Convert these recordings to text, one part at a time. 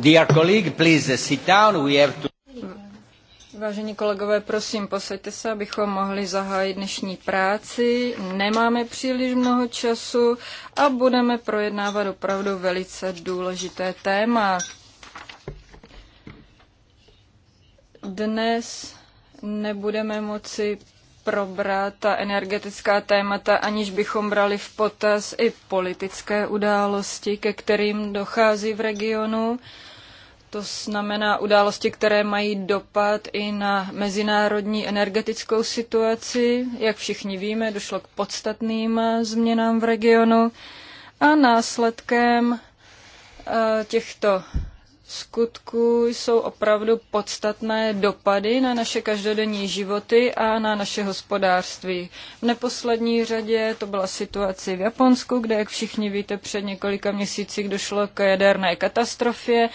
Dear colleague, please sit down. We have to... Vážení kolegové, prosím, posaďte se, abychom mohli zahájit dnešní práci. Nemáme příliš mnoho času a budeme projednávat opravdu velice důležité téma. Dnes nebudeme moci probrat ta energetická témata, aniž bychom brali v potaz i politické události, ke kterým dochází v regionu. To znamená události, které mají dopad i na mezinárodní energetickou situaci. Jak všichni víme, došlo k podstatným eh, změnám v regionu a následkem eh, těchto skutku jsou opravdu podstatné dopady na naše každodenní životy a na naše hospodářství. V neposlední řadě to byla situace v Japonsku, kde, jak všichni víte, před několika měsíci došlo k jaderné katastrofě.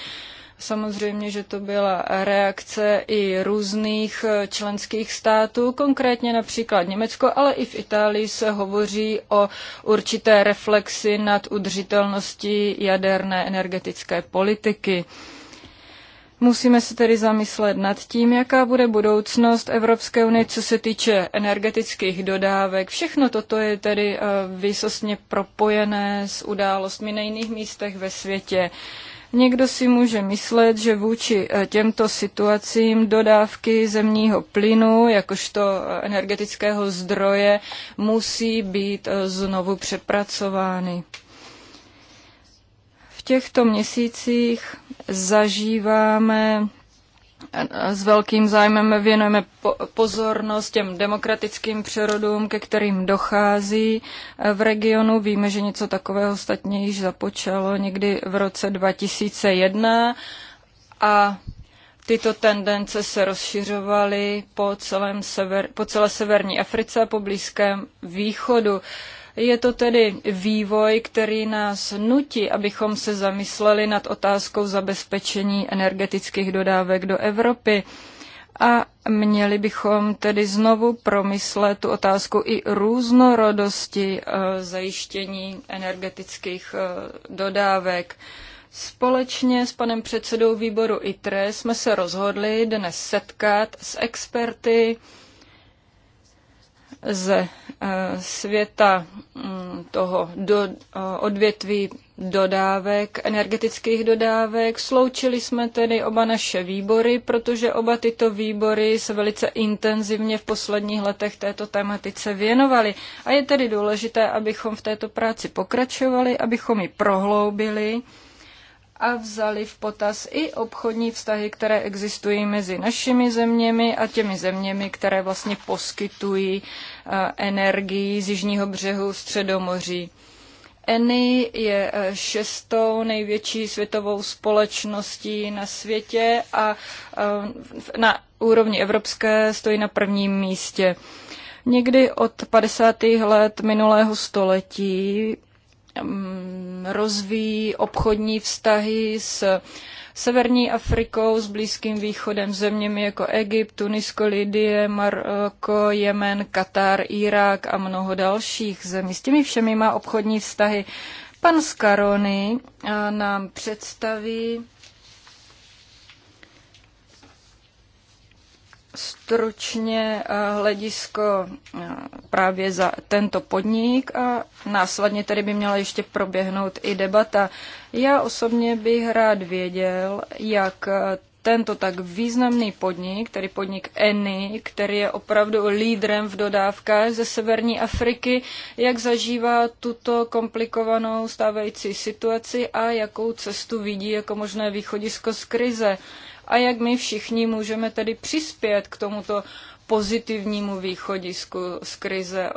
Samozřejmě, že to byla reakce i různých eh, členských států, konkrétně například Německo, ale i v Itálii se hovoří o určité reflexi nad udržitelností jaderné energetické politiky. Musíme se tedy zamyslet nad tím, jaká bude budoucnost Evropské unie, co se týče energetických dodávek. Všechno toto je tedy eh, výsostně propojené s událostmi na jiných místech ve světě. Někdo si může myslet, že vůči eh, těmto situacím dodávky zemního plynu, jakožto eh, energetického zdroje, musí být eh, znovu přepracovány. V těchto měsících zažíváme s velkým zájmem věnujeme pozornost těm demokratickým přerodům, ke kterým dochází eh, v regionu. Víme, že něco takového ostatně již započalo někdy v roce 2001 a tyto tendence se rozšiřovaly po, celém sever, po celé severní Africe a po Blízkém východu. Je to tedy vývoj, který nás nutí, abychom se zamysleli nad otázkou zabezpečení energetických dodávek do Evropy. A měli bychom tedy znovu promyslet tu otázku i různorodosti e, zajištění energetických e, dodávek. Společně s panem předsedou výboru ITRE jsme se rozhodli dnes setkat s experty ze eh, světa mm, toho do, odvětví dodávek, energetických dodávek. Sloučili jsme tedy oba naše výbory, protože oba tyto výbory se velice intenzivně v posledních letech této tematice věnovaly. A je tedy důležité, abychom v této práci pokračovali, abychom ji prohloubili a vzali v potaz i obchodní vztahy, které existují mezi našimi zeměmi a těmi zeměmi, které vlastně poskytují eh, energii z jižního břehu Středomoří. Eni je eh, šestou největší světovou společností na světě a eh, na úrovni evropské stojí na prvním místě. Někdy od 50. let minulého století Mm, rozvíjí obchodní vztahy s Severní Afrikou, s Blízkým východem, zeměmi jako Egypt, Tunisko, Lidie, Maroko, Jemen, Katar, Irák a mnoho dalších zemí. S těmi všemi má obchodní vztahy. Pan Skarony eh, nám představí stručně eh, hledisko eh, právě za tento podnik a následně tedy by měla ještě proběhnout i debata. Já osobně bych rád věděl, jak eh, tento tak významný podnik, tedy podnik Eni, který je opravdu lídrem v dodávkách ze severní Afriky, jak zažívá tuto komplikovanou stávající situaci a jakou cestu vidí jako možné východisko z krize. Uh, a jak my všichni můžeme tedy přispět k tomuto pozitivnímu východisku z krize.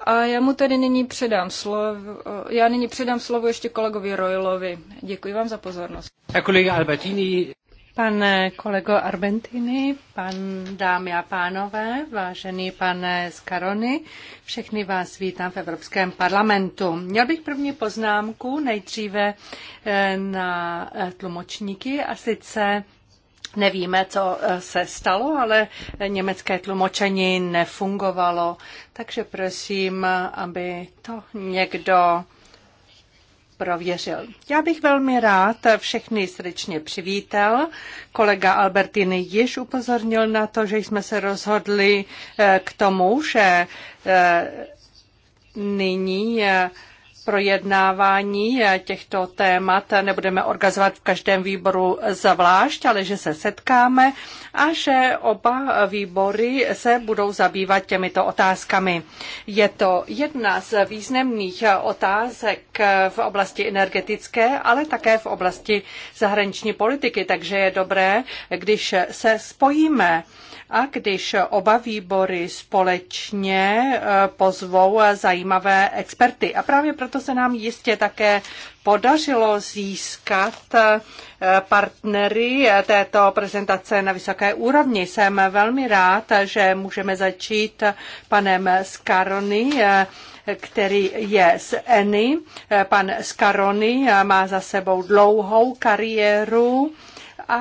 A já mu tedy nyní předám slovo, já nyní předám slovo ještě kolegovi Royalovi. Děkuji vám za pozornost. A kolega Albertini. Pane kolego Arbentini, pan, dámy a pánové, vážený pane Skarony, všechny vás vítám v Evropském parlamentu. Měl bych první poznámku nejdříve eh, na eh, tlumočníky a sice Nevíme, co eh, se stalo, ale německé tlumočení nefungovalo, takže prosím, aby to někdo prověřil. Já bych velmi rád všechny srdečně přivítal. Kolega Albertiny již upozornil na to, že jsme se rozhodli eh, k tomu, že eh, nyní eh, projednávání těchto témat nebudeme organizovat v každém výboru zvlášť, ale že se setkáme a že oba výbory se budou zabývat těmito otázkami. Je to jedna z významných otázek v oblasti energetické, ale také v oblasti zahraniční politiky, takže je dobré, když se spojíme a když oba výbory společně eh, pozvou eh, zajímavé experty. A právě proto proto se nám jistě také podařilo získat eh, partnery této prezentace na vysoké úrovni. Jsem velmi rád, že můžeme začít panem Skarony, eh, který je z Eny. Eh, pan Skarony má za sebou dlouhou kariéru a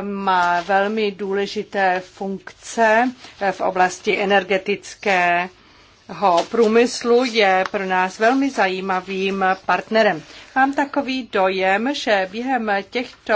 má velmi důležité funkce v oblasti energetické průmyslu je pro nás velmi zajímavým partnerem. Mám takový dojem, že během těchto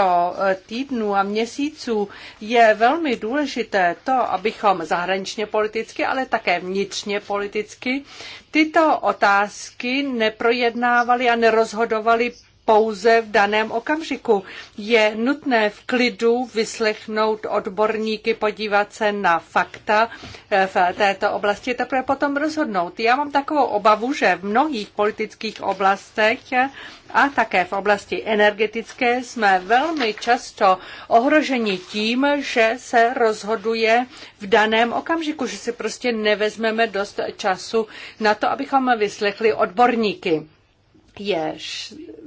eh, týdnů a měsíců je velmi důležité to, abychom zahraničně politicky, ale také vnitřně politicky tyto otázky neprojednávali a nerozhodovali pouze v daném okamžiku. Je nutné v klidu vyslechnout odborníky, podívat se na fakta eh, v této oblasti, teprve potom rozhodnout. Já mám takovou obavu, že v mnohých politických oblastech eh, a také v oblasti energetické jsme velmi často ohroženi tím, že se rozhoduje v daném okamžiku, že si prostě nevezmeme dost času na to, abychom vyslechli odborníky je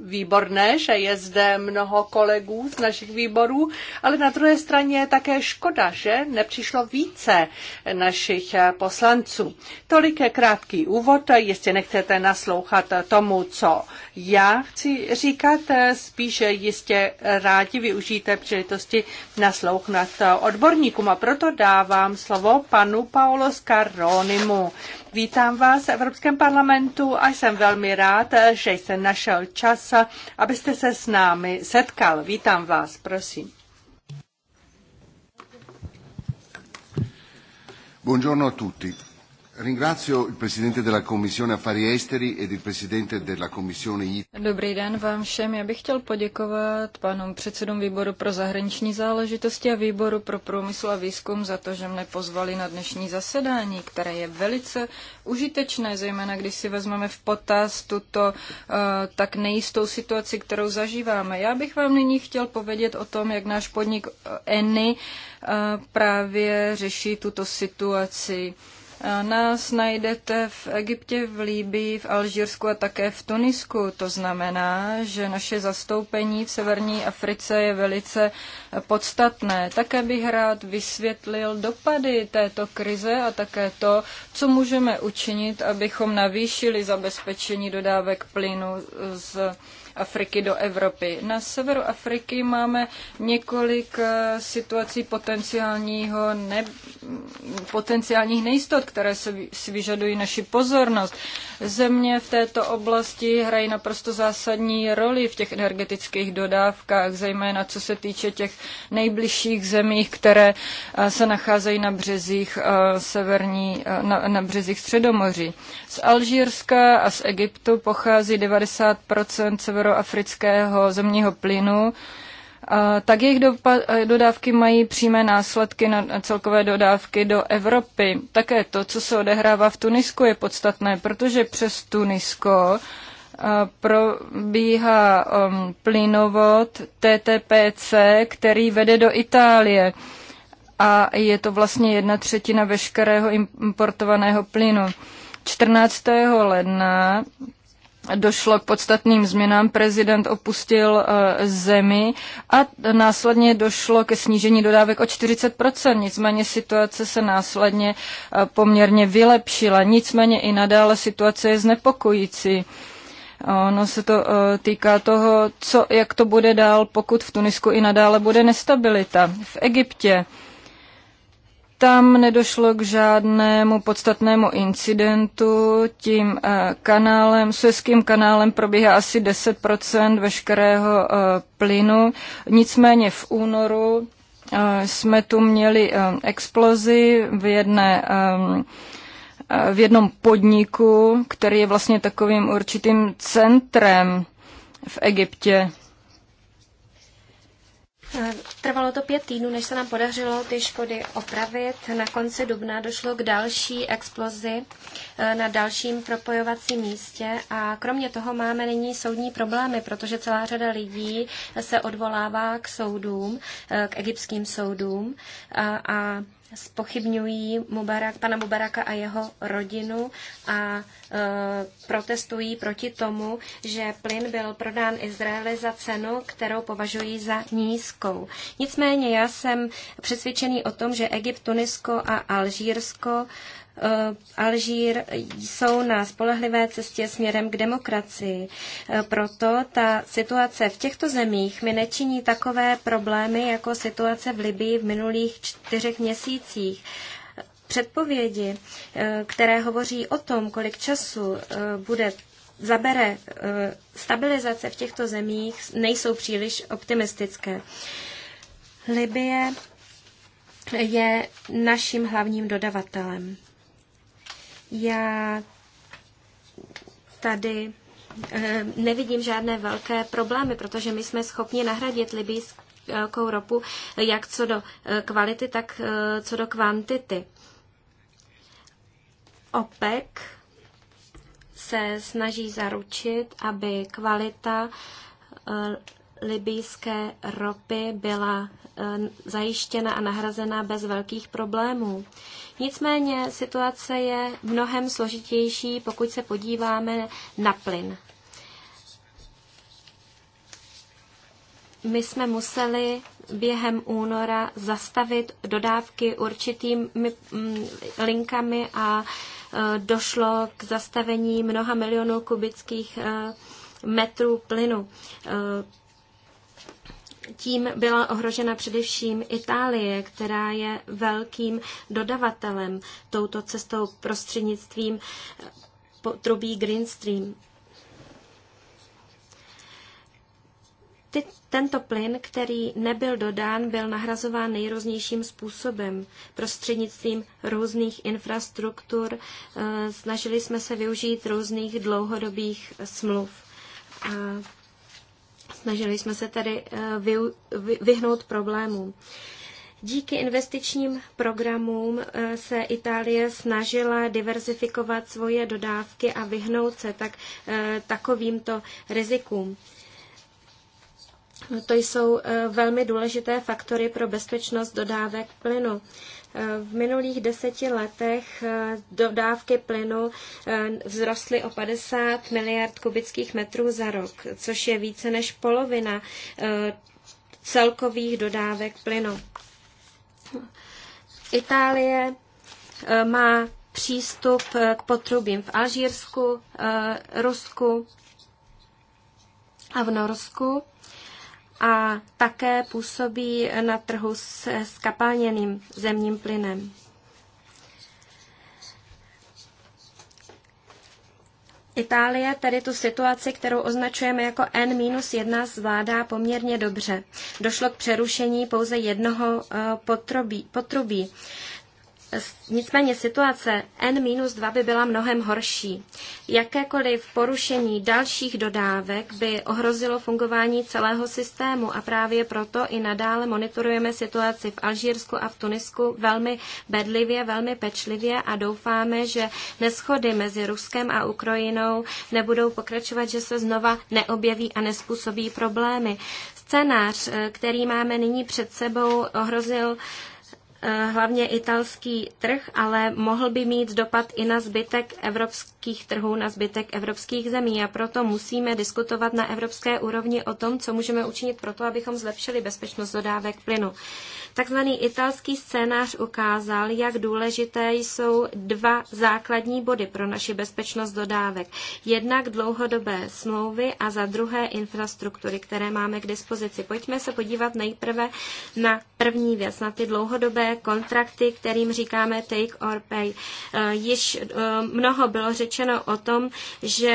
výborné, že je zde mnoho kolegů z našich výborů, ale na druhé straně je také škoda, že nepřišlo více našich eh, poslanců. Tolik krátký úvod, jestli nechcete naslouchat tomu, co já chci říkat, spíše jistě rádi využijte příležitosti naslouchnat odborníkům a proto dávám slovo panu Paolo Scaronimu. Vítám vás v Evropském parlamentu a jsem velmi rád, že jste našel čas, abyste se s námi setkal. Vítám vás, prosím. Buongiorno a tutti. Ringrazio il Presidente della Commissione Affari Esteri ed il Presidente della Commissione ITRE. Dobrý den vám všem. Já bych chtěl poděkovat panu předsedům výboru pro zahraniční záležitosti a výboru pro průmysl a výzkum za to, že mne pozvali na dnešní zasedání, které je velice užitečné, zejména když si vezmeme v potaz tuto uh, tak nejistou situaci, kterou zažíváme. Já bych vám nyní chtěl povědět o tom, jak náš podnik eh, ENI uh, právě řeší tuto situaci. Uh, Nás najdete v Egyptě, v Líbii, v Alžírsku a také v Tunisku. To znamená, že naše zastoupení v severní Africe je velice podstatné. Také bych rád vysvětlil dopady této krize a také to, co můžeme učinit, abychom navýšili zabezpečení dodávek plynu z Afriky do Evropy. Na severu Afriky máme několik eh, situací potenciálního ne, potenciálních nejistot, které se, si vyžadují naši pozornost. Země v této oblasti hrají naprosto zásadní roli v těch energetických dodávkách, zejména co se týče těch nejbližších zemí, které eh, se nacházejí na březích eh, severní, na, na březích Středomoří. Z Alžírska a z Egyptu pochází 90 severní severoafrického zemního plynu, tak jejich dodávky mají přímé následky na celkové dodávky do Evropy. Také to, co se odehrává v Tunisku, je podstatné, protože přes Tunisko probíhá um, plynovod TTPC, který vede do Itálie. A je to vlastně jedna třetina veškerého importovaného plynu. 14. ledna došlo k podstatným změnám, prezident opustil eh, zemi a následně došlo ke snížení dodávek o 40%, nicméně situace se následně eh, poměrně vylepšila, nicméně i nadále situace je znepokojící. Ono se to eh, týká toho, co, jak to bude dál, pokud v Tunisku i nadále bude nestabilita. V Egyptě tam nedošlo k žádnému podstatnému incidentu. Tím eh, kanálem, Suezkým kanálem probíhá asi 10 veškerého eh, plynu. Nicméně v únoru eh, jsme tu měli explozi v jedné v jednom podniku, který je vlastně takovým určitým centrem v Egyptě. Trvalo to pět týdnů, než se nám podařilo ty škody opravit. Na konci dubna došlo k další explozi eh, na dalším propojovacím místě a kromě toho máme nyní soudní problémy, protože celá řada lidí se odvolává k soudům, eh, k egyptským soudům a spochybňují Mubarak, pana Mubaraka a jeho rodinu a e, protestují proti tomu, že plyn byl prodán Izraeli za cenu, kterou považují za nízkou. Nicméně já jsem přesvědčený o tom, že Egypt, Tunisko a Alžírsko e, Eh, Alžír jsou na spolehlivé cestě směrem k demokracii. Eh, proto ta situace v těchto zemích mi nečiní takové problémy jako situace v Libii v minulých čtyřech měsících. Předpovědi, eh, které hovoří o tom, kolik času bude zabere stabilizace v těchto zemích, nejsou příliš optimistické. Libie je naším hlavním dodavatelem. Já tady eh, nevidím žádné velké problémy, protože my jsme schopni nahradit libijskou ropu jak co do eh, kvality, tak eh, co do kvantity. OPEC se snaží zaručit, aby kvalita libijské ropy byla eh, zajištěna a nahrazena bez velkých problémů. Nicméně situace je mnohem složitější, pokud se podíváme na plyn. My jsme museli během února zastavit dodávky určitými mm, linkami a eh, došlo k zastavení mnoha milionů kubických eh, metrů plynu tím byla ohrožena především Itálie, která je velkým dodavatelem touto cestou prostřednictvím eh, potrubí Green Stream. tento plyn, který nebyl dodán, byl nahrazován nejrůznějším způsobem, prostřednictvím různých infrastruktur. Eh, snažili jsme se využít různých dlouhodobých smluv. A Snažili jsme se tedy eh, vyhnout problémům. Díky investičním programům eh, se Itálie snažila diverzifikovat svoje dodávky a vyhnout se tak eh, takovýmto rizikům. To jsou velmi důležité faktory pro bezpečnost dodávek plynu. V minulých deseti letech eh, dodávky plynu eh, vzrostly o 50 miliard kubických metrů za rok, což je více než polovina eh, celkových dodávek plynu. Itálie má přístup k potrubím v Alžírsku, Rusku a v Norsku a také působí na trhu s skapalněným zemním plynem. Itálie tedy tu situaci, kterou označujeme jako N-1, zvládá poměrně dobře. Došlo k přerušení pouze jednoho eh, potrubí. potrubí. Nicméně situace N-2 by byla mnohem horší. Jakékoliv porušení dalších dodávek by ohrozilo fungování celého systému a právě proto i nadále monitorujeme situaci v Alžírsku a v Tunisku velmi bedlivě, velmi pečlivě a doufáme, že neschody mezi Ruskem a Ukrajinou nebudou pokračovat, že se znova neobjeví a nespůsobí problémy. Scénář, eh, který máme nyní před sebou, ohrozil Eh, hlavně italský trh, ale mohl by mít dopad i na zbytek evropských trhů, na zbytek evropských zemí. A proto musíme diskutovat na evropské úrovni o tom, co můžeme učinit pro to, abychom zlepšili bezpečnost dodávek plynu. Takzvaný italský scénář ukázal, jak důležité jsou dva základní body pro naši bezpečnost dodávek. Jednak dlouhodobé smlouvy a za druhé infrastruktury, které máme k dispozici. Pojďme se podívat nejprve na první věc, na ty dlouhodobé kontrakty, kterým říkáme take or pay. E, již e, mnoho bylo řečeno o tom, že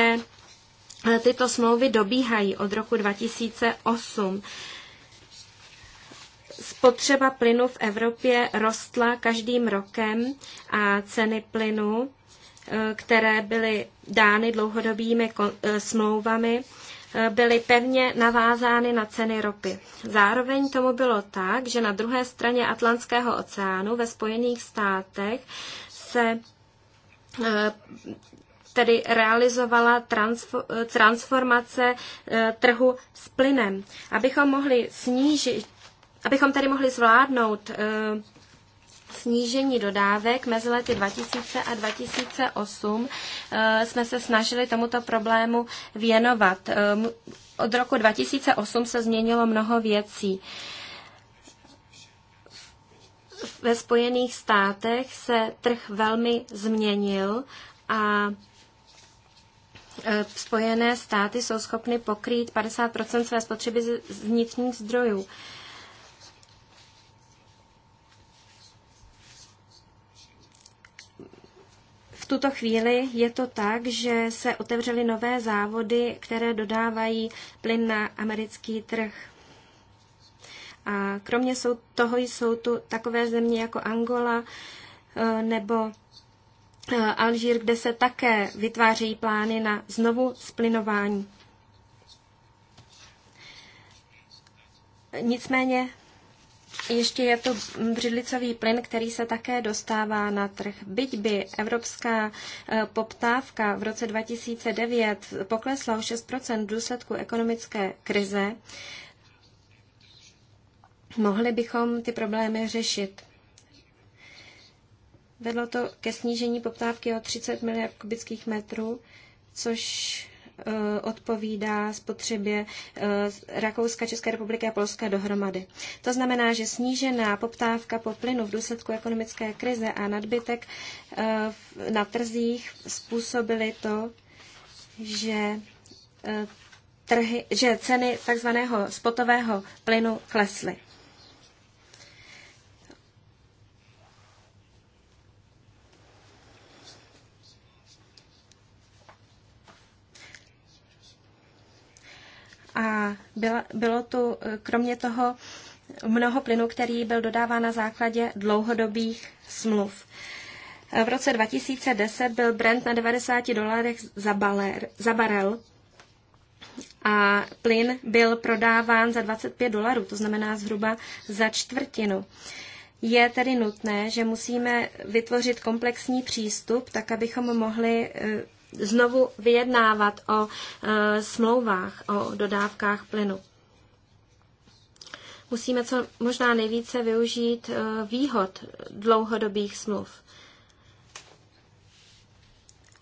e, tyto smlouvy dobíhají od roku 2008 spotřeba plynu v Evropě rostla každým rokem a ceny plynu, e, které byly dány dlouhodobými e, smlouvami, e, byly pevně navázány na ceny ropy. Zároveň tomu bylo tak, že na druhé straně Atlantského oceánu ve Spojených státech se tedy realizovala transformace trhu s plynem. Abychom mohli snížit abychom tady mohli zvládnout eh, snížení dodávek mezi lety 2000 a 2008 eh, jsme se snažili tomuto problému věnovat. Eh, od roku 2008 se změnilo mnoho věcí. Ve Spojených státech se trh velmi změnil a Spojené státy jsou schopny pokrýt 50 své spotřeby z vnitřních zdrojů. V tuto chvíli je to tak, že se otevřely nové závody, které dodávají plyn na americký trh. A kromě toho jsou tu takové země jako Angola eh, nebo eh, Alžír, kde se také vytvářejí plány na znovu splinování. Nicméně ještě je to břidlicový plyn, který se také dostává na trh. Byť by evropská eh, poptávka v roce 2009 poklesla o 6 v důsledku ekonomické krize, mohli bychom ty problémy řešit. Vedlo to ke snížení poptávky o 30 miliard kubických metrů, což Eh, odpovídá spotřebě eh, Rakouska, České republiky a Polska dohromady. To znamená, že snížená poptávka po plynu v důsledku ekonomické krize a nadbytek eh, na trzích způsobily to, že trhy, že ceny takzvaného spotového plynu klesly. A byla, bylo tu eh, kromě toho mnoho plynu, který byl dodáván na základě dlouhodobých smluv. Eh, v roce 2010 byl Brent na 90 dolarech za, baler, za barel a plyn byl prodáván za 25 dolarů, to znamená zhruba za čtvrtinu. Je tedy nutné, že musíme vytvořit komplexní přístup, tak abychom mohli eh, znovu vyjednávat o e, smlouvách, o dodávkách plynu. Musíme co možná nejvíce využít e, výhod dlouhodobých smluv.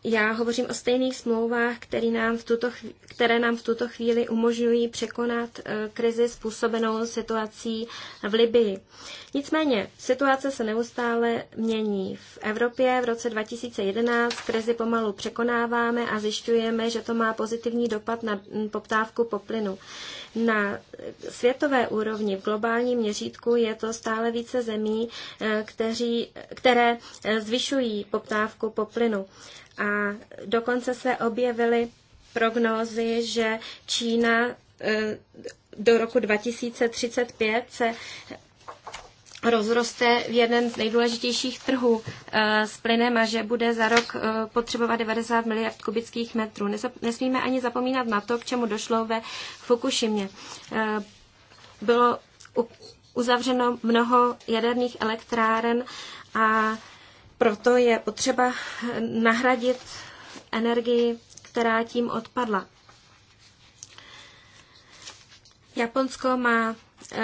Já hovořím o stejných smlouvách, které nám v tuto chvíli, které nám v tuto chvíli umožňují překonat e, krizi způsobenou situací v Libii. Nicméně situace se neustále mění. V Evropě v roce 2011 krizi pomalu překonáváme a zjišťujeme, že to má pozitivní dopad na poptávku po plynu. Na světové úrovni v globálním měřítku je to stále více zemí, e, kteří, které e, zvyšují poptávku po plynu. A dokonce se objevily prognózy, že Čína eh, do roku 2035 se rozroste v jeden z nejdůležitějších trhů eh, s plynem a že bude za rok eh, potřebovat 90 miliard kubických metrů. Nesmíme ani zapomínat na to, k čemu došlo ve Fukushimě. Bylo uzavřeno mnoho jaderných elektráren a proto je potřeba nahradit energii, která tím odpadla. Japonsko má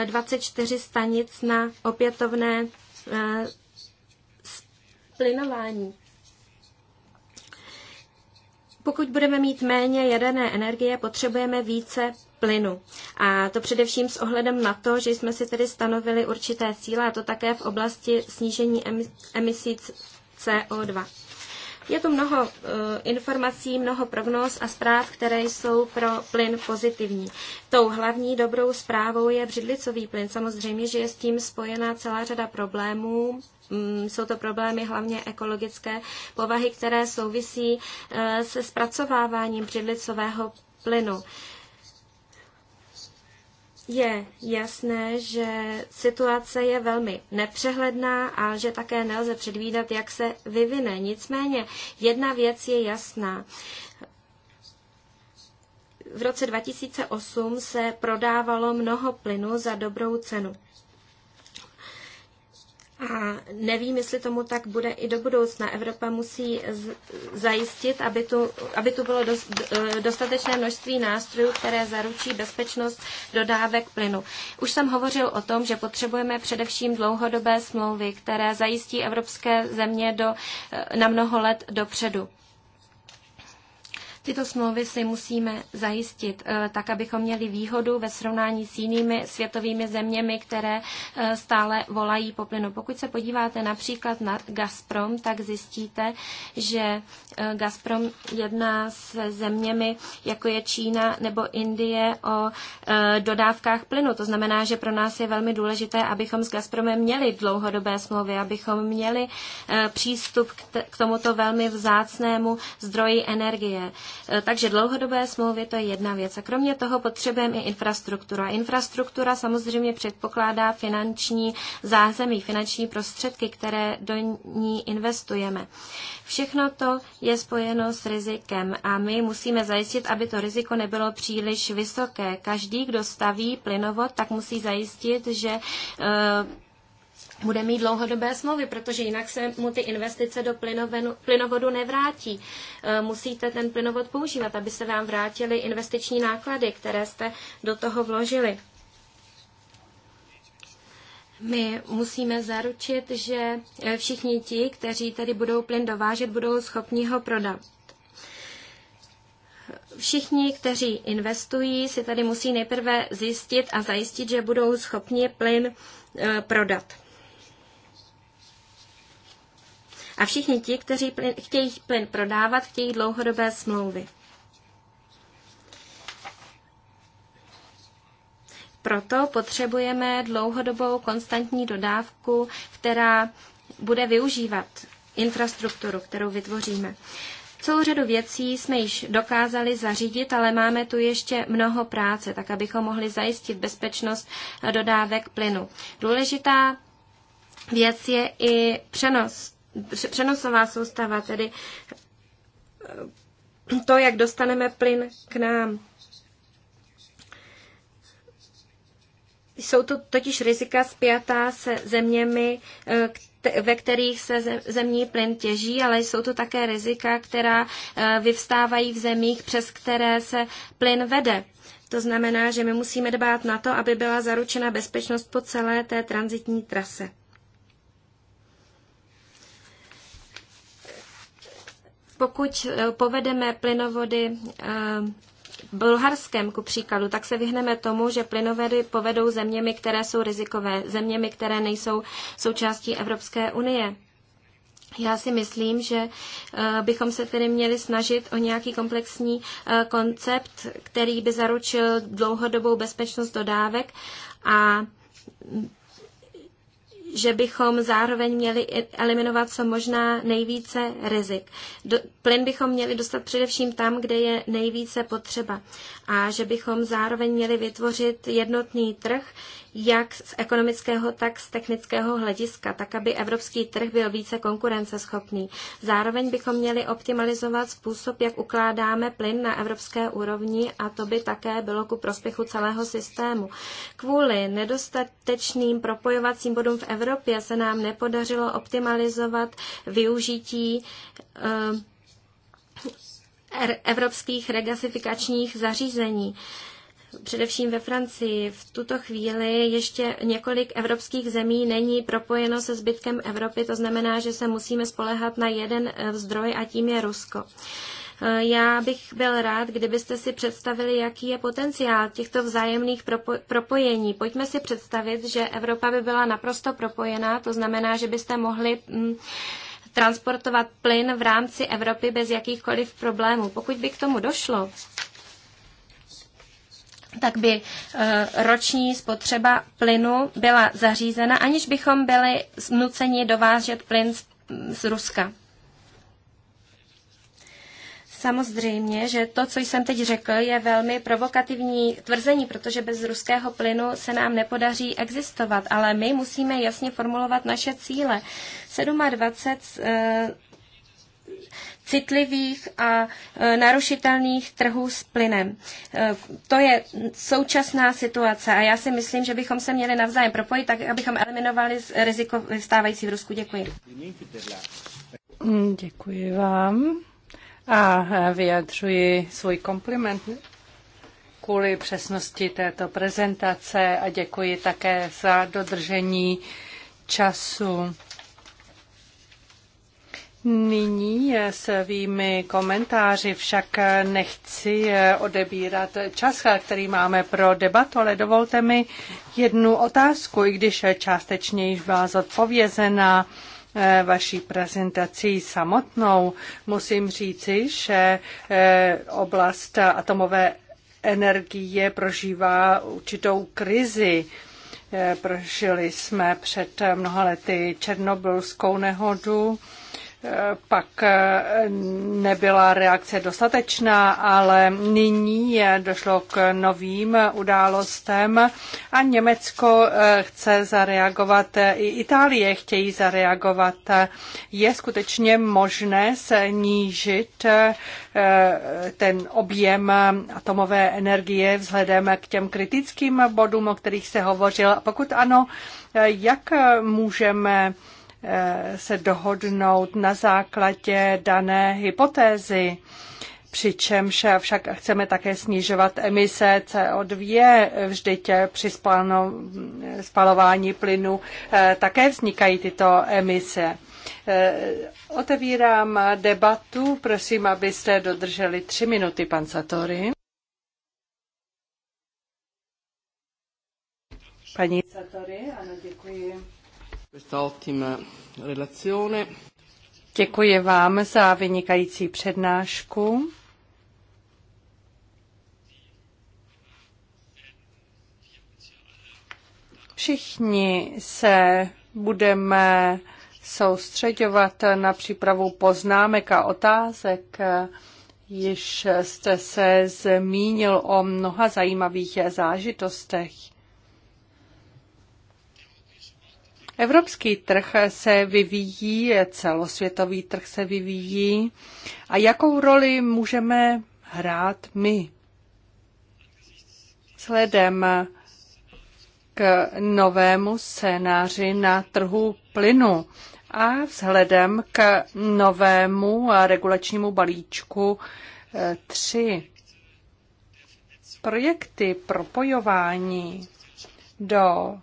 24 eh, stanic na opětovné eh, splinování. Pokud budeme mít méně jaderné energie, potřebujeme více plynu. A to především s ohledem na to, že jsme si tedy stanovili určité cíle, a to také v oblasti snížení emisí CO2. Je tu mnoho eh, informací, mnoho prognóz a zpráv, které jsou pro plyn pozitivní. Tou hlavní dobrou zprávou je břidlicový plyn. Samozřejmě, že je s tím spojená celá řada problémů. Mm, jsou to problémy hlavně ekologické povahy, které souvisí eh, se zpracováváním břidlicového plynu. Je jasné, že situace je velmi nepřehledná a že také nelze předvídat, jak se vyvine. Nicméně jedna věc je jasná. V roce 2008 se prodávalo mnoho plynu za dobrou cenu. A nevím, jestli tomu tak bude i do budoucna. Evropa musí zajistit, aby tu, aby tu bylo dost, dostatečné množství nástrojů, které zaručí bezpečnost dodávek plynu. Už jsem hovořil o tom, že potřebujeme především dlouhodobé smlouvy, které zajistí evropské země do, na mnoho let dopředu. Tyto smlouvy si musíme zajistit eh, tak, abychom měli výhodu ve srovnání s jinými světovými zeměmi, které eh, stále volají po plynu. Pokud se podíváte například na Gazprom, tak zjistíte, že eh, Gazprom jedná se zeměmi, jako je Čína nebo Indie, o dodávkách plynu. To znamená, že pro nás je velmi důležité, abychom s Gazpromem měli dlouhodobé smlouvy, abychom měli přístup k tomuto velmi vzácnému zdroji energie. Eh, takže dlouhodobé smlouvy to je jedna věc. A kromě toho potřebujeme i infrastrukturu. A infrastruktura samozřejmě předpokládá finanční zázemí, finanční prostředky, které do ní investujeme. Všechno to je spojeno s rizikem a my musíme zajistit, aby to riziko nebylo příliš vysoké. Každý, kdo staví plynovod, tak musí zajistit, že eh, bude mít dlouhodobé smlouvy, protože jinak se mu ty investice do plynovodu nevrátí. Eh, musíte ten plynovod používat, aby se vám vrátily investiční náklady, které jste do toho vložili. My musíme zaručit, že eh, všichni ti, kteří tady budou plyn dovážet, budou schopni ho prodat. Všichni, kteří investují, si tady musí nejprve zjistit a zajistit, že budou schopni plyn eh, prodat. A všichni ti, kteří plyn, chtějí plyn prodávat, chtějí dlouhodobé smlouvy. Proto potřebujeme dlouhodobou konstantní dodávku, která bude využívat infrastrukturu, kterou vytvoříme. Celou řadu věcí jsme již dokázali zařídit, ale máme tu ještě mnoho práce, tak abychom mohli zajistit bezpečnost dodávek plynu. Důležitá věc je i přenos přenosová soustava, tedy eh, to, jak dostaneme plyn k nám. Jsou to totiž rizika spjatá se zeměmi, eh, ve kterých se zemní plyn těží, ale jsou to také rizika, která eh, vyvstávají v zemích, přes které se plyn vede. To znamená, že my musíme dbát na to, aby byla zaručena bezpečnost po celé té transitní trase. Pokud eh, povedeme plynovody eh, Bulharském ku příkladu, tak se vyhneme tomu, že plynovody povedou zeměmi, které jsou rizikové, zeměmi, které nejsou součástí Evropské unie. Já si myslím, že eh, bychom se tedy měli snažit o nějaký komplexní koncept, který by zaručil dlouhodobou bezpečnost dodávek a že bychom zároveň měli eliminovat co možná nejvíce rizik. Do, plyn bychom měli dostat především tam, kde je nejvíce potřeba. A že bychom zároveň měli vytvořit jednotný trh, jak z ekonomického, tak z technického hlediska, tak aby evropský trh byl více konkurenceschopný. Zároveň bychom měli optimalizovat způsob, jak ukládáme plyn na evropské úrovni a to by také bylo ku prospěchu celého systému. Kvůli nedostatečným propojovacím bodům v Evropě se nám nepodařilo optimalizovat využití uh, evropských regasifikačních zařízení. Uh, především ve Francii. V tuto chvíli ještě několik evropských zemí není propojeno se zbytkem Evropy, to znamená, že se musíme spolehat na jeden eh, zdroj a tím je Rusko. Eh, já bych byl rád, kdybyste si představili, jaký je potenciál těchto vzájemných propo- propojení. Pojďme si představit, že Evropa by byla naprosto propojená, to znamená, že byste mohli. Mm, transportovat plyn v rámci Evropy bez jakýchkoliv problémů. Pokud by k tomu došlo, tak by eh, roční spotřeba plynu byla zařízena, aniž bychom byli nuceni dovážet plyn z, z Ruska. Samozřejmě, že to, co jsem teď řekl, je velmi provokativní tvrzení, protože bez ruského plynu se nám nepodaří existovat, ale my musíme jasně formulovat naše cíle. 27 citlivých a e, narušitelných trhů s plynem. E, to je současná situace a já si myslím, že bychom se měli navzájem propojit, tak abychom eliminovali riziko vstávající v Rusku. Děkuji. Mm, děkuji vám a vyjadřuji svůj kompliment kvůli přesnosti této prezentace a děkuji také za dodržení času. Nyní s vými komentáři však nechci odebírat čas, který máme pro debatu, ale dovolte mi jednu otázku, i když částečně již byla zodpovězena eh, vaší prezentací samotnou. Musím říci, že eh, oblast atomové energie prožívá určitou krizi. Eh, prožili jsme před mnoha lety černobylskou nehodu, pak eh, nebyla reakce dostatečná, ale nyní došlo k novým událostem a Německo eh, chce zareagovat, eh, i Itálie chtějí zareagovat. Je skutečně možné snížit ten objem atomové energie vzhledem k těm kritickým bodům, o kterých se hovořil? Pokud ano, jak můžeme se dohodnout na základě dané hypotézy. Přičemž však chceme také snižovat emise CO2, vždyť při spalování plynu eh, také vznikají tyto emise. Eh, otevírám debatu, prosím, abyste dodrželi tři minuty, pan Satori. Paní Satori, ano, děkuji. Děkuji vám za vynikající přednášku. Všichni se budeme soustředovat na přípravu poznámek a otázek. Již jste se zmínil o mnoha zajímavých zážitostech. Evropský trh se vyvíjí, celosvětový trh se vyvíjí a jakou roli můžeme hrát my? Sledem k novému scénáři na trhu plynu a vzhledem k novému regulačnímu balíčku 3. Eh, projekty propojování do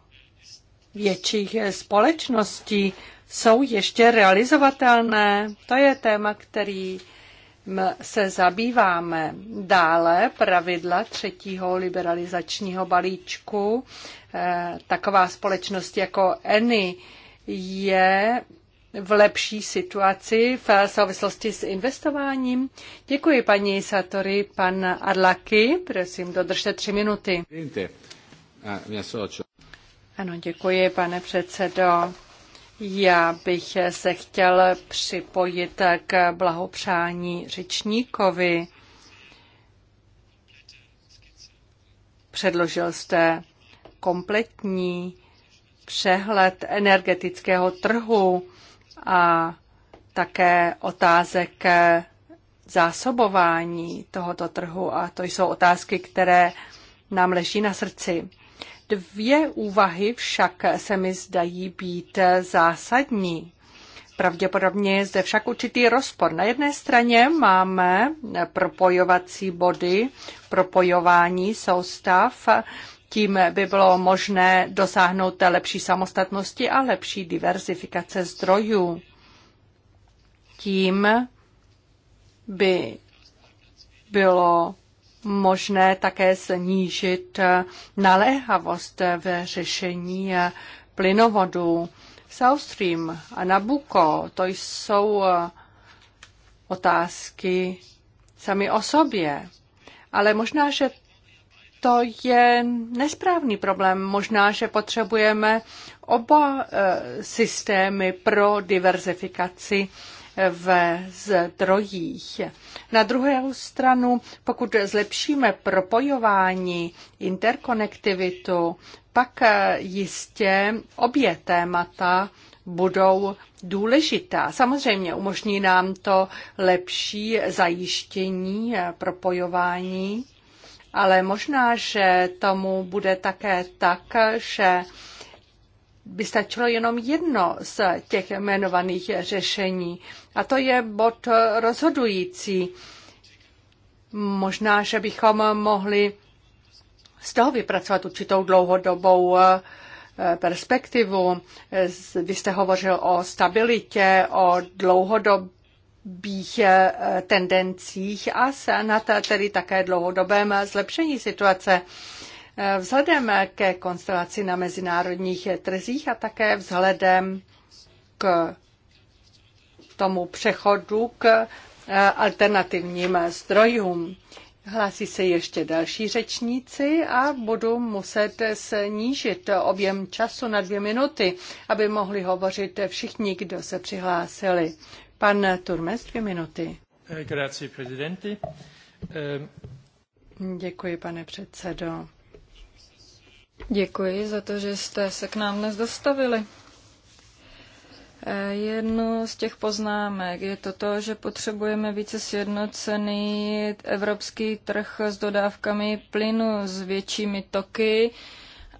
větších eh, společností jsou ještě realizovatelné. To je téma, který se zabýváme. Dále pravidla třetího liberalizačního balíčku. Eh, taková společnost jako ENI je v lepší situaci v souvislosti s investováním. Děkuji paní Satori, pan Adlaki, prosím, dodržte tři minuty. Ano, děkuji, pane předsedo. Já bych se chtěl připojit k blahopřání řečníkovi. Předložil jste kompletní přehled energetického trhu a také otázek zásobování tohoto trhu. A to jsou otázky, které nám leží na srdci. Dvě úvahy však se mi zdají být zásadní. Pravděpodobně je zde však určitý rozpor. Na jedné straně máme propojovací body, propojování soustav, tím by bylo možné dosáhnout lepší samostatnosti a lepší diverzifikace zdrojů. Tím by bylo možné také snížit naléhavost v řešení plynovodů. South Stream a Nabucco, to jsou eh, otázky sami o sobě. Ale možná, že to je nesprávný problém. Možná, že potřebujeme oba eh, systémy pro diverzifikaci ve zdrojích. Na druhou stranu, pokud zlepšíme propojování, interkonektivitu, pak eh, jistě obě témata budou důležitá. Samozřejmě umožní nám to lepší zajištění eh, propojování, ale možná, že tomu bude také tak, že by stačilo jenom jedno z těch jmenovaných řešení. A to je bod rozhodující. Možná, že bychom mohli z toho vypracovat určitou dlouhodobou eh, perspektivu. Vy jste hovořil o stabilitě, o dlouhodobých eh, tendencích a nad tedy také dlouhodobém zlepšení situace. Vzhledem ke konstelaci na mezinárodních trzích a také vzhledem k tomu přechodu k eh, alternativním zdrojům. Hlásí se ještě další řečníci a budu muset snížit objem času na dvě minuty, aby mohli hovořit všichni, kdo se přihlásili. Pan Turmes, dvě minuty. Eh, grazie, eh, Děkuji, pane předsedo. Děkuji za to, že jste se k nám dnes dostavili. E, jednu z těch poznámek je to, to, že potřebujeme více sjednocený evropský trh s dodávkami plynu s většími toky,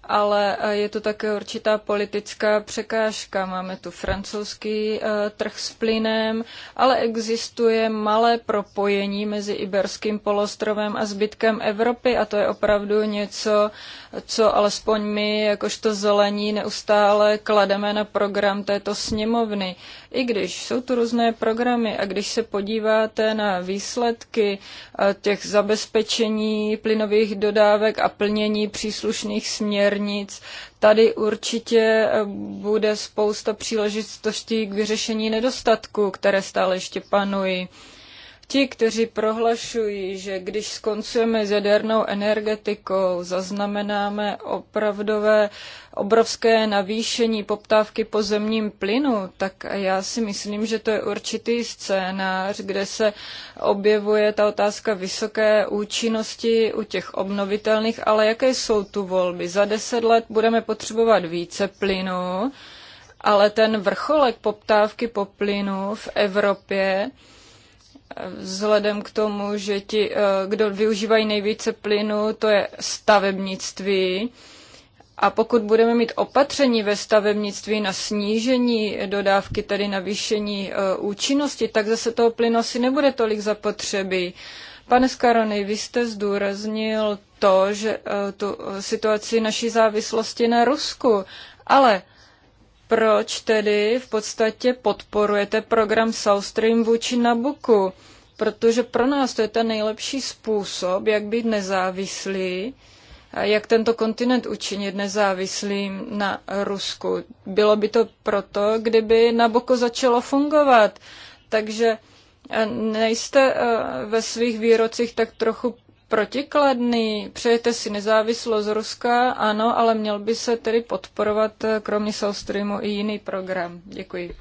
ale eh, je to také určitá politická překážka. Máme tu francouzský eh, trh s plynem, ale existuje malé propojení mezi Iberským polostrovem a zbytkem Evropy a to je opravdu něco, co alespoň my, jakožto zelení, neustále klademe na program této sněmovny. I když jsou tu různé programy a když se podíváte na výsledky eh, těch zabezpečení plynových dodávek a plnění příslušných směrnic, tady určitě eh, bude spousta příležitostí k vyřešení nedostatků, které stále ještě panují. Ti, kteří prohlašují, že když skoncujeme s jadernou energetikou, zaznamenáme opravdové obrovské navýšení poptávky po zemním plynu, tak já si myslím, že to je určitý scénář, kde se objevuje ta otázka vysoké účinnosti u těch obnovitelných, ale jaké jsou tu volby? Za deset let budeme potřebovat více plynu, ale ten vrcholek poptávky po plynu v Evropě vzhledem k tomu, že ti, eh, kdo využívají nejvíce plynu, to je stavebnictví. A pokud budeme mít opatření ve stavebnictví na snížení dodávky, tedy vyšení eh, účinnosti, tak zase toho plynu si nebude tolik zapotřebí. Pane Skarony, vy jste zdůraznil to, že eh, tu situaci naší závislosti na Rusku, ale proč tedy v podstatě podporujete program South Stream vůči Nabuku? Protože pro nás to je ten nejlepší způsob, jak být nezávislý, jak tento kontinent učinit nezávislým na Rusku. Bylo by to proto, kdyby Nabuko začalo fungovat. Takže eh, nejste eh, ve svých výrocích tak trochu protikladný. Přejete si nezávislost Ruska? Ano, ale měl by se tedy podporovat eh, kromě South Streamu i jiný program. Děkuji.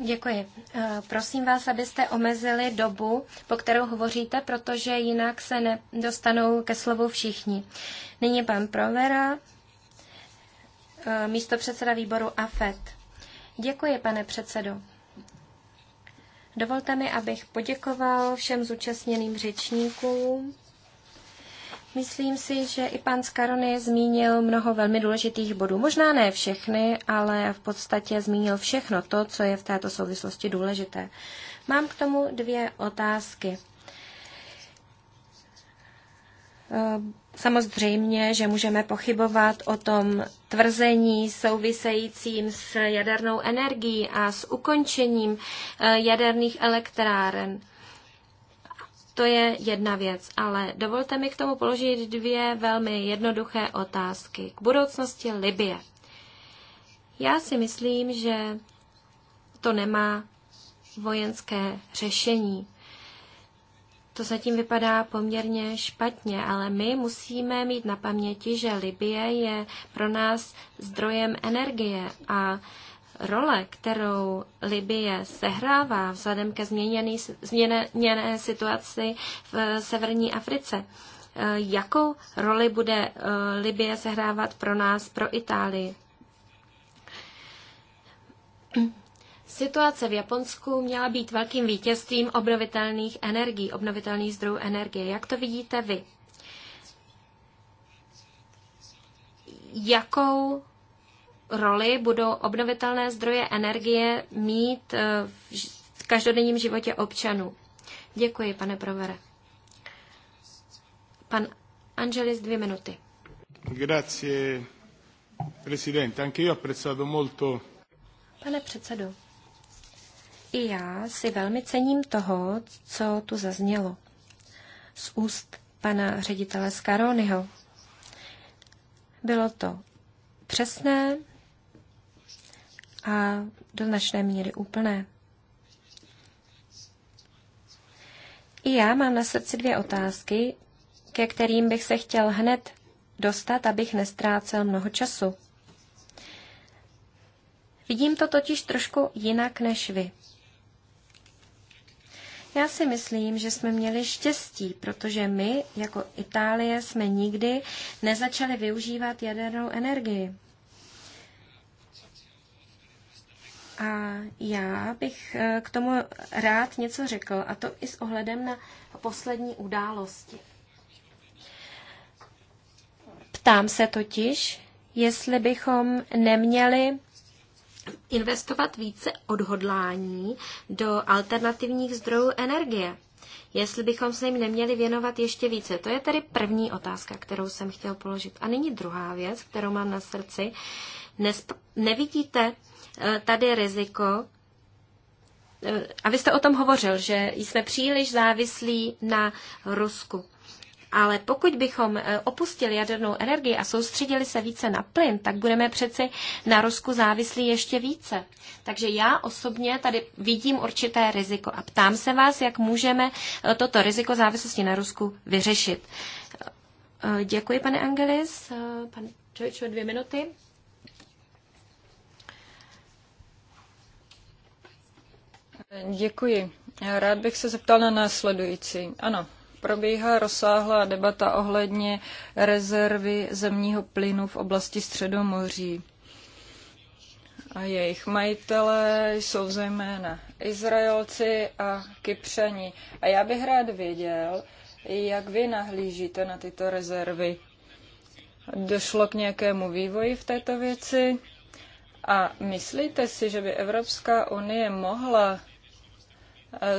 Děkuji. Eh, prosím vás, abyste omezili dobu, po kterou hovoříte, protože jinak se nedostanou ke slovu všichni. Nyní pan Provera, eh, místo předseda výboru AFET. Děkuji, pane předsedo. Dovolte mi, abych poděkoval všem zúčastněným řečníkům. Myslím si, že i pan Skarony zmínil mnoho velmi důležitých bodů. Možná ne všechny, ale v podstatě zmínil všechno to, co je v této souvislosti důležité. Mám k tomu dvě otázky. Samozřejmě, že můžeme pochybovat o tom tvrzení souvisejícím s jadernou energií a s ukončením eh, jaderných elektráren. To je jedna věc, ale dovolte mi k tomu položit dvě velmi jednoduché otázky k budoucnosti Libie. Já si myslím, že to nemá vojenské řešení. To zatím vypadá poměrně špatně, ale my musíme mít na paměti, že Libie je pro nás zdrojem energie a role, kterou Libie sehrává vzhledem ke změněné, změněné situaci v severní Africe. Eh, jakou roli bude eh, Libie sehrávat pro nás, pro Itálii? Situace v Japonsku měla být velkým vítězstvím obnovitelných energií, obnovitelných zdrojů energie. Jak to vidíte vy? Jakou roli budou obnovitelné zdroje energie mít eh, v každodenním životě občanů? Děkuji, pane Provere. Pan Angelis, dvě minuty. Grazie, presidente. Anche io apprezzato molto. Pane předsedo, i já si velmi cením toho, co tu zaznělo z úst pana ředitele Skaronyho. Bylo to přesné a do značné míry úplné. I já mám na srdci dvě otázky, ke kterým bych se chtěl hned dostat, abych nestrácel mnoho času. Vidím to totiž trošku jinak než vy. Já si myslím, že jsme měli štěstí, protože my, jako Itálie, jsme nikdy nezačali využívat jadernou energii. A já bych eh, k tomu rád něco řekl, a to i s ohledem na poslední události. Ptám se totiž, jestli bychom neměli investovat více odhodlání do alternativních zdrojů energie. Jestli bychom se jim neměli věnovat ještě více. To je tedy první otázka, kterou jsem chtěl položit. A nyní druhá věc, kterou mám na srdci. Nesp- nevidíte eh, tady riziko, eh, a vy jste o tom hovořil, že jsme příliš závislí na Rusku. Ale pokud bychom eh, opustili jadernou energii a soustředili se více na plyn, tak budeme přeci na Rusku závislí ještě více. Takže já osobně tady vidím určité riziko a ptám se vás, jak můžeme eh, toto riziko závislosti na Rusku vyřešit. Eh, děkuji, pane Angelis. Pan Čovičo, dvě minuty. Děkuji. Rád bych se zeptal na následující. Ano, probíhá rozsáhlá debata ohledně rezervy zemního plynu v oblasti Středomoří. A jejich majitelé jsou zejména Izraelci a Kypřani. A já bych rád věděl, jak vy nahlížíte na tyto rezervy. Došlo k nějakému vývoji v této věci? A myslíte si, že by Evropská unie mohla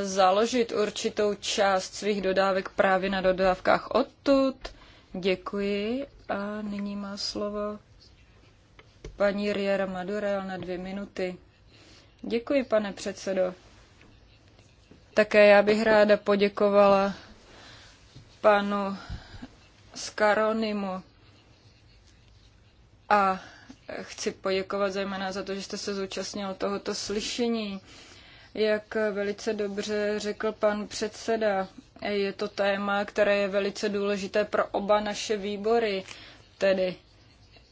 založit určitou část svých dodávek právě na dodávkách odtud. Děkuji a nyní má slovo paní Riera Madurel na dvě minuty. Děkuji, pane předsedo. Také já bych ráda poděkovala panu Skaronimu a chci poděkovat zejména za to, že jste se zúčastnil tohoto slyšení. Jak velice dobře řekl pan předseda, je to téma, které je velice důležité pro oba naše výbory, tedy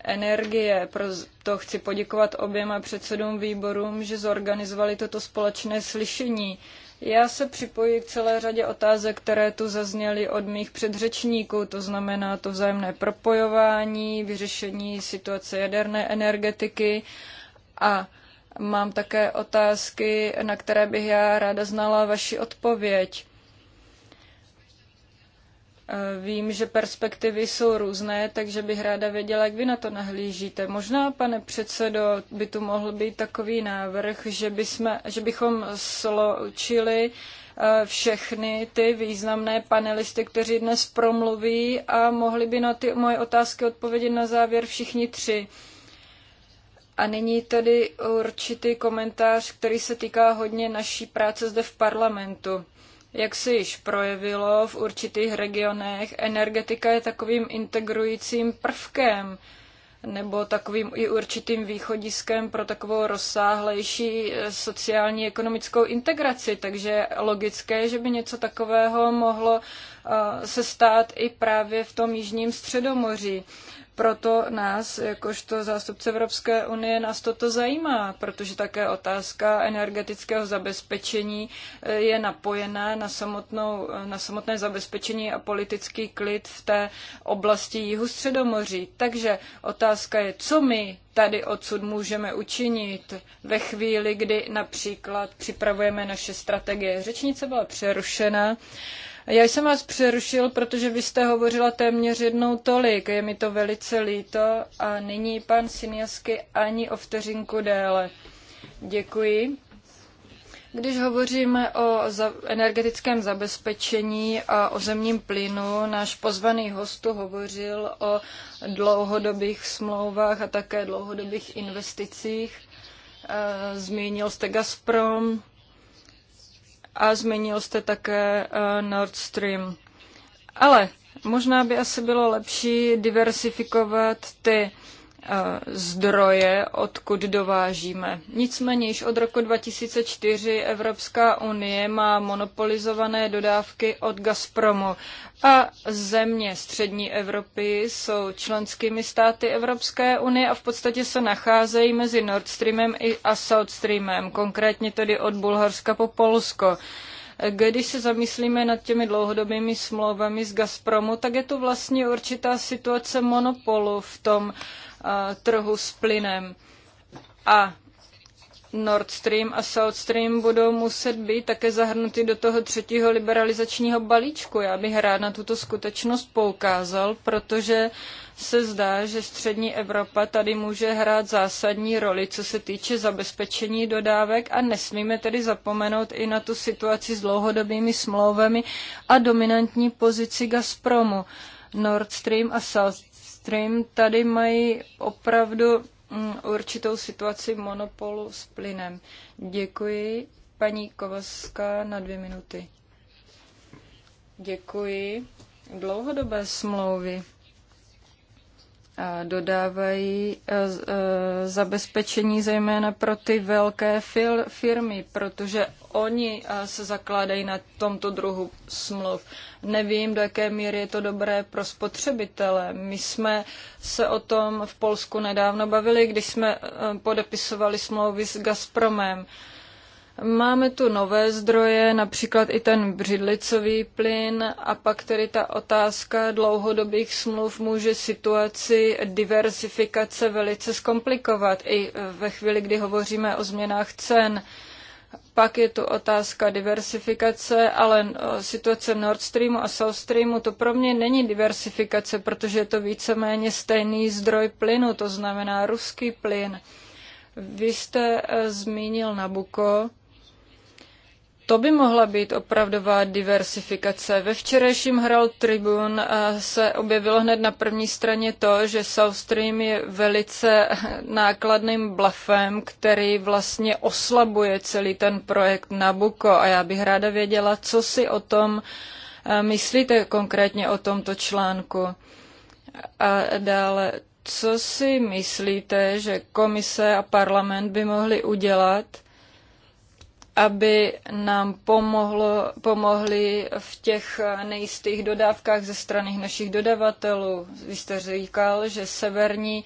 energie. Pro to chci poděkovat oběma předsedům výborům, že zorganizovali toto společné slyšení. Já se připojuji k celé řadě otázek, které tu zazněly od mých předřečníků, to znamená to vzájemné propojování, vyřešení situace jaderné energetiky a Mám také otázky, na které bych já ráda znala vaši odpověď. E, vím, že perspektivy jsou různé, takže bych ráda věděla, jak vy na to nahlížíte. Možná, pane předsedo, by tu mohl být takový návrh, že, bychom, že bychom sloučili e, všechny ty významné panelisty, kteří dnes promluví a mohli by na ty moje otázky odpovědět na závěr všichni tři. A nyní tedy určitý komentář, který se týká hodně naší práce zde v parlamentu. Jak se již projevilo v určitých regionech, energetika je takovým integrujícím prvkem nebo takovým i určitým východiskem pro takovou rozsáhlejší eh, sociální ekonomickou integraci. Takže je logické, že by něco takového mohlo eh, se stát i právě v tom jižním středomoří. Proto nás, jakožto zástupce Evropské unie, nás toto zajímá, protože také otázka energetického zabezpečení eh, je napojená na, samotnou, eh, na samotné zabezpečení a politický klid v té oblasti jihu středomoří. Takže otázka je, co my tady odsud můžeme učinit ve chvíli, kdy například připravujeme naše strategie. Řečnice byla přerušena. Uh, já jsem vás přerušil, protože vy jste hovořila téměř jednou tolik. Je mi to velice líto a nyní pan Siniasky ani o vteřinku déle. Děkuji. Když hovoříme o energetickém zabezpečení a o zemním plynu, náš pozvaný host hovořil o dlouhodobých smlouvách a také dlouhodobých investicích. E, zmínil jste Gazprom, a zmínil jste také eh, Nord Stream. Ale možná by asi bylo lepší diversifikovat ty uh, zdroje, odkud dovážíme. Nicméně již od roku 2004 Evropská unie má monopolizované dodávky od Gazpromu a země střední Evropy jsou členskými státy Evropské unie a v podstatě se nacházejí mezi Nord Streamem a South Streamem, konkrétně tedy od Bulharska po Polsko. Když se zamyslíme nad těmi dlouhodobými smlouvami z Gazpromu, tak je to vlastně určitá situace monopolu v tom, uh, Eh, trhu s plynem. A Nord Stream a South Stream budou muset být také zahrnuty do toho třetího liberalizačního balíčku. Já bych rád na tuto skutečnost poukázal, protože se zdá, že střední Evropa tady může hrát zásadní roli, co se týče zabezpečení dodávek a nesmíme tedy zapomenout i na tu situaci s dlouhodobými smlouvami a dominantní pozici Gazpromu. Nord Stream a South Stream tady mají opravdu mm, určitou situaci monopolu s plynem. Děkuji. Paní Kovaska, na dvě minuty. Děkuji. Dlouhodobé smlouvy dodávají e, e, zabezpečení zejména pro ty velké firmy, protože oni e, se zakládají na tomto druhu smluv. Nevím, do jaké míry je to dobré pro spotřebitele. My jsme se o tom v Polsku nedávno bavili, když jsme podepisovali smlouvy s Gazpromem. Máme tu nové zdroje, například i ten břidlicový plyn a pak tedy ta otázka dlouhodobých smluv může situaci diversifikace velice zkomplikovat i ve chvíli, kdy hovoříme o změnách cen. Pak je tu otázka diversifikace, ale situace Nord Streamu a South Streamu to pro mě není diversifikace, protože je to víceméně stejný zdroj plynu, to znamená ruský plyn. Vy jste e, zmínil Nabuko to by mohla být opravdová diversifikace. Ve včerejším Hral Tribune eh, se objevilo hned na první straně to, že South Stream je velice nákladným blafem, který vlastně oslabuje celý ten projekt Nabuko a já bych ráda věděla, co si o tom eh, myslíte konkrétně o tomto článku. A dále, co si myslíte, že komise a parlament by mohli udělat, aby nám pomohlo, pomohli v těch nejistých dodávkách ze strany našich dodavatelů. Vy jste říkal, že severní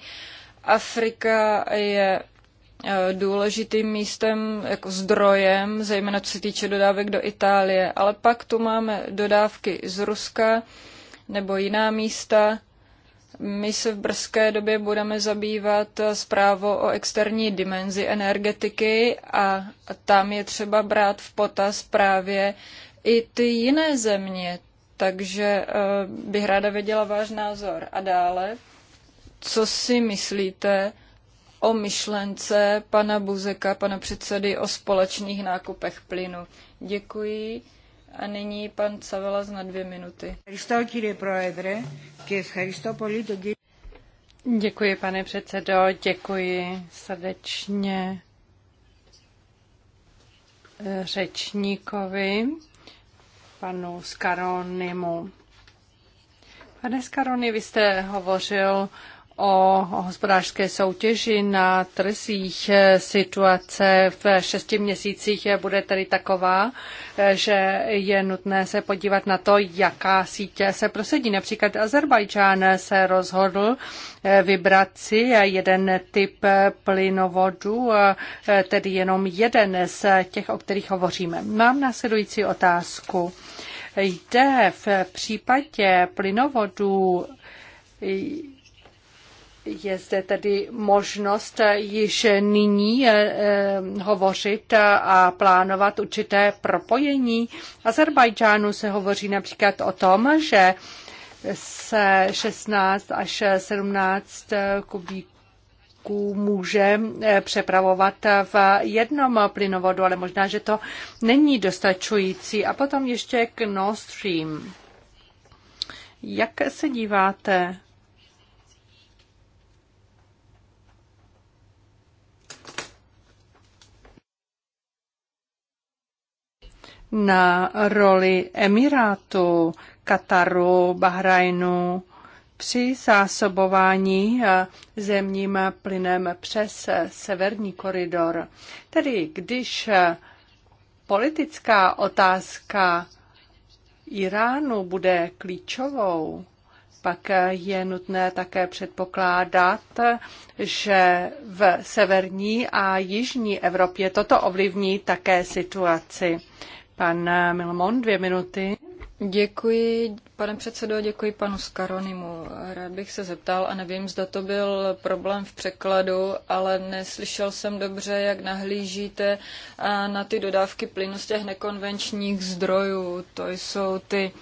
Afrika je e, důležitým místem jako zdrojem, zejména co se týče dodávek do Itálie. Ale pak tu máme dodávky z Ruska nebo jiná místa, my se v brzké době budeme zabývat zprávou o externí dimenzi energetiky a tam je třeba brát v potaz právě i ty jiné země. Takže eh, bych ráda věděla váš názor. A dále, co si myslíte o myšlence pana Buzeka, pana předsedy o společných nákupech plynu? Děkuji. A nyní pan Cavelas na dvě minuty. Děkuji, pane předsedo, děkuji srdečně eh, řečníkovi, panu Skaronimu. Pane Skaroni, vy jste hovořil o hospodářské soutěži na trzích. Eh, situace v šesti měsících bude tedy taková, eh, že je nutné se podívat na to, jaká sítě se prosadí. Například Azerbajdžán se rozhodl eh, vybrat si jeden typ plynovodu, tedy jenom jeden z těch, o kterých hovoříme. Mám následující otázku. Jde v případě plynovodů je zde tedy možnost již nyní eh, eh, hovořit a plánovat určité propojení. Azerbajdžánu se hovoří například o tom, že se 16 až 17 kubíků může eh, přepravovat v jednom plynovodu, ale možná, že to není dostačující. A potom ještě k Nord Stream. Jak se díváte na roli Emirátu, Kataru, Bahrajnu při zásobování eh, zemním plynem přes eh, severní koridor. Tedy když eh, politická otázka Iránu bude klíčovou, pak je nutné také předpokládat, že v severní a jižní Evropě toto ovlivní také situaci. Pan Milmon, dvě minuty. Děkuji, pane předsedo, děkuji panu Skaronimu. Rád bych se zeptal, a nevím, zda to byl problém v překladu, ale neslyšel jsem dobře, jak nahlížíte eh, na ty dodávky plynu z těch nekonvenčních zdrojů. To jsou ty uh,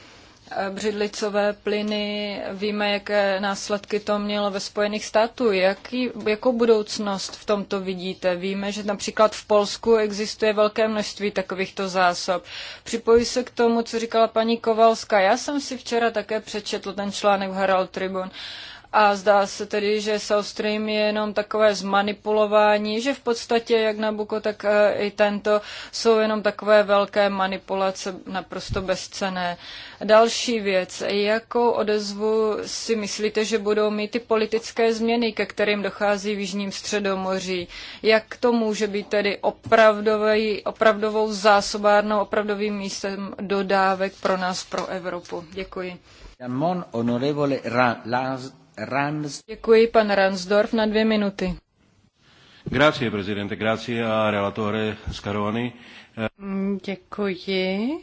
Eh, břidlicové plyny, víme, jaké následky to mělo ve Spojených států. Jaký, jakou budoucnost v tomto vidíte? Víme, že například v Polsku existuje velké množství takovýchto zásob. Připojí se k tomu, co říkala paní Kovalská. Já jsem si včera také přečetl ten článek v Herald Tribune a zdá se tedy, že South Stream je jenom takové zmanipulování, že v podstatě jak Nabuko, tak e, i tento jsou jenom takové velké manipulace naprosto bezcené. Další věc, jakou odezvu si myslíte, že budou mít ty politické změny, ke kterým dochází v Jižním středomoří? Jak to může být tedy opravdový, opravdovou zásobárnou, opravdovým místem dodávek pro nás, pro Evropu? Děkuji. Mon, Honorevole Laz Rans... Děkuji, pan Ransdorf, na dvě minuty. Grazie, prezidente, grazie a relatore Scaroni. Děkuji.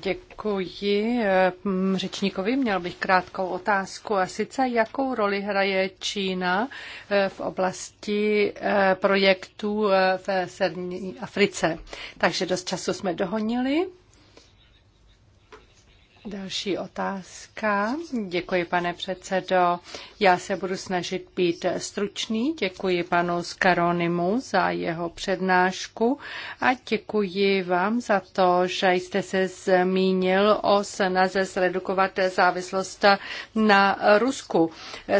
Děkuji mm, řečníkovi. Měl bych krátkou otázku. A sice, jakou roli hraje Čína eh, v oblasti eh, projektů eh, v Severní Africe? Takže dost času jsme dohonili. Další otázka. Děkuji, pane předsedo. Já se budu snažit být stručný. Děkuji panu Skaronimu za jeho přednášku a děkuji vám za to, že jste se zmínil o snaze zredukovat závislost na Rusku.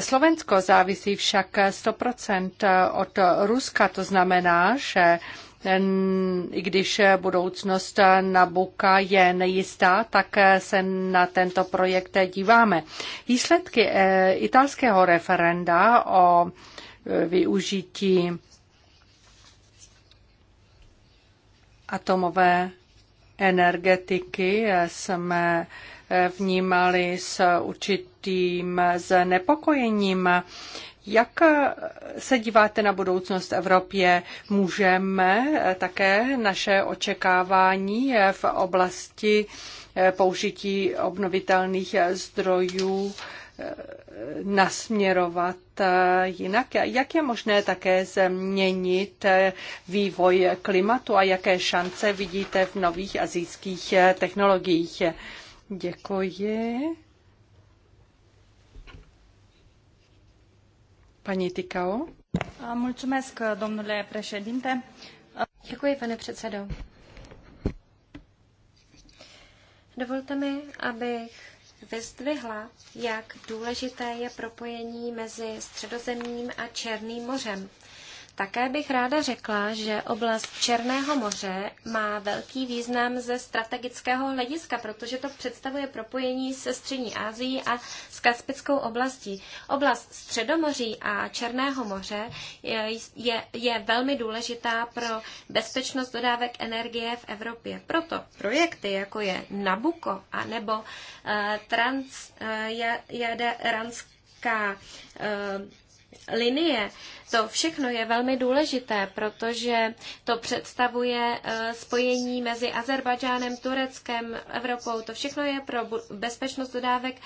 Slovensko závisí však 100% od Ruska, to znamená, že i když budoucnost Nabuka je nejistá, tak se na tento projekt díváme. Výsledky eh, italského referenda o eh, využití atomové energetiky eh, jsme vnímali s určitým znepokojením. Jak se díváte na budoucnost v Evropě? Můžeme také naše očekávání v oblasti eh, použití obnovitelných zdrojů eh, nasměrovat eh, jinak? Jak je možné také změnit vývoj klimatu a jaké šance vidíte v nových azijských technologiích? Děkuji. Paní Tikao. Mulțumesc, domnule președinte. Děkuji, pane předsedo. Dovolte mi, abych vyzdvihla, jak důležité je propojení mezi Středozemním a Černým mořem. Také bych ráda řekla, že oblast Černého moře má velký význam ze strategického hlediska, protože to představuje propojení se Střední Asií a s Kaspickou oblastí. Oblast Středomoří a Černého moře je, je, je velmi důležitá pro bezpečnost dodávek energie v Evropě. Proto projekty, jako je Nabuko a nebo uh, Trans, uh, eh, jaderánsk, je, linie. To všechno je velmi důležité, protože to představuje eh, spojení mezi Azerbajdžánem, Tureckem, Evropou. To všechno je pro bezpečnost dodávek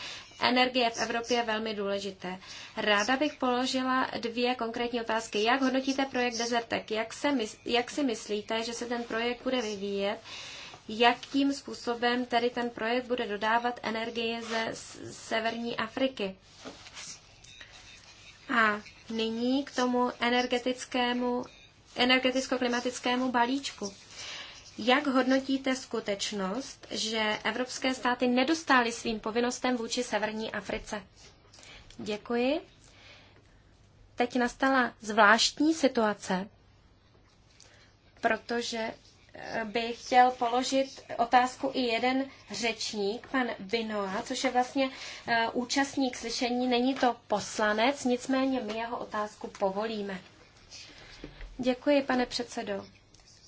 energie v Evropě velmi důležité. Ráda bych položila dvě konkrétní otázky. Jak hodnotíte projekt Desertek? Jak, se, jak si myslíte, že se ten projekt bude vyvíjet? Jakým způsobem tedy ten projekt bude dodávat energii ze severní Afriky? A nyní k tomu energetickému, energeticko-klimatickému balíčku. Jak hodnotíte skutečnost, že evropské státy nedostály svým povinnostem vůči Severní Africe? Děkuji. Teď nastala zvláštní situace, protože by chtěl položit otázku i jeden řečník, pan Vinoa, což je vlastně e, účastník slyšení, není to poslanec, nicméně my jeho otázku povolíme. Děkuji, pane předsedo.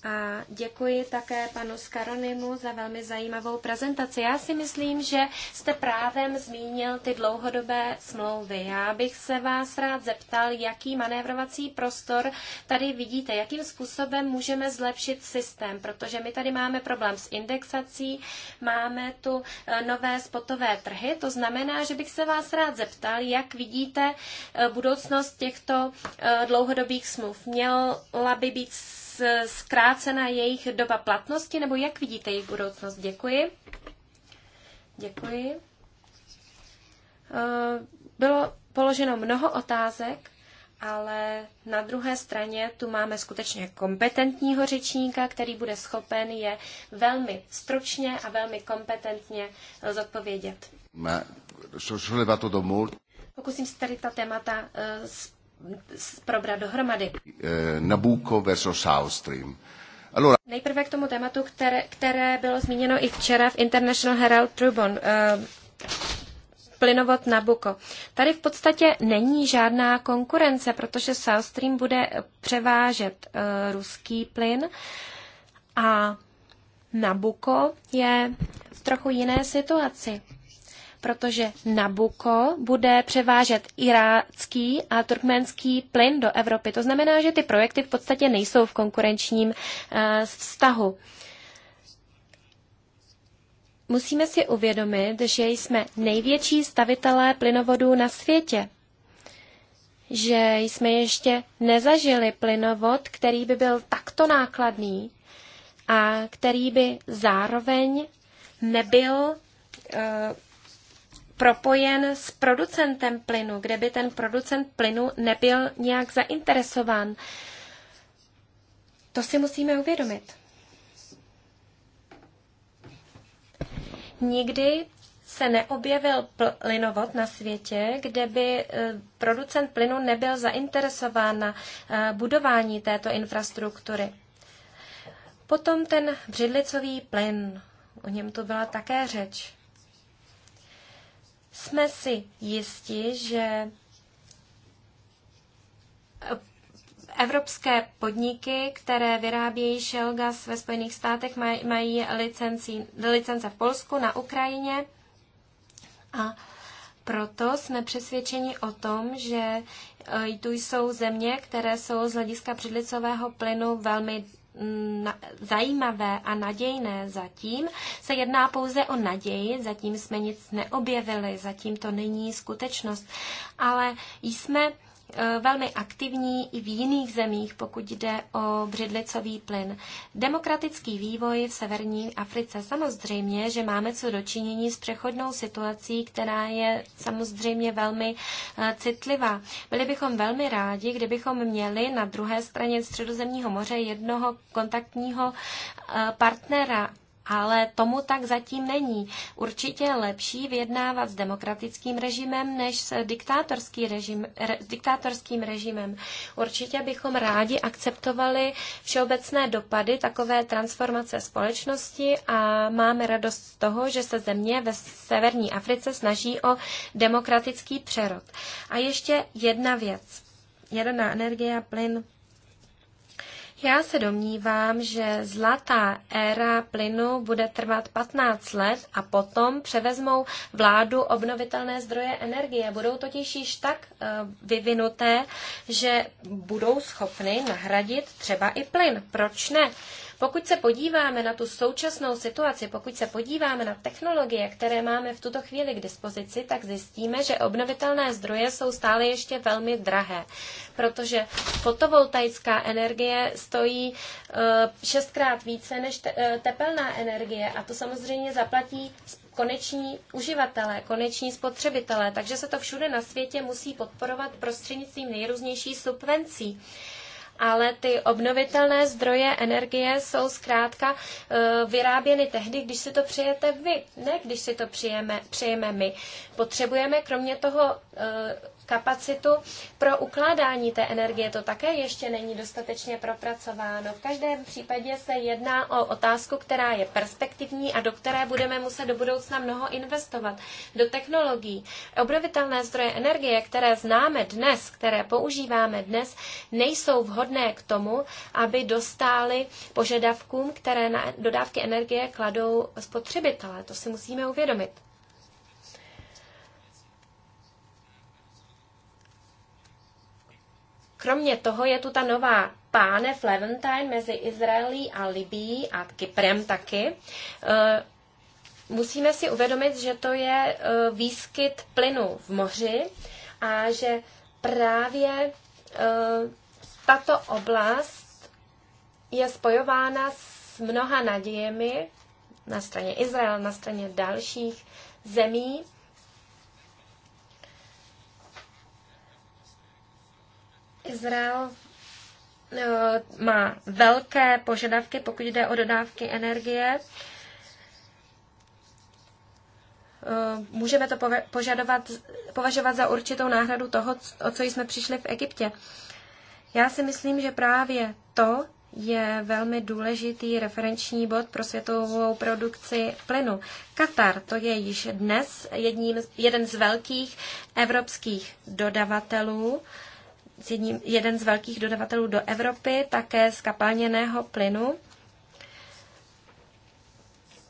A děkuji také panu Skaronimu za velmi zajímavou prezentaci. Já si myslím, že jste právem zmínil ty dlouhodobé smlouvy. Já bych se vás rád zeptal, jaký manévrovací prostor tady vidíte, jakým způsobem můžeme zlepšit systém, protože my tady máme problém s indexací, máme tu eh, nové spotové trhy, to znamená, že bych se vás rád zeptal, jak vidíte eh, budoucnost těchto eh, dlouhodobých smluv. Měla by být zkrácena jejich doba platnosti, nebo jak vidíte jejich budoucnost? Děkuji. Děkuji. Eh, bylo položeno mnoho otázek, ale na druhé straně tu máme skutečně kompetentního řečníka, který bude schopen je velmi stručně a velmi kompetentně zodpovědět. Pokusím se tady ta témata eh, probrat dohromady. Eh, Nabucco versus South Stream. Allora... Nejprve k tomu tématu, které, které bylo zmíněno i včera v International Herald Tribune. Uh, plynovod Nabuko. Tady v podstatě není žádná konkurence, protože South Stream bude převážet uh, ruský plyn a Nabuko je v trochu jiné situaci protože Nabuko bude převážet irácký a turkmenský plyn do Evropy. To znamená, že ty projekty v podstatě nejsou v konkurenčním eh, vztahu. Musíme si uvědomit, že jsme největší stavitelé plynovodů na světě že jsme ještě nezažili plynovod, který by byl takto nákladný a který by zároveň nebyl eh, propojen s producentem plynu, kde by ten producent plynu nebyl nějak zainteresován. To si musíme uvědomit. Nikdy se neobjevil plynovod na světě, kde by eh, producent plynu nebyl zainteresován na eh, budování této infrastruktury. Potom ten břidlicový plyn, o něm tu byla také řeč jsme si jisti, že evropské podniky, které vyrábějí shell gas ve Spojených státech, maj, mají licenci, licence v Polsku, na Ukrajině a proto jsme přesvědčeni o tom, že e, tu jsou země, které jsou z hlediska předlicového plynu velmi Mm, zajímavé a nadějné zatím. Se jedná pouze o naději, zatím jsme nic neobjevili, zatím to není skutečnost, ale jsme Eh, velmi aktivní i v jiných zemích, pokud jde o břidlicový plyn. Demokratický vývoj v severní Africe. Samozřejmě, že máme co dočinění s přechodnou situací, která je samozřejmě velmi eh, citlivá. Byli bychom velmi rádi, kdybychom měli na druhé straně středozemního moře jednoho kontaktního eh, partnera, ale tomu tak zatím není. Určitě je lepší vyjednávat s demokratickým režimem než s diktátorský režim, re, diktátorským režimem. Určitě bychom rádi akceptovali všeobecné dopady takové transformace společnosti a máme radost z toho, že se země ve severní Africe snaží o demokratický přerod. A ještě jedna věc. Jedna energie a plyn já se domnívám, že zlatá éra plynu bude trvat 15 let a potom převezmou vládu obnovitelné zdroje energie. Budou totiž již tak eh, vyvinuté, že budou schopny nahradit třeba i plyn. Proč ne? Pokud se podíváme na tu současnou situaci, pokud se podíváme na technologie, které máme v tuto chvíli k dispozici, tak zjistíme, že obnovitelné zdroje jsou stále ještě velmi drahé, protože fotovoltaická energie stojí e, šestkrát více než e, tepelná energie a to samozřejmě zaplatí koneční uživatelé, koneční spotřebitelé, takže se to všude na světě musí podporovat prostřednictvím nejrůznějších subvencí ale ty obnovitelné zdroje energie jsou zkrátka eh, vyráběny tehdy, když si to přijete vy, ne když si to přijeme, přijeme my. Potřebujeme kromě toho eh, kapacitu pro ukládání té energie. To také ještě není dostatečně propracováno. V každém případě se jedná o otázku, která je perspektivní a do které budeme muset do budoucna mnoho investovat. Do technologií. Obnovitelné zdroje energie, které známe dnes, které používáme dnes, nejsou vhodné k tomu, aby dostály požadavkům, které na dodávky energie kladou spotřebitelé. To si musíme uvědomit. Kromě toho je tu ta nová páne Levantine mezi Izraelí a Libií a Kyprem taky. E, musíme si uvědomit, že to je e, výskyt plynu v moři a že právě e, tato oblast je spojována s mnoha nadějemi na straně Izrael, na straně dalších zemí. Izrael eh, má velké požadavky, pokud jde o dodávky energie. Eh, můžeme to požadovat, považovat za určitou náhradu toho, o co jsme přišli v Egyptě. Já si myslím, že právě to je velmi důležitý referenční bod pro světovou produkci plynu. Katar to je již dnes jedním, jeden z velkých evropských dodavatelů. Uh, jedním, jeden z velkých dodavatelů do Evropy, také z kapalněného plynu.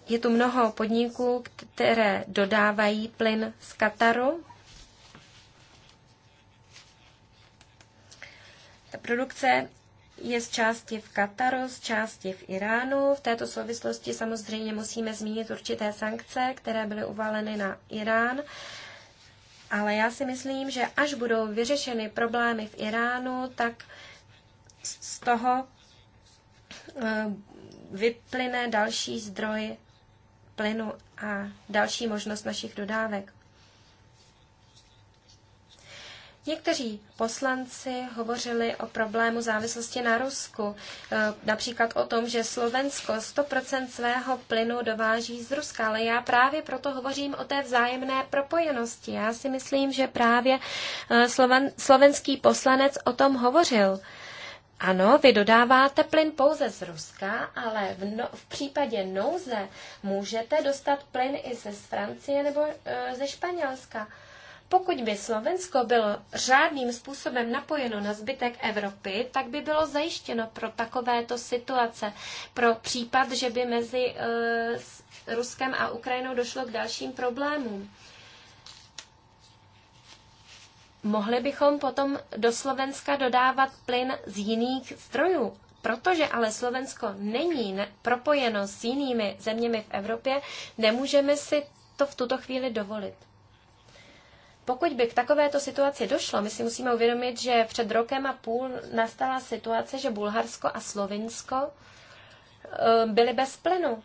Je tu mnoho podniků, které dodávají plyn z Kataru. Ta produkce je z části v Kataru, z části v Iránu. V této souvislosti samozřejmě musíme zmínit určité sankce, které byly uvaleny na Irán ale já si myslím, že až budou vyřešeny problémy v Iránu, tak z toho eh, vyplyne další zdroj plynu a další možnost našich dodávek. Někteří poslanci hovořili o problému závislosti na Rusku, e, například o tom, že Slovensko 100% svého plynu dováží z Ruska, ale já právě proto hovořím o té vzájemné propojenosti. Já si myslím, že právě e, sloven, slovenský poslanec o tom hovořil. Ano, vy dodáváte plyn pouze z Ruska, ale v, no, v případě nouze můžete dostat plyn i ze Francie nebo e, ze Španělska. E, pokud by Slovensko bylo řádným způsobem napojeno na zbytek Evropy, tak by bylo zajištěno pro takovéto situace, pro případ, že by mezi uh, Ruskem a Ukrajinou došlo k dalším problémům. Mohli bychom potom do Slovenska dodávat plyn z jiných zdrojů, Protože ale Slovensko není propojeno s jinými zeměmi v Evropě, nemůžeme si to v tuto chvíli dovolit. Pokud by k takovéto situaci došlo, my si musíme uvědomit, že před rokem a půl nastala situace, že Bulharsko a Slovinsko eh, byly bez plynu.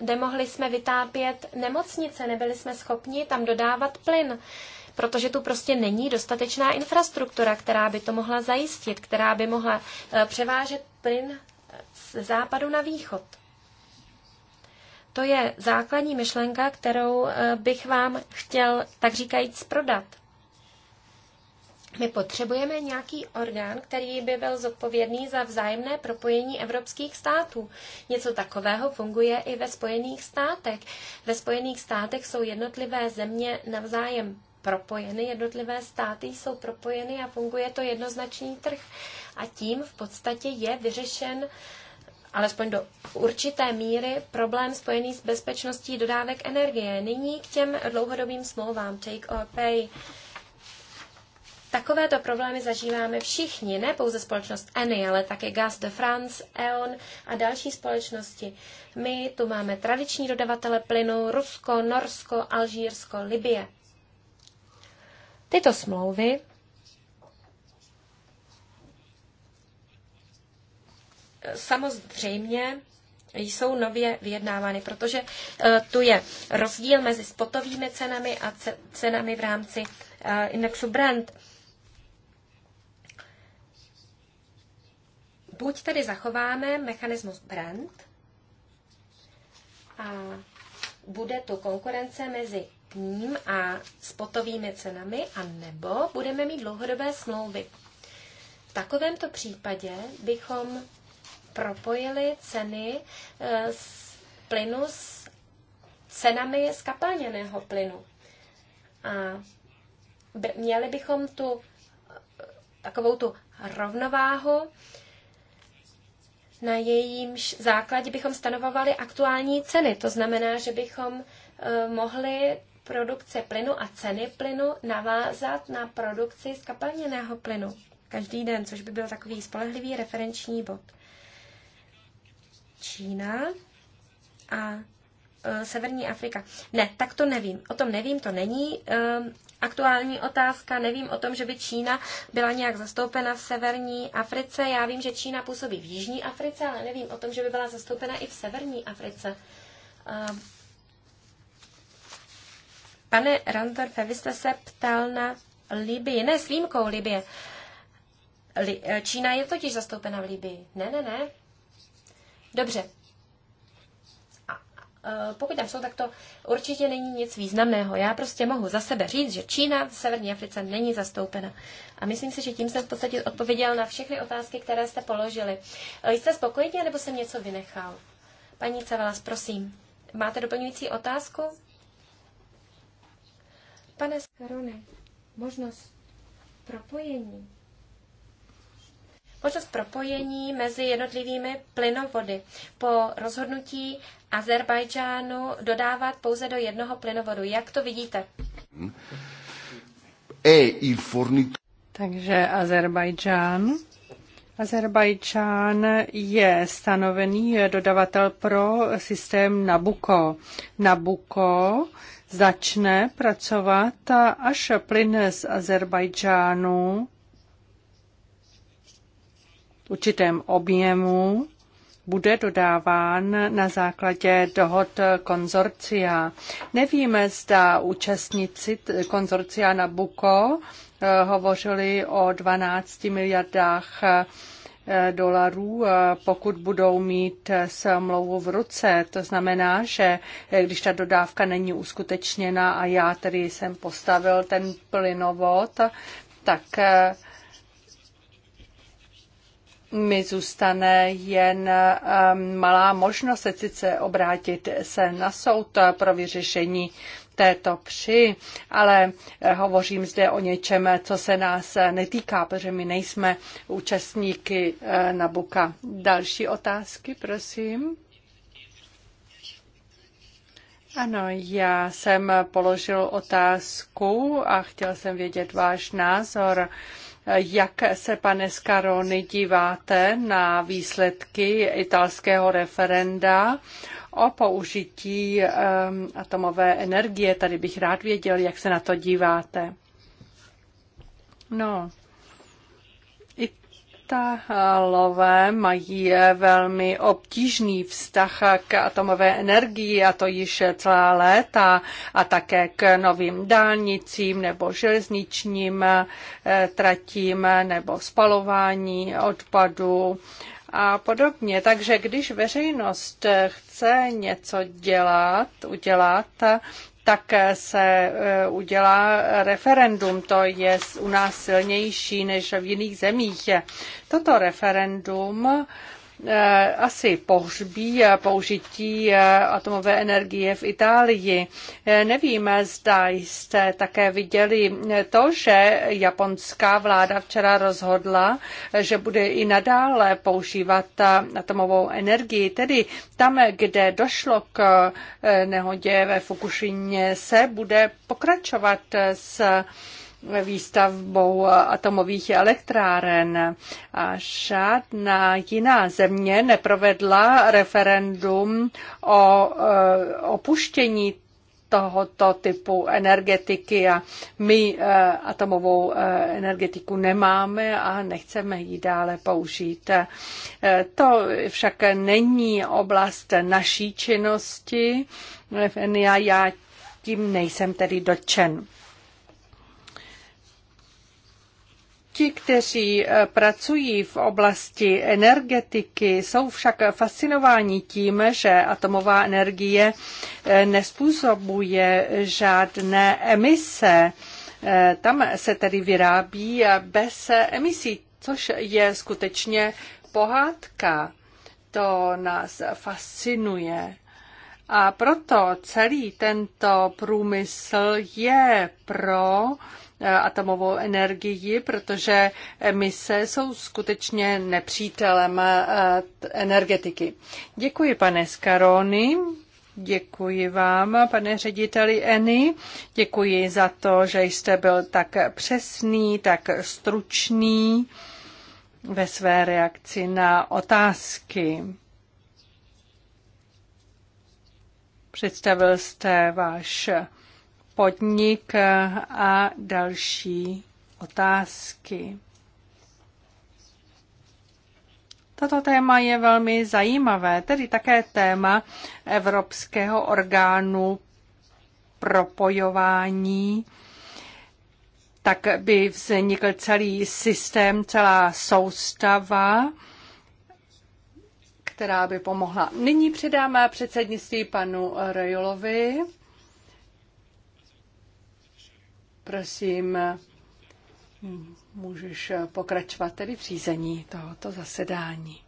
Nemohli jsme vytápět nemocnice, nebyli jsme schopni tam dodávat plyn, protože tu prostě není dostatečná infrastruktura, která by to mohla zajistit, která by mohla eh, převážet plyn z západu na východ. To je základní myšlenka, kterou eh, bych vám chtěl, tak říkajíc, prodat. My potřebujeme nějaký orgán, který by byl zodpovědný za vzájemné propojení evropských států. Něco takového funguje i ve Spojených státech. Ve Spojených státech jsou jednotlivé země navzájem propojeny, jednotlivé státy jsou propojeny a funguje to jednoznačný trh. A tím v podstatě je vyřešen uh, alespoň do určité míry problém spojený s bezpečností dodávek energie. Nyní k těm dlouhodobým smlouvám take or pay. Takovéto problémy zažíváme všichni, ne pouze společnost Eni, ale také Gaz de France, E.ON a další společnosti. My tu máme tradiční dodavatele plynu Rusko, Norsko, Alžírsko, Libie. Tyto smlouvy samozřejmě jsou nově vyjednávány, protože eh, tu je rozdíl mezi spotovými cenami a cenami v rámci eh, indexu Brand. Buď tedy zachováme mechanismus Brand a bude tu konkurence mezi ním a spotovými cenami, a nebo budeme mít dlouhodobé smlouvy. V takovémto případě bychom propojili ceny eh, z plynu s cenami skapalněného plynu. A měli bychom tu eh, takovou tu rovnováhu, na jejímž základě bychom stanovovali aktuální ceny. To znamená, že bychom eh, mohli produkce plynu a ceny plynu navázat na produkci skapalněného plynu každý den, což by byl takový spolehlivý referenční bod. Čína a e, Severní Afrika. Ne, tak to nevím. O tom nevím, to není um, aktuální otázka. Nevím o tom, že by Čína byla nějak zastoupena v Severní Africe. Já vím, že Čína působí v Jižní Africe, ale nevím o tom, že by byla zastoupena i v Severní Africe. Um, pane Randorfe, vy jste se ptal na Libii. Ne, s výjimkou Libie. Li, Čína je totiž zastoupena v Libii. Ne, ne, ne. Dobře. A pokud tam jsou, tak to určitě není nic významného. Já prostě mohu za sebe říct, že Čína v Severní Africe není zastoupena. A myslím si, že tím jsem v podstatě odpověděl na všechny otázky, které jste položili. E, jste spokojeni, nebo jsem něco vynechal? Paní Cavalas, prosím, máte doplňující otázku? Pane Skarone, možnost propojení možnost propojení mezi jednotlivými plynovody. Po rozhodnutí Azerbajdžánu dodávat pouze do jednoho plynovodu. Jak to vidíte? E, Takže Azerbajdžán. Azerbajdžán je stanovený dodavatel pro systém Nabuko. Nabuko začne pracovat, až plyn z Azerbajdžánu určitém objemu bude dodáván na základě dohod konzorcia. Nevíme, zda účastníci konzorcia Nabuko eh, hovořili o 12 miliardách eh, dolarů, eh, pokud budou mít smlouvu v ruce. To znamená, že když ta dodávka není uskutečněna a já tedy jsem postavil ten plynovod, tak mi zůstane jen um, malá možnost sice obrátit se na soud pro vyřešení této při, ale eh, hovořím zde o něčem, co se nás eh, netýká, protože my nejsme účastníky eh, Nabuka. Další otázky, prosím. Ano, já jsem položil otázku a chtěl jsem vědět váš názor. Uh, jak se, pane Scaroni, díváte na výsledky italského referenda o použití um, atomové energie? Tady bych rád věděl, jak se na to díváte. No, Italové mají eh, velmi obtížný vztah k atomové energii a to již celá léta a také k novým dálnicím nebo železničním eh, tratím nebo spalování odpadu a podobně. Takže když veřejnost eh, chce něco dělat, udělat, tak se eh, udělá referendum. To je u nás silnější než v jiných zemích. Toto referendum Eh, asi pohřbí eh, použití eh, atomové energie v Itálii. Nevíme, zda jste také viděli to, že japonská vláda včera rozhodla, že bude i nadále používat atomovou energii. Tedy tam, kde došlo k nehodě ve Fukušině, se bude pokračovat s výstavbou atomových elektráren. A žádná jiná země neprovedla referendum o eh, opuštění tohoto typu energetiky a my eh, atomovou eh, energetiku nemáme a nechceme ji dále použít. To však není oblast naší činnosti. Já tím nejsem tedy dotčen. Ti, kteří eh, pracují v oblasti energetiky, jsou však fascinováni tím, že atomová energie eh, nespůsobuje žádné emise. Eh, tam se tedy vyrábí bez emisí, což je skutečně pohádka. To nás fascinuje. A proto celý tento průmysl je pro uh, Eh, atomovou energii, protože emise jsou skutečně nepřítelem eh, energetiky. Děkuji, pane Skarony. Děkuji vám, pane řediteli Eny. Děkuji za to, že jste byl tak přesný, tak stručný ve své reakci na otázky. Představil jste váš podnik a další otázky. Toto téma je velmi zajímavé, tedy také téma Evropského orgánu propojování tak by vznikl celý systém, celá soustava, která by pomohla. Nyní předáme předsednictví panu Rejolovi. Prosím, můžeš pokračovat tedy v řízení tohoto zasedání.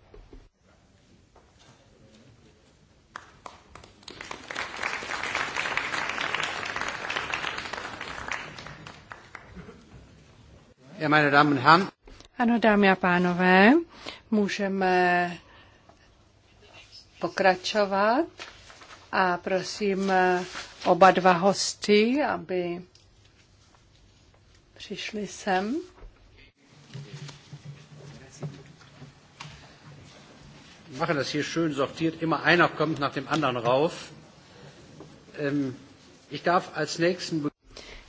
Ano, dámy a pánové, můžeme pokračovat a prosím oba dva hosty, aby přišli sem. Mache das hier schön sortiert. Immer einer kommt nach dem anderen rauf. Ähm, ich darf als nächsten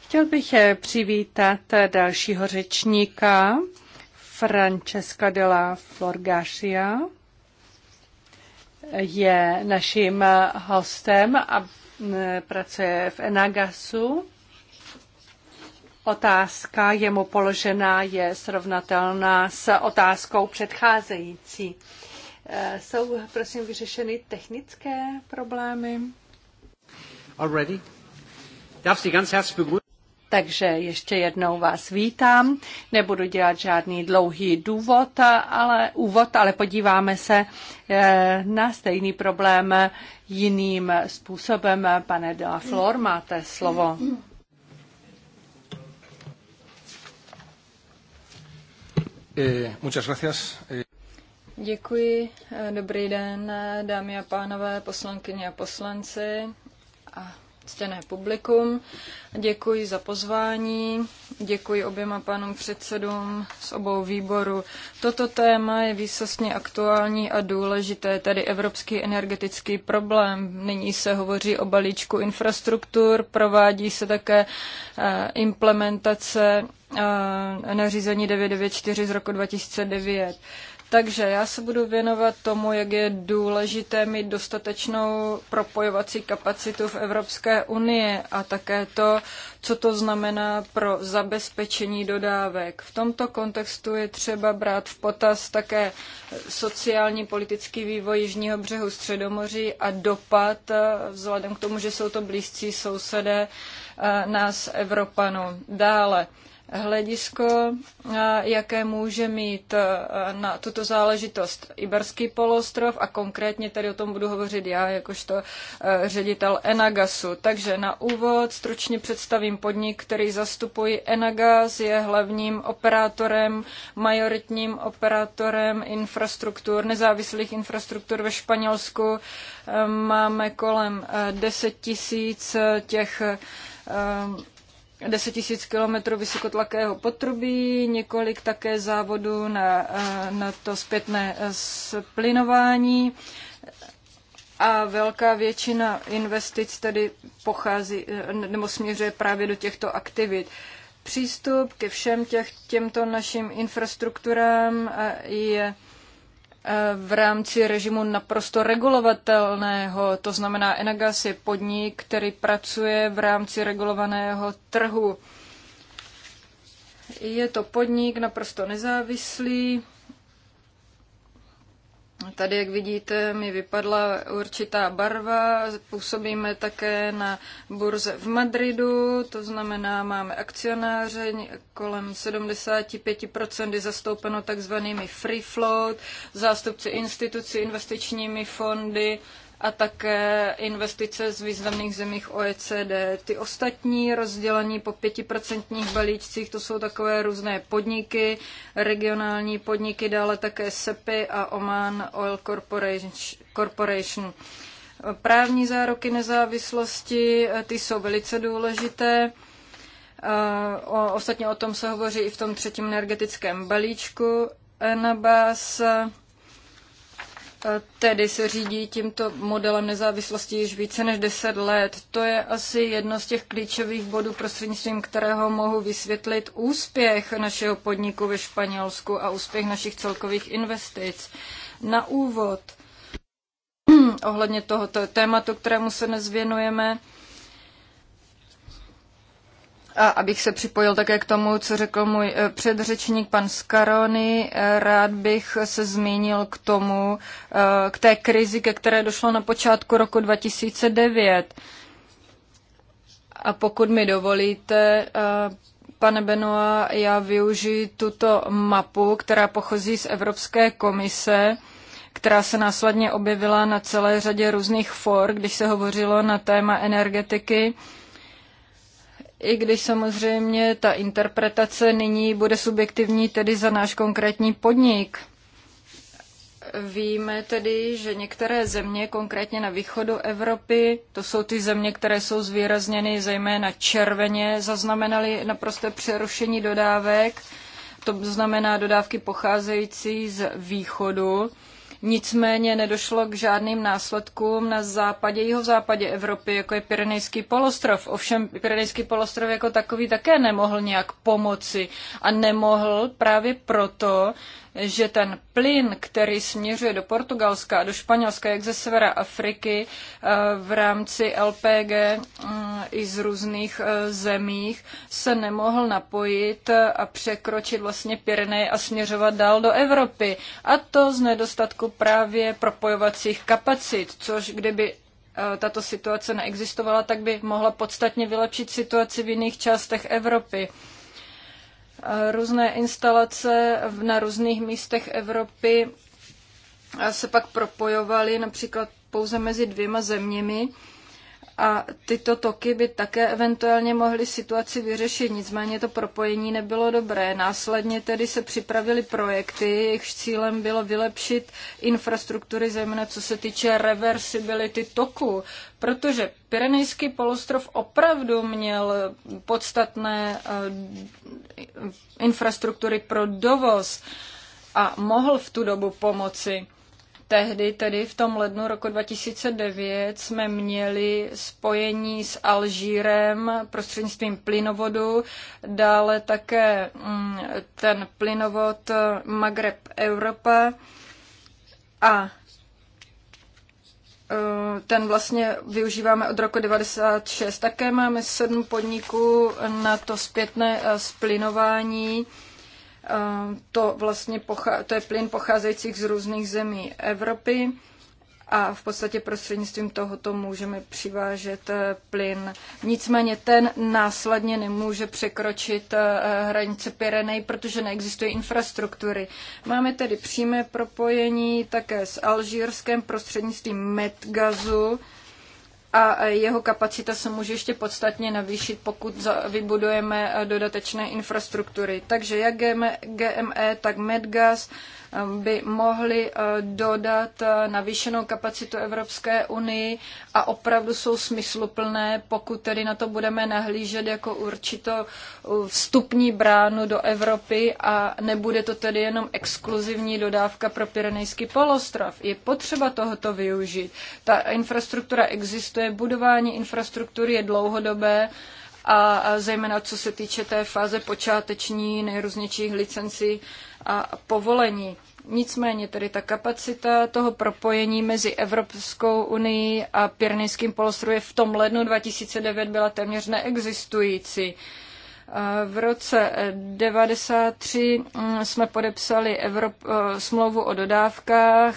Chtěl bych eh, přivítat eh, dalšího řečníka, Francesca de la Florgasia. Je naším eh, hostem a mm, pracuje v Enagasu Otázka jemu položená je srovnatelná s otázkou předcházející. Eh, jsou, prosím, vyřešeny technické problémy? Already. Darf Sie ganz Takže ještě jednou vás vítám. Nebudu dělat žádný dlouhý důvod, ale, úvod, ale podíváme se eh, na stejný problém jiným způsobem. Pane de Flor, máte slovo. Mm. Eh, eh, Děkuji. Eh, dobrý den, dámy a pánové, poslankyně a poslanci. A ctěné publikum. Děkuji za pozvání, děkuji oběma pánům předsedům z obou výborů. Toto téma je výsostně aktuální a důležité, tedy evropský energetický problém. Nyní se hovoří o balíčku infrastruktur, provádí se také eh, implementace eh, nařízení 994 z roku 2009. Takže já se budu věnovat tomu, jak je důležité mít dostatečnou propojovací kapacitu v Evropské unii a také to, co to znamená pro zabezpečení dodávek. V tomto kontextu je třeba brát v potaz také sociální politický vývoj Jižního břehu Středomoří a dopad, vzhledem k tomu, že jsou to blízcí sousedé eh, nás Evropanů. Dále hledisko, jaké může mít na tuto záležitost Iberský poloostrov a konkrétně tady o tom budu hovořit já, jakožto ředitel Enagasu. Takže na úvod stručně představím podnik, který zastupuji. Enagas je hlavním operátorem, majoritním operátorem infrastruktur, nezávislých infrastruktur ve Španělsku. Máme kolem 10 tisíc těch 10 000 km vysokotlakého potrubí, několik také závodů na, eh, na to zpětné eh, splinování a velká většina investic tedy pochází eh, nebo směřuje právě do těchto aktivit. Přístup ke všem těch, těmto našim infrastrukturám je v rámci režimu naprosto regulovatelného. To znamená, Enagas je podnik, který pracuje v rámci regulovaného trhu. Je to podnik naprosto nezávislý, Tady, jak vidíte, mi vypadla určitá barva. Působíme také na burze v Madridu, to znamená, máme akcionáře, kolem 75% je zastoupeno takzvanými free float, zástupci institucí, investičními fondy, a také investice z významných zemích OECD. Ty ostatní rozdělení po pětiprocentních balíčcích, to jsou takové různé podniky, regionální podniky, dále také SEPI a Oman Oil Corporation. Právní zároky nezávislosti, ty jsou velice důležité. O, ostatně o tom se hovoří i v tom třetím energetickém balíčku. Enabas, tedy se řídí tímto modelem nezávislosti již více než 10 let. To je asi jedno z těch klíčových bodů, prostřednictvím kterého mohu vysvětlit úspěch našeho podniku ve Španělsku a úspěch našich celkových investic. Na úvod ohledně tohoto tématu, kterému se dnes věnujeme, a abych se připojil také k tomu, co řekl můj eh, předřečník pan Skarony, eh, rád bych se zmínil k tomu, eh, k té krizi, ke které došlo na počátku roku 2009. A pokud mi dovolíte, pane Benoa, já využiji tuto mapu, která pochází z Evropské komise, která se následně objevila na celé řadě různých for, když se hovořilo na téma energetiky i když samozřejmě ta interpretace nyní bude subjektivní tedy za náš konkrétní podnik. Víme tedy, že některé země, konkrétně na východu Evropy, to jsou ty země, které jsou zvýrazněny zejména červeně, zaznamenaly naprosté přerušení dodávek, to znamená dodávky pocházející z východu. Nicméně nedošlo k žádným následkům na západě, jeho západě Evropy, jako je Pyrenejský polostrov. Ovšem Pyrenejský polostrov jako takový také nemohl nějak pomoci a nemohl právě proto, že ten plyn, který směřuje do Portugalska a do Španělska, jak ze severa Afriky, eh, v rámci LPG mm, i z různých eh, zemích, se nemohl napojit a překročit vlastně Pyrenej a směřovat dál do Evropy. A to z nedostatku právě propojovacích kapacit, což kdyby eh, tato situace neexistovala, tak by mohla podstatně vylepšit situaci v jiných částech Evropy různé instalace na různých místech Evropy se pak propojovaly například pouze mezi dvěma zeměmi a tyto toky by také eventuálně mohly situaci vyřešit, nicméně to propojení nebylo dobré. Následně tedy se připravili projekty, jejichž cílem bylo vylepšit infrastruktury, zejména co se týče reversibility toku, protože Pyrenejský polostrov opravdu měl podstatné eh, infrastruktury pro dovoz a mohl v tu dobu pomoci. Tehdy, tedy v tom lednu roku 2009, jsme měli spojení s Alžírem prostřednictvím plynovodu, dále také mm, ten plynovod Magreb Europa a e, ten vlastně využíváme od roku 96. Také máme sedm podniků na to zpětné e, splinování. Eh, to vlastně pocha- to je plyn pocházejících z různých zemí Evropy a v podstatě prostřednictvím tohoto můžeme přivážet eh, plyn. Nicméně ten následně nemůže překročit eh, hranice Pirenej, protože neexistují infrastruktury. Máme tedy přímé propojení také s Alžírskem prostřednictvím Medgazu, a jeho kapacita se může ještě podstatně navýšit, pokud vybudujeme dodatečné infrastruktury. Takže jak GME, tak Medgas, by mohly eh, dodat eh, navýšenou kapacitu Evropské unii a opravdu jsou smysluplné, pokud tedy na to budeme nahlížet jako určitou eh, vstupní bránu do Evropy a nebude to tedy jenom exkluzivní dodávka pro Pyrenejský polostrov. Je potřeba tohoto využít. Ta infrastruktura existuje, budování infrastruktury je dlouhodobé, a zejména co se týče té fáze počáteční nejrůznějších licencí a povolení. Nicméně tedy ta kapacita toho propojení mezi Evropskou unii a Pyrenejským polostrově v tom lednu 2009 byla téměř neexistující. V roce 1993 mm, jsme podepsali Evrop, eh, smlouvu o dodávkách,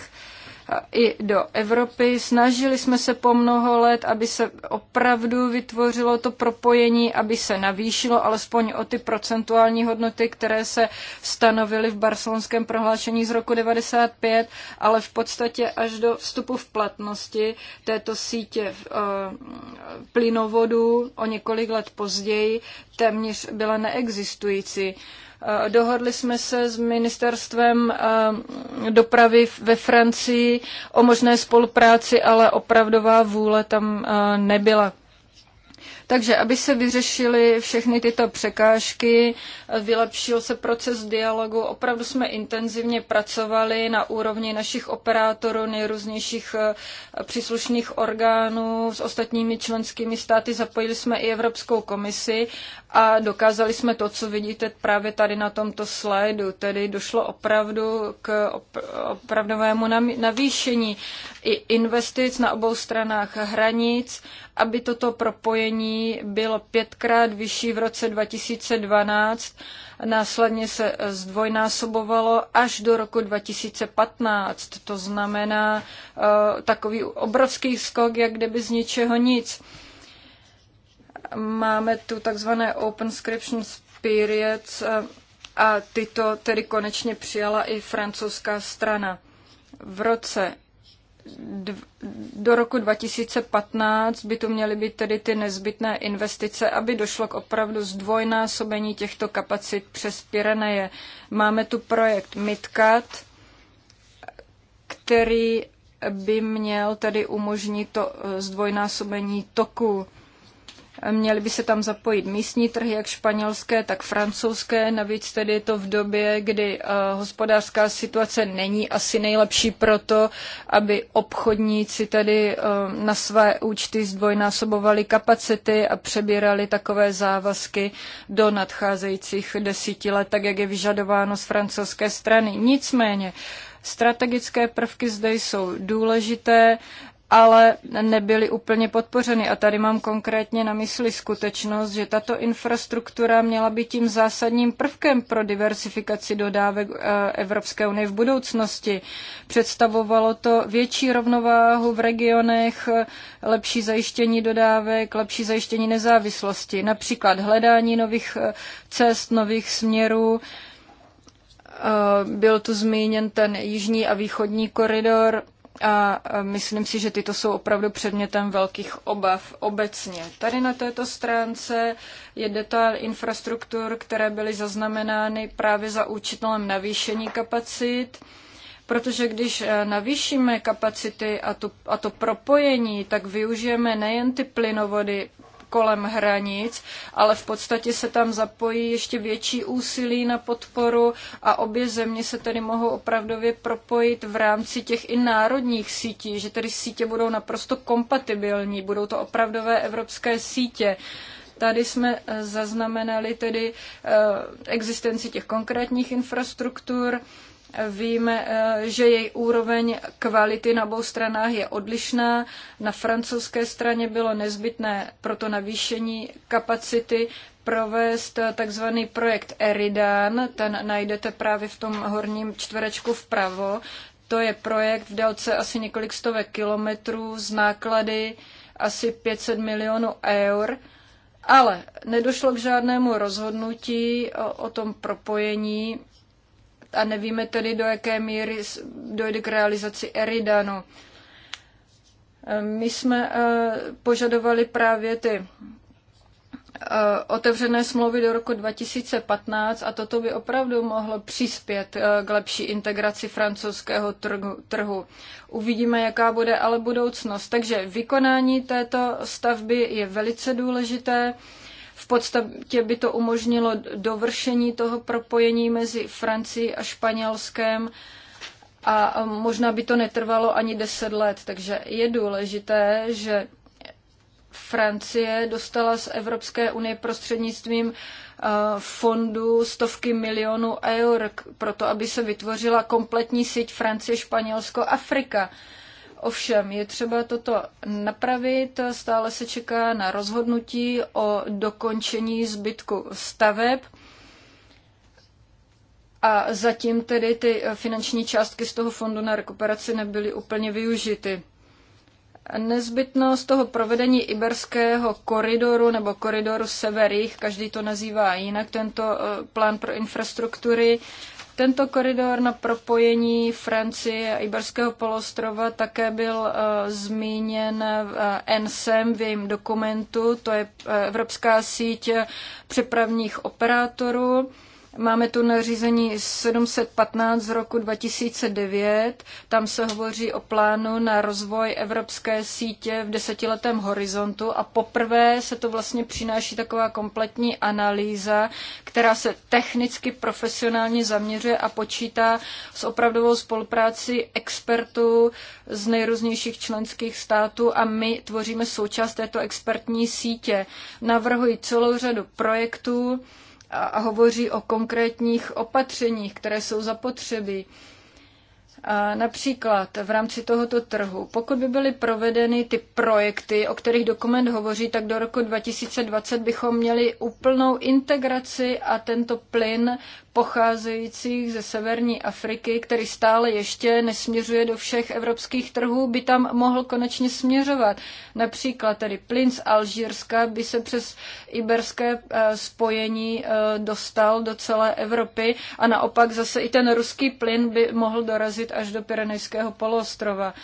i do Evropy. Snažili jsme se po mnoho let, aby se opravdu vytvořilo to propojení, aby se navýšilo alespoň o ty procentuální hodnoty, které se stanovily v barcelonském prohlášení z roku 95, ale v podstatě až do vstupu v platnosti této sítě eh, plynovodů o několik let později téměř byla neexistující. Dohodli jsme se s ministerstvem eh, dopravy ve Francii o možné spolupráci, ale opravdová vůle tam eh, nebyla takže aby se vyřešily všechny tyto překážky, vylepšil se proces dialogu. Opravdu jsme intenzivně pracovali na úrovni našich operátorů, nejrůznějších eh, příslušných orgánů s ostatními členskými státy. Zapojili jsme i Evropskou komisi a dokázali jsme to, co vidíte právě tady na tomto slajdu. Tedy došlo opravdu k opravdovému navýšení i investic na obou stranách hranic aby toto propojení bylo pětkrát vyšší v roce 2012, následně se zdvojnásobovalo až do roku 2015. To znamená eh, takový obrovský skok, jak kdyby z ničeho nic. Máme tu takzvané Open Scription Periods eh, a tyto tedy konečně přijala i francouzská strana. V roce do roku 2015 by tu měly být tedy ty nezbytné investice, aby došlo k opravdu zdvojnásobení těchto kapacit přes Pireneje. Máme tu projekt MidCat, který by měl tedy umožnit to eh, zdvojnásobení toku. Měly by se tam zapojit místní trhy, jak španělské, tak francouzské. Navíc tedy je to v době, kdy eh, hospodářská situace není asi nejlepší proto, aby obchodníci tedy eh, na své účty zdvojnásobovali kapacity a přebírali takové závazky do nadcházejících desíti let, tak jak je vyžadováno z francouzské strany. Nicméně, Strategické prvky zde jsou důležité ale nebyly úplně podpořeny. A tady mám konkrétně na mysli skutečnost, že tato infrastruktura měla být tím zásadním prvkem pro diversifikaci dodávek eh, Evropské unie v budoucnosti. Představovalo to větší rovnováhu v regionech, lepší zajištění dodávek, lepší zajištění nezávislosti, například hledání nových eh, cest, nových směrů eh, byl tu zmíněn ten jižní a východní koridor a myslím si, že tyto jsou opravdu předmětem velkých obav obecně. Tady na této stránce je detail infrastruktur, které byly zaznamenány právě za účitelem navýšení kapacit, protože když e, navýšíme kapacity a to, a to propojení, tak využijeme nejen ty plynovody kolem hranic, ale v podstatě se tam zapojí ještě větší úsilí na podporu a obě země se tedy mohou opravdově propojit v rámci těch i národních sítí, že tedy sítě budou naprosto kompatibilní, budou to opravdové evropské sítě. Tady jsme eh, zaznamenali tedy eh, existenci těch konkrétních infrastruktur, Víme, eh, že její úroveň kvality na obou stranách je odlišná. Na francouzské straně bylo nezbytné proto navýšení kapacity provést eh, takzvaný projekt Eridan, ten najdete právě v tom horním čtverečku vpravo. To je projekt v délce asi několik stovek kilometrů z náklady asi 500 milionů eur, ale nedošlo k žádnému rozhodnutí o, o tom propojení a nevíme tedy, do jaké míry dojde k realizaci Eridanu. Ehm, my jsme eh, požadovali právě ty eh, otevřené smlouvy do roku 2015 a toto by opravdu mohlo přispět eh, k lepší integraci francouzského trhu. Uvidíme, jaká bude ale budoucnost. Takže vykonání této stavby je velice důležité. V podstatě by to umožnilo dovršení toho propojení mezi Francií a Španělskem a možná by to netrvalo ani deset let. Takže je důležité, že Francie dostala z Evropské unie prostřednictvím eh, fondu stovky milionů eur pro to, aby se vytvořila kompletní síť Francie, Španělsko, Afrika. Ovšem je třeba toto napravit, stále se čeká na rozhodnutí o dokončení zbytku staveb. A zatím tedy ty finanční částky z toho fondu na rekuperaci nebyly úplně využity. Nezbytnost toho provedení iberského koridoru nebo koridoru severých, každý to nazývá jinak, tento eh, plán pro infrastruktury tento koridor na propojení Francie a Iberského polostrova také byl uh, zmíněn uh, eh, ENSEM v jejím dokumentu, to je uh, Evropská síť přepravních operátorů. Máme tu nařízení 715 z roku 2009. Tam se hovoří o plánu na rozvoj evropské sítě v desetiletém horizontu a poprvé se to vlastně přináší taková kompletní analýza, která se technicky profesionálně zaměřuje a počítá s opravdovou spolupráci expertů z nejrůznějších členských států a my tvoříme součást této expertní sítě. Navrhuji celou řadu projektů, a hovoří o konkrétních opatřeních, které jsou zapotřebí. například v rámci tohoto trhu, pokud by byly provedeny ty projekty, o kterých dokument hovoří, tak do roku 2020 bychom měli úplnou integraci a tento plyn pocházejících ze severní Afriky, který stále ještě nesměřuje do všech evropských trhů, by tam mohl konečně směřovat. Například tedy plyn z Alžírska by se přes iberské eh, spojení eh, dostal do celé Evropy a naopak zase i ten ruský plyn by mohl dorazit až do Pyrenejského poloostrova.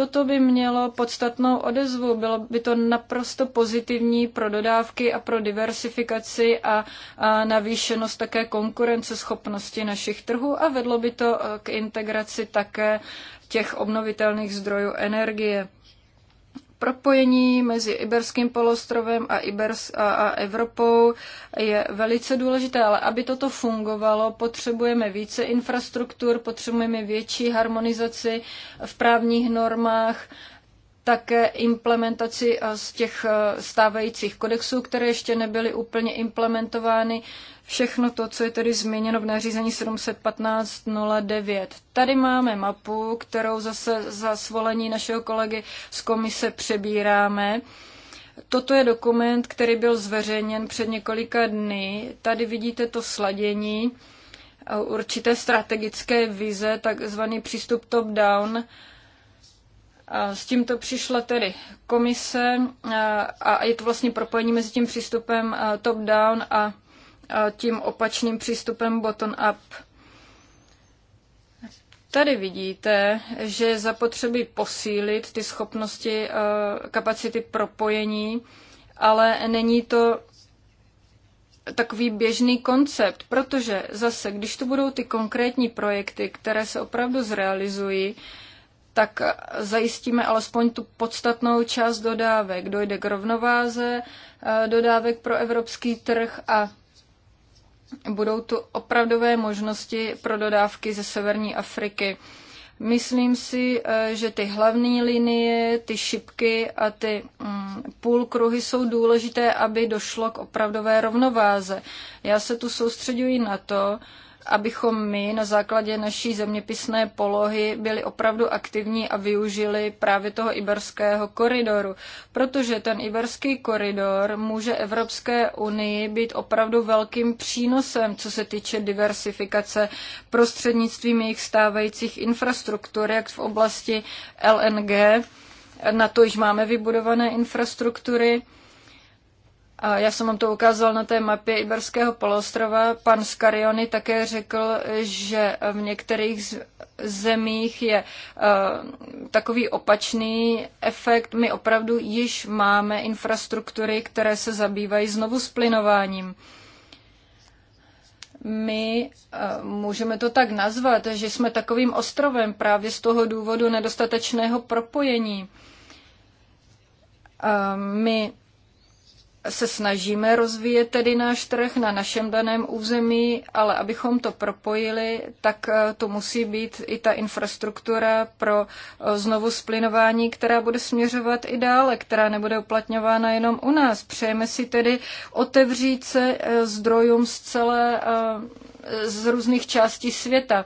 Toto by mělo podstatnou odezvu, bylo by to naprosto pozitivní pro dodávky a pro diversifikaci a, a navýšenost také konkurenceschopnosti našich trhů a vedlo by to eh, k integraci také těch obnovitelných zdrojů energie propojení mezi Iberským polostrovem a, Ibers a, a Evropou je velice důležité, ale aby toto fungovalo, potřebujeme více infrastruktur, potřebujeme větší harmonizaci v právních normách také implementaci eh, z těch eh, stávajících kodexů, které ještě nebyly úplně implementovány. Všechno to, co je tedy změněno v nařízení 715.09. Tady máme mapu, kterou zase za svolení našeho kolegy z komise přebíráme. Toto je dokument, který byl zveřejněn před několika dny. Tady vidíte to sladění eh, určité strategické vize, takzvaný přístup top-down s tímto přišla tedy komise a je to vlastně propojení mezi tím přístupem top-down a tím opačným přístupem bottom-up. Tady vidíte, že je zapotřebí posílit ty schopnosti, kapacity propojení, ale není to takový běžný koncept, protože zase, když to budou ty konkrétní projekty, které se opravdu zrealizují, tak zajistíme alespoň tu podstatnou část dodávek. Dojde k rovnováze eh, dodávek pro evropský trh a budou tu opravdové možnosti pro dodávky ze severní Afriky. Myslím si, eh, že ty hlavní linie, ty šipky a ty mm, půlkruhy jsou důležité, aby došlo k opravdové rovnováze. Já se tu soustředuji na to, abychom my na základě naší zeměpisné polohy byli opravdu aktivní a využili právě toho iberského koridoru. Protože ten iberský koridor může Evropské unii být opravdu velkým přínosem, co se týče diversifikace prostřednictvím jejich stávajících infrastruktur, jak v oblasti LNG. Na to již máme vybudované infrastruktury já jsem vám to ukázal na té mapě Iberského poloostrova. Pan Skariony také řekl, že v některých zemích je eh, takový opačný efekt. My opravdu již máme infrastruktury, které se zabývají znovu splinováním my eh, můžeme to tak nazvat, že jsme takovým ostrovem právě z toho důvodu nedostatečného propojení. Eh, my se snažíme rozvíjet tedy náš trh na našem daném území, ale abychom to propojili, tak eh, to musí být i ta infrastruktura pro eh, znovu splinování, která bude směřovat i dále, která nebude uplatňována jenom u nás. Přejeme si tedy otevřít se eh, zdrojům z celé, z různých částí světa.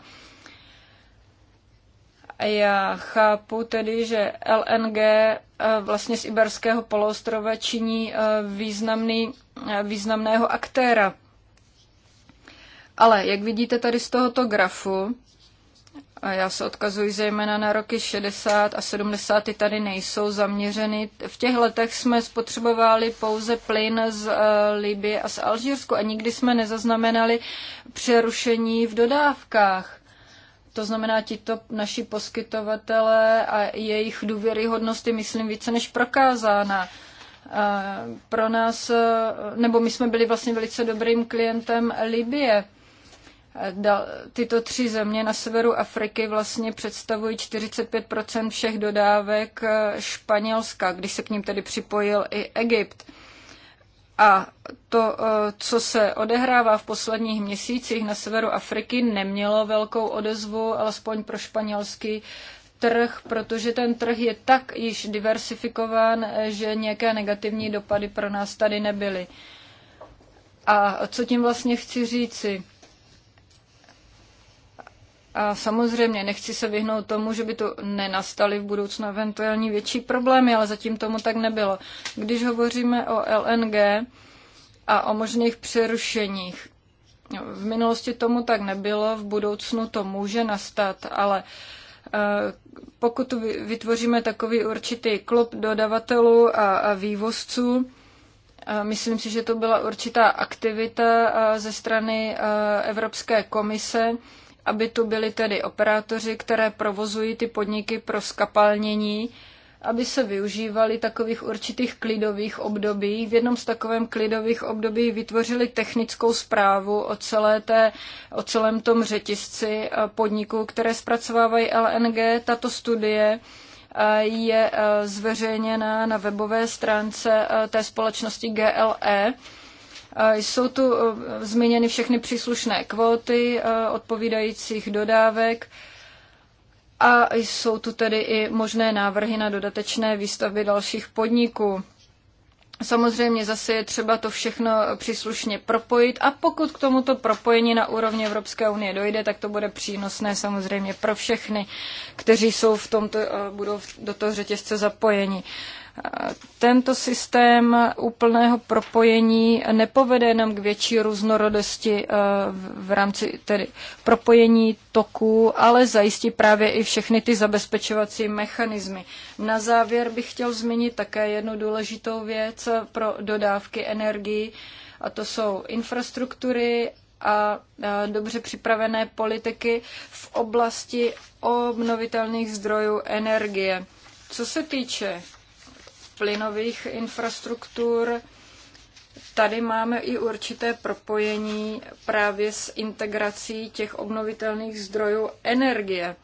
Já chápu tedy, že LNG eh, vlastně z Iberského poloostrova činí eh, významný, eh, významného aktéra. Ale jak vidíte tady z tohoto grafu, a já se odkazuji zejména na roky 60 a 70, ty tady nejsou zaměřeny. V těch letech jsme spotřebovali pouze plyn z uh, Libie a z Alžírsku a nikdy jsme nezaznamenali přerušení v dodávkách. To znamená, tito naši poskytovatelé a jejich důvěryhodnost je, myslím, více než prokázána. Pro nás, nebo my jsme byli vlastně velice dobrým klientem Libie. Tyto tři země na severu Afriky vlastně představují 45 všech dodávek Španělska, když se k ním tedy připojil i Egypt. A to, eh, co se odehrává v posledních měsících na severu Afriky, nemělo velkou odezvu, alespoň pro španělský trh, protože ten trh je tak již diversifikován, eh, že nějaké negativní dopady pro nás tady nebyly. A co tím vlastně chci říci? A samozřejmě nechci se vyhnout tomu, že by to nenastaly v budoucnu eventuální větší problémy, ale zatím tomu tak nebylo. Když hovoříme o LNG a o možných přerušeních, v minulosti tomu tak nebylo, v budoucnu to může nastat, ale e, pokud vytvoříme takový určitý klub dodavatelů a vývozců, myslím si, že to byla určitá aktivita e, ze strany e, Evropské komise, aby tu byli tedy operátoři, které provozují ty podniky pro skapalnění, aby se využívali takových určitých klidových období. V jednom z takovém klidových období vytvořili technickou zprávu o, celé té, o celém tom řetisci eh, podniků, které zpracovávají LNG. Tato studie eh, je eh, zveřejněna na webové stránce té společnosti GLE Eh, jsou tu eh, zmíněny všechny příslušné kvóty eh, odpovídajících dodávek a jsou tu tedy i možné návrhy na dodatečné výstavby dalších podniků. Samozřejmě zase je třeba to všechno příslušně propojit a pokud k tomuto propojení na úrovni Evropské unie dojde, tak to bude přínosné samozřejmě pro všechny, kteří jsou v tomto, budou do toho řetězce zapojeni. Tento systém úplného propojení nepovede jenom k větší různorodosti eh, v rámci tedy propojení toků, ale zajistí právě i všechny ty zabezpečovací mechanismy. Na závěr bych chtěl zmínit také jednu důležitou věc pro dodávky energii, a to jsou infrastruktury a dobře připravené politiky v oblasti obnovitelných zdrojů energie. Co se týče plynových infrastruktur. Tady máme i určité propojení právě s integrací těch obnovitelných zdrojů energie.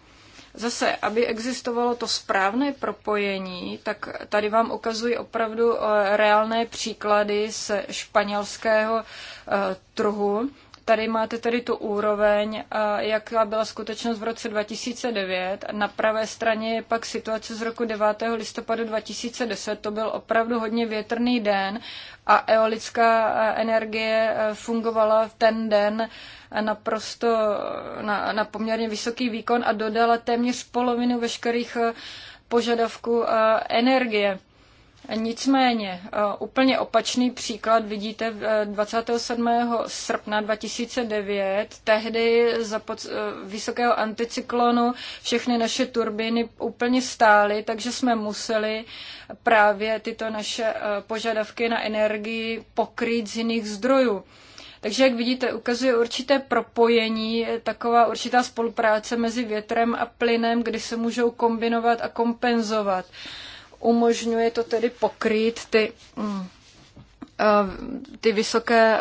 Zase, aby existovalo to správné propojení, tak tady vám ukazuji opravdu eh, reálné příklady z španělského eh, trhu Tady máte tedy tu úroveň, eh, jaká byla skutečnost v roce 2009. Na pravé straně je pak situace z roku 9. listopadu 2010. To byl opravdu hodně větrný den a eolická eh, energie eh, fungovala v ten den naprosto na, na poměrně vysoký výkon a dodala téměř polovinu veškerých požadavků energie. Nicméně eh, úplně opačný příklad vidíte 27. Eh, srpna 2009. Tehdy za pod, eh, vysokého anticyklonu všechny naše turbíny úplně stály, takže jsme museli právě tyto naše požadavky na energii pokrýt z jiných zdrojů. Takže, jak vidíte, ukazuje určité propojení, taková určitá spolupráce mezi větrem a plynem, kdy se můžou kombinovat a kompenzovat. Uh, Umožňuje to tedy pokrýt ty mm, eh, ty vysoké eh,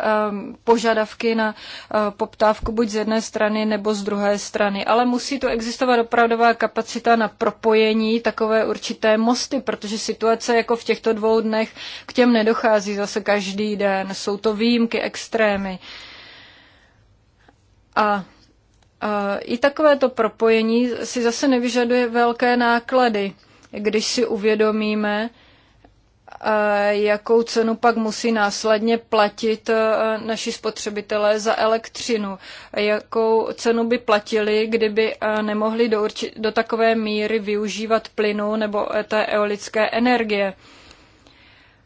požadavky na eh, poptávku buď z jedné strany nebo z druhé strany. Ale musí to existovat opravdová kapacita na propojení takové určité mosty, protože situace jako v těchto dvou dnech k těm nedochází zase každý den. Jsou to výjimky, extrémy. A i takovéto propojení si zase nevyžaduje velké náklady když si uvědomíme, eh, jakou cenu pak musí následně platit eh, naši spotřebitelé za elektřinu, jakou cenu by platili, kdyby eh, nemohli do, urči- do takové míry využívat plynu nebo té eolické energie.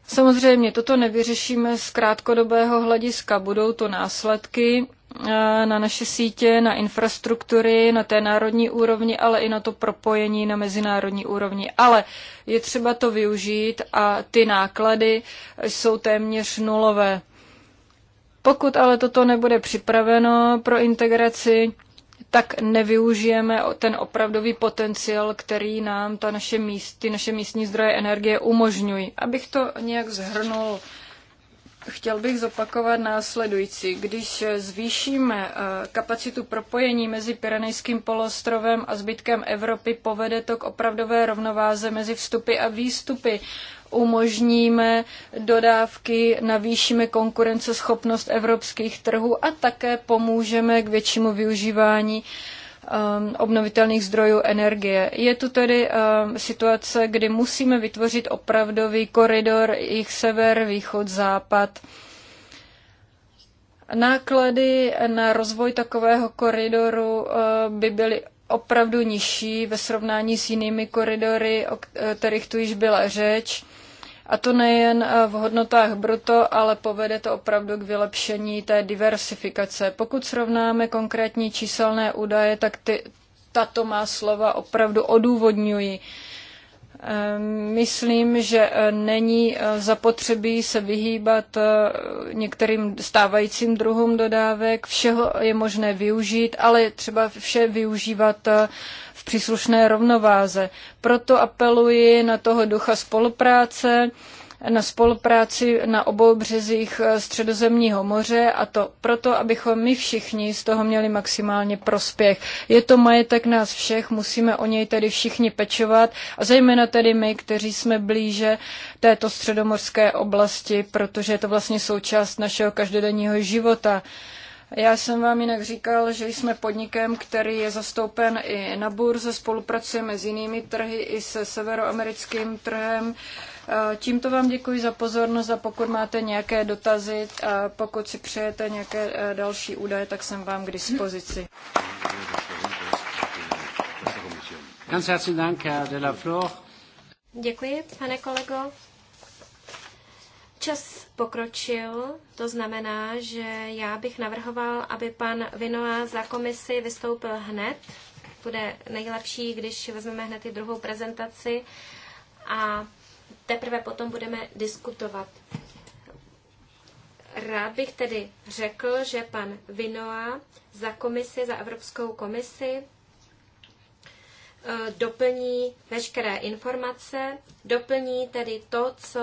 Samozřejmě toto nevyřešíme z krátkodobého hlediska, budou to následky, Eh, na naše sítě, na infrastruktury, na té národní úrovni, ale i na to propojení na mezinárodní úrovni. Ale je třeba to využít a ty náklady jsou téměř nulové. Pokud ale toto nebude připraveno pro integraci, tak nevyužijeme ten opravdový potenciál, který nám ta naše míst, ty naše místní zdroje energie umožňují. Abych to nějak zhrnul, Chtěl bych zopakovat následující. Když zvýšíme eh, kapacitu propojení mezi Pyrenejským poloostrovem a zbytkem Evropy, povede to k opravdové rovnováze mezi vstupy a výstupy. Umožníme dodávky, navýšíme konkurenceschopnost evropských trhů a také pomůžeme k většímu využívání Um, obnovitelných zdrojů energie. Je tu tedy um, situace, kdy musíme vytvořit opravdový koridor jich sever, východ, západ. Náklady na rozvoj takového koridoru uh, by byly opravdu nižší ve srovnání s jinými koridory, o kterých tu již byla řeč a to nejen eh, v hodnotách bruto, ale povede to opravdu k vylepšení té diversifikace. Pokud srovnáme konkrétní číselné údaje, tak ty, tato má slova opravdu odůvodňují. Ehm, myslím, že eh, není eh, zapotřebí se vyhýbat eh, některým stávajícím druhům dodávek. Všeho je možné využít, ale je třeba vše využívat v příslušné rovnováze. Proto apeluji na toho ducha spolupráce na spolupráci na obou březích eh, Středozemního moře a to proto, abychom my všichni z toho měli maximálně prospěch. Je to majetek nás všech, musíme o něj tedy všichni pečovat a zejména tedy my, kteří jsme blíže této středomorské oblasti, protože je to vlastně součást našeho každodenního života. Já jsem vám jinak říkal, že jsme podnikem, který je zastoupen i na burze, spolupracujeme s jinými trhy, i se severoamerickým trhem Eh, tímto vám děkuji za pozornost a pokud máte nějaké dotazy a eh, pokud si přejete nějaké eh, další údaje, tak jsem vám k dispozici. Děkuji, pane kolego. Čas pokročil, to znamená, že já bych navrhoval, aby pan Vinoa za komisi vystoupil hned. Bude nejlepší, když vezmeme hned i druhou prezentaci a teprve potom budeme diskutovat. Rád bych tedy řekl, že pan Vinoa za komisi, za Evropskou komisi Eh, doplní veškeré informace, doplní tedy to, co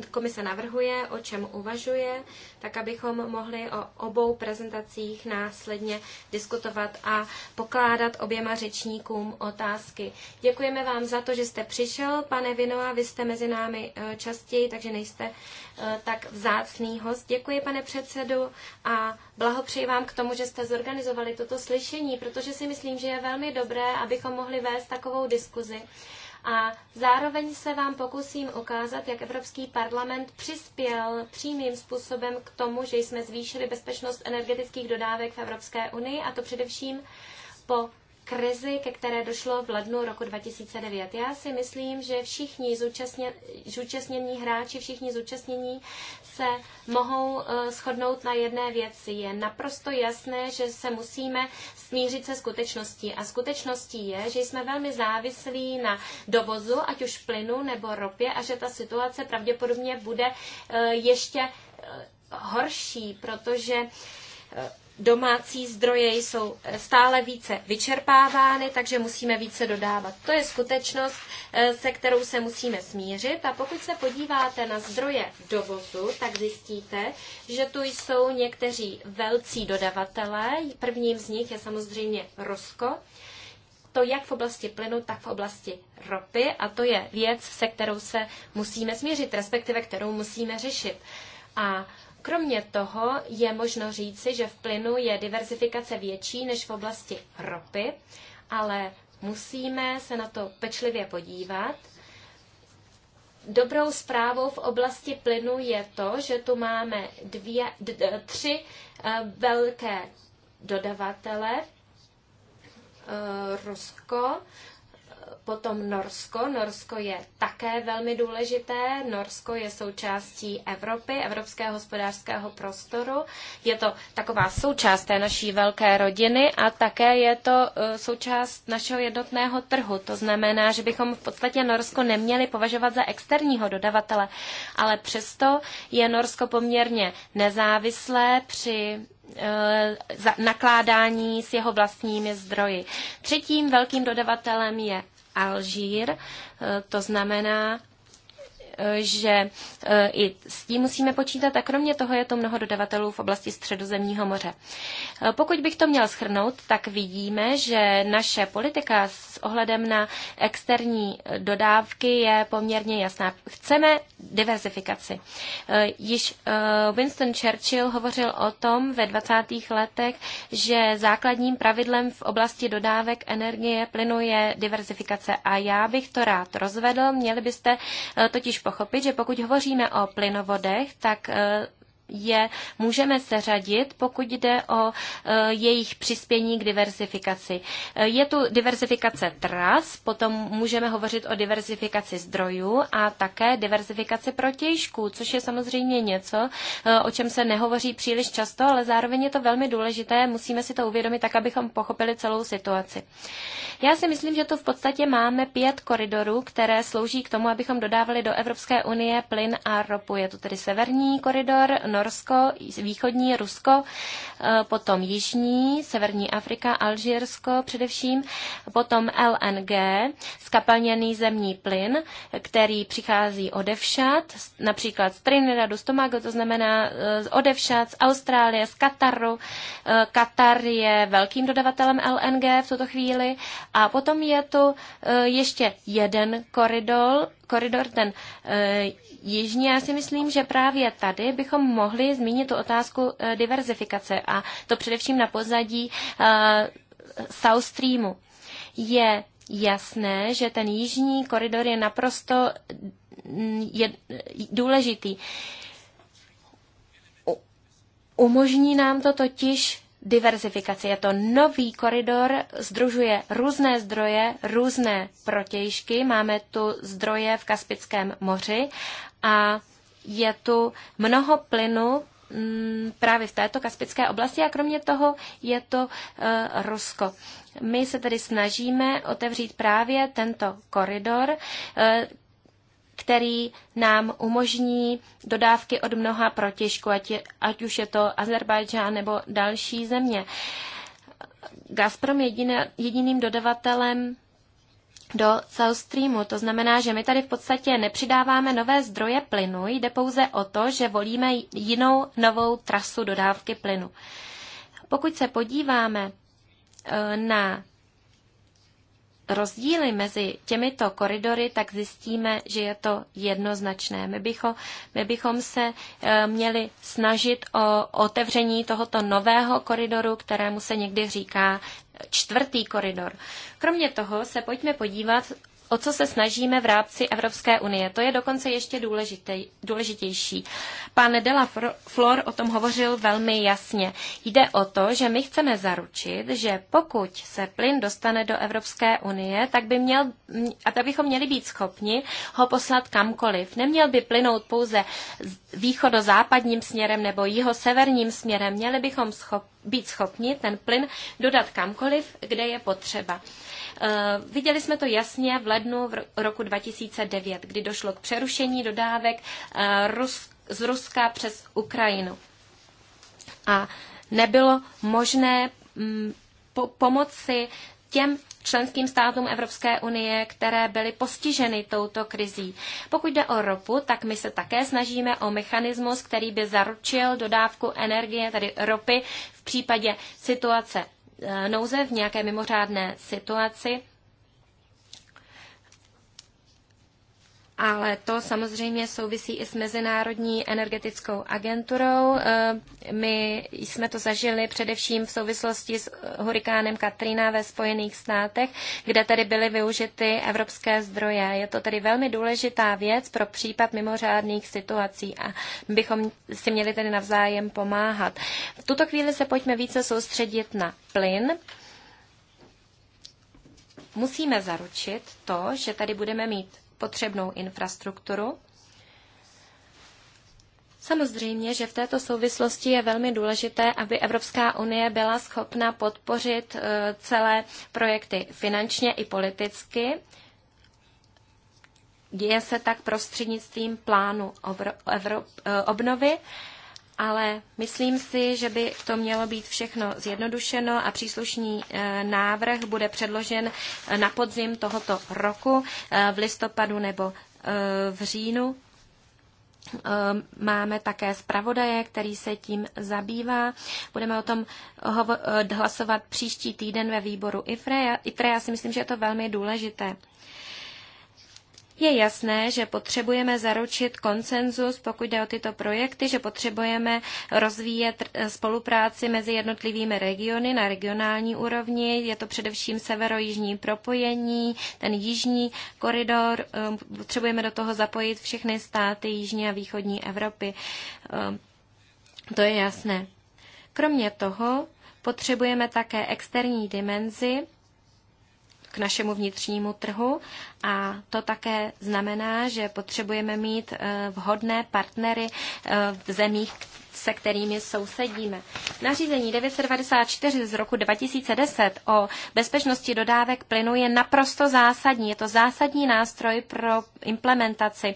eh, komise navrhuje, o čem uvažuje, tak abychom mohli o obou prezentacích následně diskutovat a pokládat oběma řečníkům otázky. Děkujeme vám za to, že jste přišel, pane Vinoa, vy jste mezi námi eh, častěji, takže nejste tak vzácný host. Děkuji, pane předsedu, a Blahopřeji vám k tomu, že jste zorganizovali toto slyšení, protože si myslím, že je velmi dobré, abychom mohli vést takovou diskuzi. A zároveň se vám pokusím ukázat, jak Evropský parlament přispěl přímým způsobem k tomu, že jsme zvýšili bezpečnost energetických dodávek v Evropské unii, a to především po krizi, ke které došlo v lednu roku 2009. Já si myslím, že všichni zúčastně, zúčastnění hráči, všichni zúčastnění se mohou eh, shodnout na jedné věci. Je naprosto jasné, že se musíme smířit se skutečností. A skutečností je, že jsme velmi závislí na dovozu, ať už plynu nebo ropě, a že ta situace pravděpodobně bude eh, ještě eh, horší, protože domácí zdroje jsou stále více vyčerpávány, takže musíme více dodávat. To je skutečnost, eh, se kterou se musíme smířit a pokud se podíváte na zdroje dovozu, tak zjistíte, že tu jsou někteří velcí dodavatelé. Prvním z nich je samozřejmě Rusko, to jak v oblasti plynu, tak v oblasti ropy a to je věc, se kterou se musíme smířit, respektive kterou musíme řešit. A kromě toho je možno říci, že v plynu je diverzifikace větší než v oblasti ropy, ale musíme se na to pečlivě podívat. Dobrou zprávou v oblasti plynu je to, že tu máme dvě, d, tři eh, velké dodavatele. Eh, Rusko, potom Norsko. Norsko je také velmi důležité. Norsko je součástí Evropy, Evropského hospodářského prostoru. Je to taková součást té naší velké rodiny a také je to e, součást našeho jednotného trhu. To znamená, že bychom v podstatě Norsko neměli považovat za externího dodavatele, ale přesto je Norsko poměrně nezávislé při e, nakládání s jeho vlastními zdroji. Třetím velkým dodavatelem je Alžír. E, to znamená, že e, i s tím musíme počítat a kromě toho je to mnoho dodavatelů v oblasti středozemního moře. E, pokud bych to měl schrnout, tak vidíme, že naše politika s ohledem na externí dodávky je poměrně jasná. Chceme diverzifikaci. E, již Winston Churchill hovořil o tom ve 20. letech, že základním pravidlem v oblasti dodávek energie plynu je diverzifikace a já bych to rád rozvedl. Měli byste totiž pochopit, že pokud hovoříme o plynovodech, tak eh, je můžeme seřadit, pokud jde o e, jejich přispění k diversifikaci. E, je tu diversifikace tras, potom můžeme hovořit o diversifikaci zdrojů a také diversifikaci protějšků, což je samozřejmě něco, e, o čem se nehovoří příliš často, ale zároveň je to velmi důležité, musíme si to uvědomit tak, abychom pochopili celou situaci. Já si myslím, že tu v podstatě máme pět koridorů, které slouží k tomu, abychom dodávali do Evropské unie plyn a ropu. Je tu tedy severní koridor, Norsko, východní Rusko, eh, potom jižní, severní Afrika, Alžírsko především, potom LNG, skapalněný zemní plyn, který přichází odevšat, například z Trinidadu, z Tomago, to znamená eh, odevšat, z Austrálie, z Kataru. Eh, Katar je velkým dodavatelem LNG v tuto chvíli a potom je tu ještě jeden koridor, koridor ten eh, jižní. Já si myslím, že právě tady bychom mohli zmínit tu otázku e, diverzifikace a to především na pozadí e, South Streamu. Je jasné, že ten jižní koridor je naprosto mm, je, důležitý. U, umožní nám to totiž diverzifikace. Je to nový koridor, združuje různé zdroje, různé protějšky. Máme tu zdroje v Kaspickém moři a je tu mnoho plynu mm, právě v této kaspické oblasti a kromě toho je to e, Rusko. My se tedy snažíme otevřít právě tento koridor, e, který nám umožní dodávky od mnoha protěžků, ať, ať už je to Azerbajdžán nebo další země. Gazprom je jediné, jediným dodavatelem do South Streamu. To znamená, že my tady v podstatě nepřidáváme nové zdroje plynu, jde pouze o to, že volíme jinou novou trasu dodávky plynu. Pokud se podíváme eh, na rozdíly mezi těmito koridory, tak zjistíme, že je to jednoznačné. My bychom, my bychom se e, měli snažit o otevření tohoto nového koridoru, kterému se někdy říká čtvrtý koridor. Kromě toho se pojďme podívat o co se snažíme v rámci Evropské unie. To je dokonce ještě důležitější. Pan de la Flor o tom hovořil velmi jasně. Jde o to, že my chceme zaručit, že pokud se plyn dostane do Evropské unie, tak by měl, a tak bychom měli být schopni ho poslat kamkoliv. Neměl by plynout pouze východozápadním směrem nebo jihoseverním směrem. Měli bychom schop, být schopni ten plyn dodat kamkoliv, kde je potřeba. Eh, viděli jsme to jasně v lednu v roku 2009, kdy došlo k přerušení dodávek eh, z Ruska přes Ukrajinu. A nebylo možné mm, pomoci těm členským státům Evropské unie, které byly postiženy touto krizí. Pokud jde o ropu, tak my se také snažíme o mechanismus, který by zaručil dodávku energie, tedy ropy, v případě situace Eh, nouze v nějaké mimořádné situaci ale to samozřejmě souvisí i s Mezinárodní energetickou agenturou. Eh, my jsme to zažili především v souvislosti s eh, hurikánem Katrina ve Spojených státech, kde tedy byly využity evropské zdroje. Je to tedy velmi důležitá věc pro případ mimořádných situací a bychom si měli tedy navzájem pomáhat. V tuto chvíli se pojďme více soustředit na plyn musíme zaručit to, že tady budeme mít potřebnou infrastrukturu. Samozřejmě, že v této souvislosti je velmi důležité, aby Evropská unie byla schopna podpořit eh, celé projekty finančně i politicky. Děje se tak prostřednictvím plánu eh, obnovy ale myslím si, že by to mělo být všechno zjednodušeno a příslušný eh, návrh bude předložen eh, na podzim tohoto roku eh, v listopadu nebo v říjnu. Máme také zpravodaje, který se tím zabývá. Budeme o tom hlasovat příští týden ve výboru IFRE, Já si myslím, že je to velmi důležité. Je jasné, že potřebujeme zaručit konsenzus, pokud jde o tyto projekty, že potřebujeme rozvíjet spolupráci mezi jednotlivými regiony na regionální úrovni. Je to především severo-jižní propojení, ten jižní koridor. Um, potřebujeme do toho zapojit všechny státy jižní a východní Evropy. Um, to je jasné. Kromě toho potřebujeme také externí dimenzi, k našemu vnitřnímu trhu a to také znamená, že potřebujeme mít eh, vhodné partnery eh, v zemích, se kterými sousedíme. Nařízení 994 z roku 2010 o bezpečnosti dodávek plynu je naprosto zásadní. Je to zásadní nástroj pro implementaci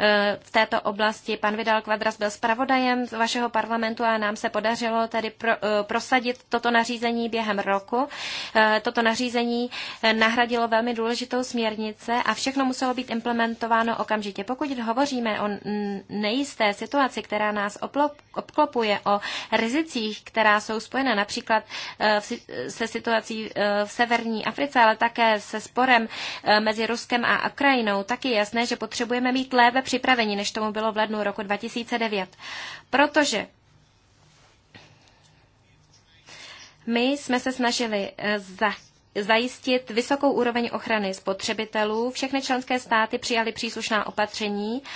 eh, v této oblasti. Pan Vidal Kvadras byl zpravodajem z vašeho parlamentu a nám se podařilo tedy eh, prosadit toto nařízení během roku. Eh, toto nařízení nahradilo velmi důležitou směrnice a všechno muselo být implementováno okamžitě. Pokud hovoříme o nejisté situaci, která nás obklopuje, obklopuje, o rizicích, která jsou spojena například eh, se situací eh, v severní Africe, ale také se sporem eh, mezi Ruskem a Ukrajinou, tak je jasné, že potřebujeme mít lépe připraveni, než tomu bylo v lednu roku 2009. Protože my jsme se snažili za zajistit vysokou úroveň ochrany spotřebitelů. Všechny členské státy přijaly příslušná opatření. Uh,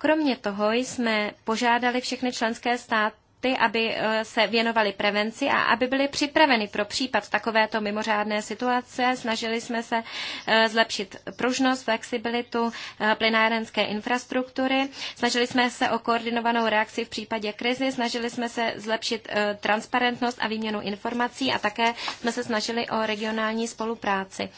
Kromě toho jsme požádali všechny členské státy, aby eh, se věnovali prevenci a aby byli připraveni pro případ takovéto mimořádné situace. Snažili jsme se eh, zlepšit pružnost, flexibilitu eh, plynárenské infrastruktury. Snažili jsme se o koordinovanou reakci v případě krizi. Snažili jsme se zlepšit transparentnost a výměnu informací a také jsme se snažili o regionální spolupráci.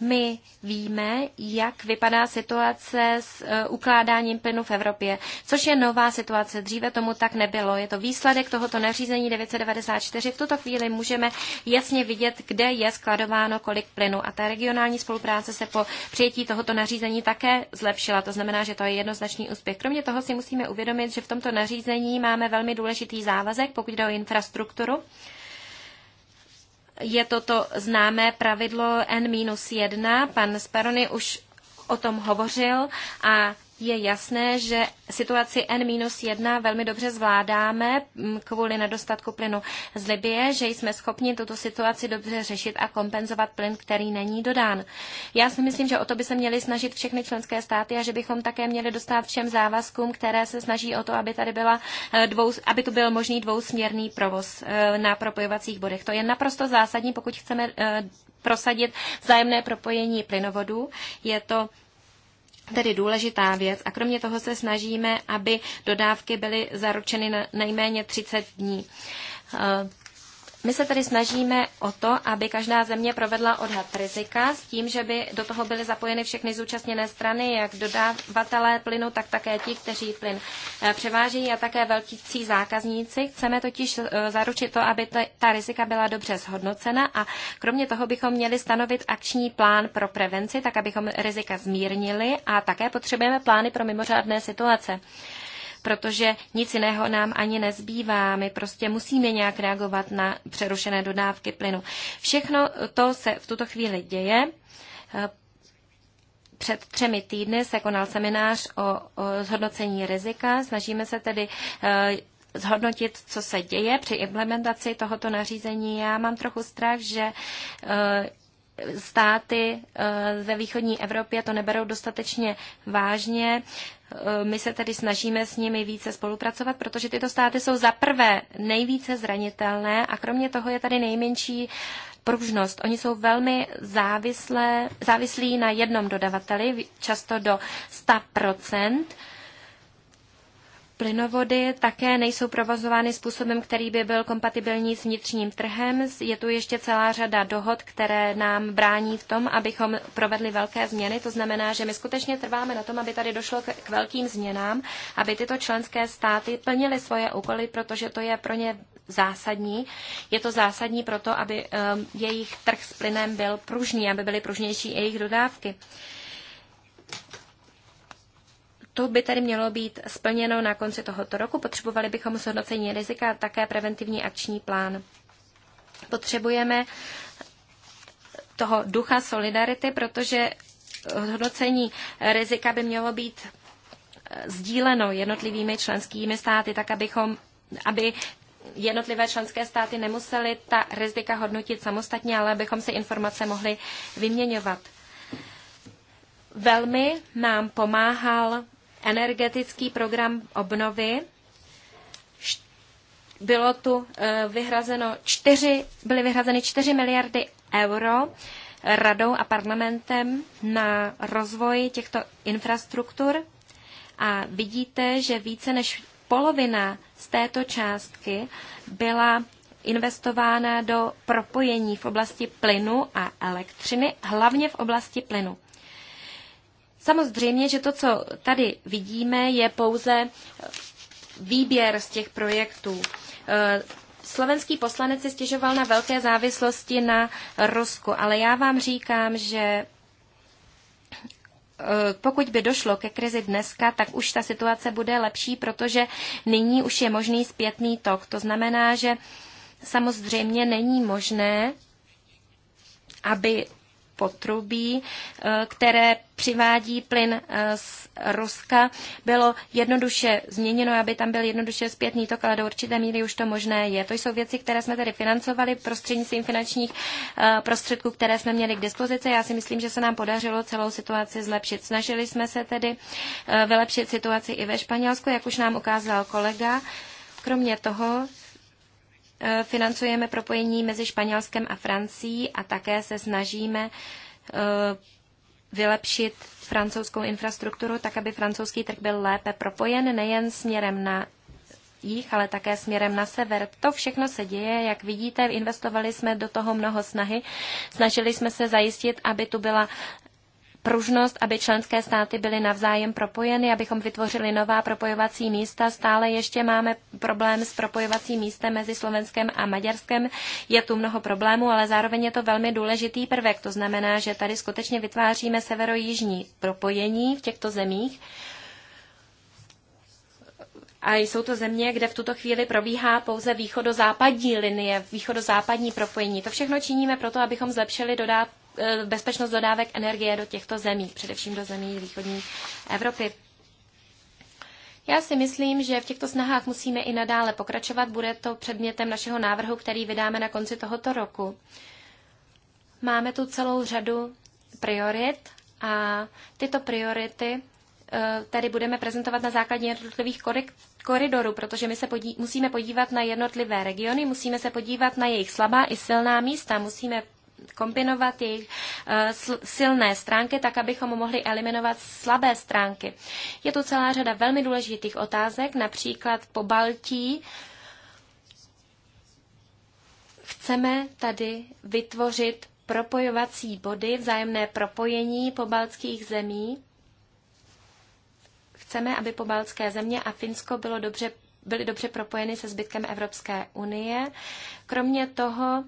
My víme, jak vypadá situace s e, ukládáním plynu v Evropě, což je nová situace. Dříve tomu tak nebylo. Je to výsledek tohoto nařízení 994. V tuto chvíli můžeme jasně vidět, kde je skladováno kolik plynu. A ta regionální spolupráce se po přijetí tohoto nařízení také zlepšila. To znamená, že to je jednoznačný úspěch. Kromě toho si musíme uvědomit, že v tomto nařízení máme velmi důležitý závazek, pokud jde o infrastrukturu je toto známé pravidlo N-1. Pan Speroni už o tom hovořil a je jasné, že situaci N-1 velmi dobře zvládáme mm, kvůli nedostatku plynu z Libie, že jsme schopni tuto situaci dobře řešit a kompenzovat plyn, který není dodán. Já si myslím, že o to by se měly snažit všechny členské státy a že bychom také měli dostat všem závazkům, které se snaží o to, aby tady byla eh, dvou, aby tu byl možný dvousměrný provoz eh, na propojovacích bodech. To je naprosto zásadní, pokud chceme eh, prosadit vzájemné propojení plynovodů. Je to tedy důležitá věc a kromě toho se snažíme, aby dodávky byly zaručeny na nejméně 30 dní. Eh, my se tedy snažíme o to, aby každá země provedla odhad rizika s tím, že by do toho byly zapojeny všechny zúčastněné strany, jak dodavatelé plynu, tak také ti, kteří plyn eh, převážejí a také velkící zákazníci. Chceme totiž eh, zaručit to, aby ta rizika byla dobře zhodnocena a kromě toho bychom měli stanovit akční plán pro prevenci, tak abychom rizika zmírnili a také potřebujeme plány pro mimořádné situace protože nic jiného nám ani nezbývá. My prostě musíme nějak reagovat na přerušené dodávky plynu. Všechno to se v tuto chvíli děje. Před třemi týdny se konal seminář o, o zhodnocení rizika. Snažíme se tedy eh, zhodnotit, co se děje při implementaci tohoto nařízení. Já mám trochu strach, že eh, státy eh, ve východní Evropě to neberou dostatečně vážně. Eh, my se tedy snažíme s nimi více spolupracovat, protože tyto státy jsou za prvé nejvíce zranitelné a kromě toho je tady nejmenší pružnost. Oni jsou velmi závislé, závislí na jednom dodavateli, často do 100 Plynovody také nejsou provozovány způsobem, který by byl kompatibilní s vnitřním trhem. Je tu ještě celá řada dohod, které nám brání v tom, abychom provedli velké změny. To znamená, že my skutečně trváme na tom, aby tady došlo k velkým změnám, aby tyto členské státy plnily svoje úkoly, protože to je pro ně zásadní. Je to zásadní proto, aby eh, jejich trh s plynem byl pružný, aby byly pružnější jejich dodávky to by tedy mělo být splněno na konci tohoto roku. Potřebovali bychom zhodnocení rizika a také preventivní akční plán. Potřebujeme toho ducha solidarity, protože hodnocení rizika by mělo být eh, sdíleno jednotlivými členskými státy, tak abychom, aby jednotlivé členské státy nemusely ta rizika hodnotit samostatně, ale abychom si informace mohli vyměňovat. Velmi nám pomáhal energetický program obnovy. Bylo tu eh, vyhrazeno čtyři, byly vyhrazeny 4 miliardy euro radou a parlamentem na rozvoj těchto infrastruktur. A vidíte, že více než polovina z této částky byla investována do propojení v oblasti plynu a elektřiny, hlavně v oblasti plynu. Samozřejmě, že to, co tady vidíme, je pouze výběr z těch projektů. Eh, slovenský poslanec se stěžoval na velké závislosti na Rusku, ale já vám říkám, že eh, pokud by došlo ke krizi dneska, tak už ta situace bude lepší, protože nyní už je možný zpětný tok. To znamená, že samozřejmě není možné, aby potrubí, eh, které přivádí plyn eh, z Ruska, bylo jednoduše změněno, aby tam byl jednoduše zpětný tok, ale do určité míry už to možné je. To jsou věci, které jsme tedy financovali prostřednictvím finančních eh, prostředků, které jsme měli k dispozici. Já si myslím, že se nám podařilo celou situaci zlepšit. Snažili jsme se tedy vylepšit situaci i ve Španělsku, jak už nám ukázal kolega. Kromě toho E, financujeme propojení mezi Španělskem a Francií a také se snažíme e, vylepšit francouzskou infrastrukturu tak, aby francouzský trh byl lépe propojen nejen směrem na jich, ale také směrem na sever. To všechno se děje, jak vidíte, investovali jsme do toho mnoho snahy. Snažili jsme se zajistit, aby tu byla pružnost, aby členské státy byly navzájem propojeny, abychom vytvořili nová propojovací místa. Stále ještě máme problém s propojovacím místem mezi Slovenskem a Maďarskem. Je tu mnoho problémů, ale zároveň je to velmi důležitý prvek. To znamená, že tady skutečně vytváříme severojižní propojení v těchto zemích. A jsou to země, kde v tuto chvíli probíhá pouze východozápadní linie, východozápadní propojení. To všechno činíme proto, abychom zlepšili dodat. E, bezpečnost dodávek energie do těchto zemí, především do zemí východní Evropy. Já si myslím, že v těchto snahách musíme i nadále pokračovat. Bude to předmětem našeho návrhu, který vydáme na konci tohoto roku. Máme tu celou řadu priorit a tyto priority e, tady budeme prezentovat na základě jednotlivých koridorů, protože my se podí, musíme podívat na jednotlivé regiony, musíme se podívat na jejich slabá i silná místa, musíme kombinovat jejich eh, silné stránky, tak abychom mohli eliminovat slabé stránky. Je tu celá řada velmi důležitých otázek, například po Baltí. Chceme tady vytvořit propojovací body, vzájemné propojení po baltských zemí. Chceme, aby po baltské země a Finsko bylo dobře byly dobře propojeny se zbytkem Evropské unie. Kromě toho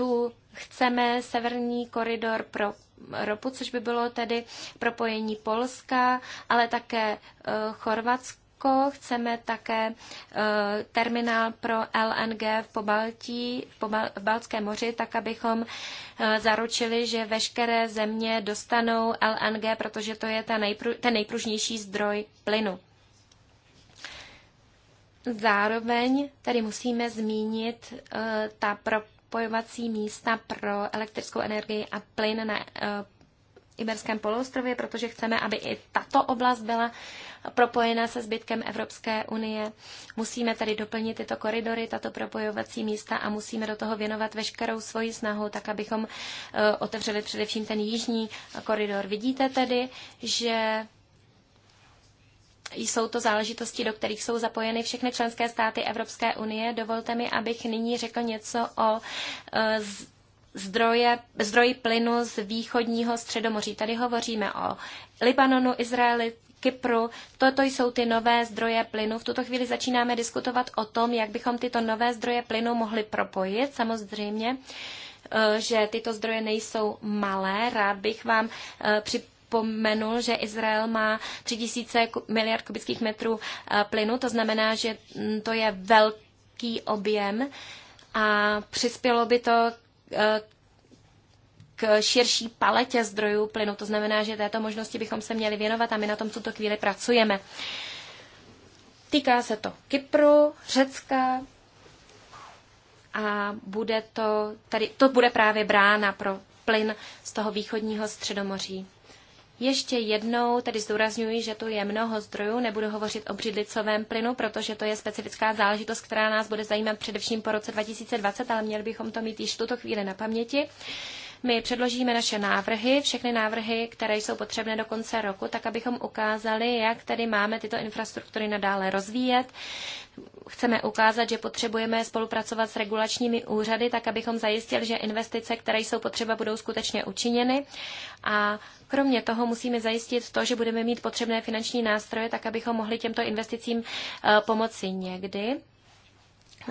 tu chceme severní koridor pro ropu, což by bylo tedy propojení Polska, ale také eh, Chorvatsko. Chceme také eh, terminál pro LNG v Pobaltí, v, Pobal- v Baltském moři, tak abychom eh, zaručili, že veškeré země dostanou LNG, protože to je ta nejpru- ten nejpružnější zdroj plynu. Zároveň tady musíme zmínit uh, ta pro, spojovací místa pro elektrickou energii a plyn na eh, Iberském poloostrově, protože chceme, aby i tato oblast byla propojena se zbytkem Evropské unie. Musíme tady doplnit tyto koridory, tato propojovací místa a musíme do toho věnovat veškerou svoji snahu, tak abychom eh, otevřeli především ten jižní koridor. Vidíte tedy, že jsou to záležitosti, do kterých jsou zapojeny všechny členské státy Evropské unie. Dovolte mi, abych nyní řekl něco o e, zdroje, zdroji plynu z východního středomoří. Tady hovoříme o Libanonu, Izraeli, Kypru. Toto jsou ty nové zdroje plynu. V tuto chvíli začínáme diskutovat o tom, jak bychom tyto nové zdroje plynu mohli propojit. Samozřejmě, e, že tyto zdroje nejsou malé. Rád bych vám e, připomněl, připomenul, že Izrael má 3000 miliard kubických metrů eh, plynu, to znamená, že mm, to je velký objem a přispělo by to eh, k širší paletě zdrojů plynu. To znamená, že této možnosti bychom se měli věnovat a my na tom tuto chvíli pracujeme. Týká se to Kypru, Řecka a bude to, tady, to bude právě brána pro plyn z toho východního středomoří. Ještě jednou tedy zdůrazňuji, že tu je mnoho zdrojů, nebudu hovořit o břidlicovém plynu, protože to je specifická záležitost, která nás bude zajímat především po roce 2020, ale měli bychom to mít již tuto chvíli na paměti. My předložíme naše návrhy, všechny návrhy, které jsou potřebné do konce roku, tak abychom ukázali, jak tedy máme tyto infrastruktury nadále rozvíjet chceme ukázat, že potřebujeme spolupracovat s regulačními úřady, tak abychom zajistili, že investice, které jsou potřeba, budou skutečně učiněny. A kromě toho musíme zajistit to, že budeme mít potřebné finanční nástroje, tak abychom mohli těmto investicím eh, pomoci někdy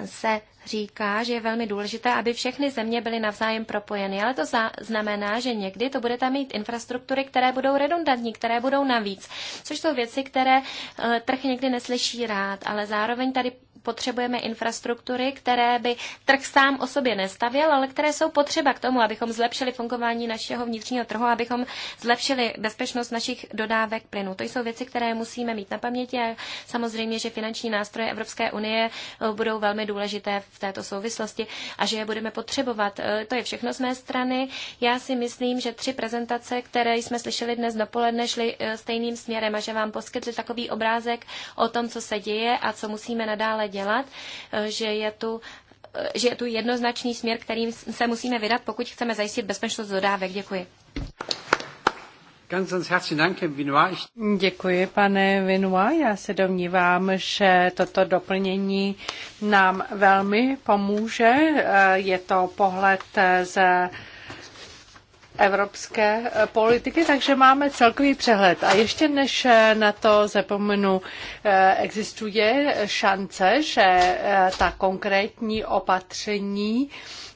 se říká, že je velmi důležité, aby všechny země byly navzájem propojeny, ale to znamená, že někdy to budete mít infrastruktury, které budou redundantní, které budou navíc, což jsou věci, které eh, trh někdy neslyší rád, ale zároveň tady potřebujeme infrastruktury, které by trh sám o sobě nestavěl, ale které jsou potřeba k tomu, abychom zlepšili fungování našeho vnitřního trhu, abychom zlepšili bezpečnost našich dodávek plynu. To jsou věci, které musíme mít na paměti a samozřejmě, že finanční nástroje Evropské unie eh, budou velmi velmi důležité v této souvislosti a že je budeme potřebovat. E, to je všechno z mé strany. Já si myslím, že tři prezentace, které jsme slyšeli dnes dopoledne, šly e, stejným směrem a že vám poskytli takový obrázek o tom, co se děje a co musíme nadále dělat, e, že je tu že je tu jednoznačný směr, kterým se musíme vydat, pokud chceme zajistit bezpečnost dodávek. Děkuji. Děkuji, pane Vinoa. Já se domnívám, že toto doplnění nám velmi pomůže. Je to pohled z evropské politiky, takže máme celkový přehled. A ještě než na to zapomenu, existuje šance, že ta konkrétní opatření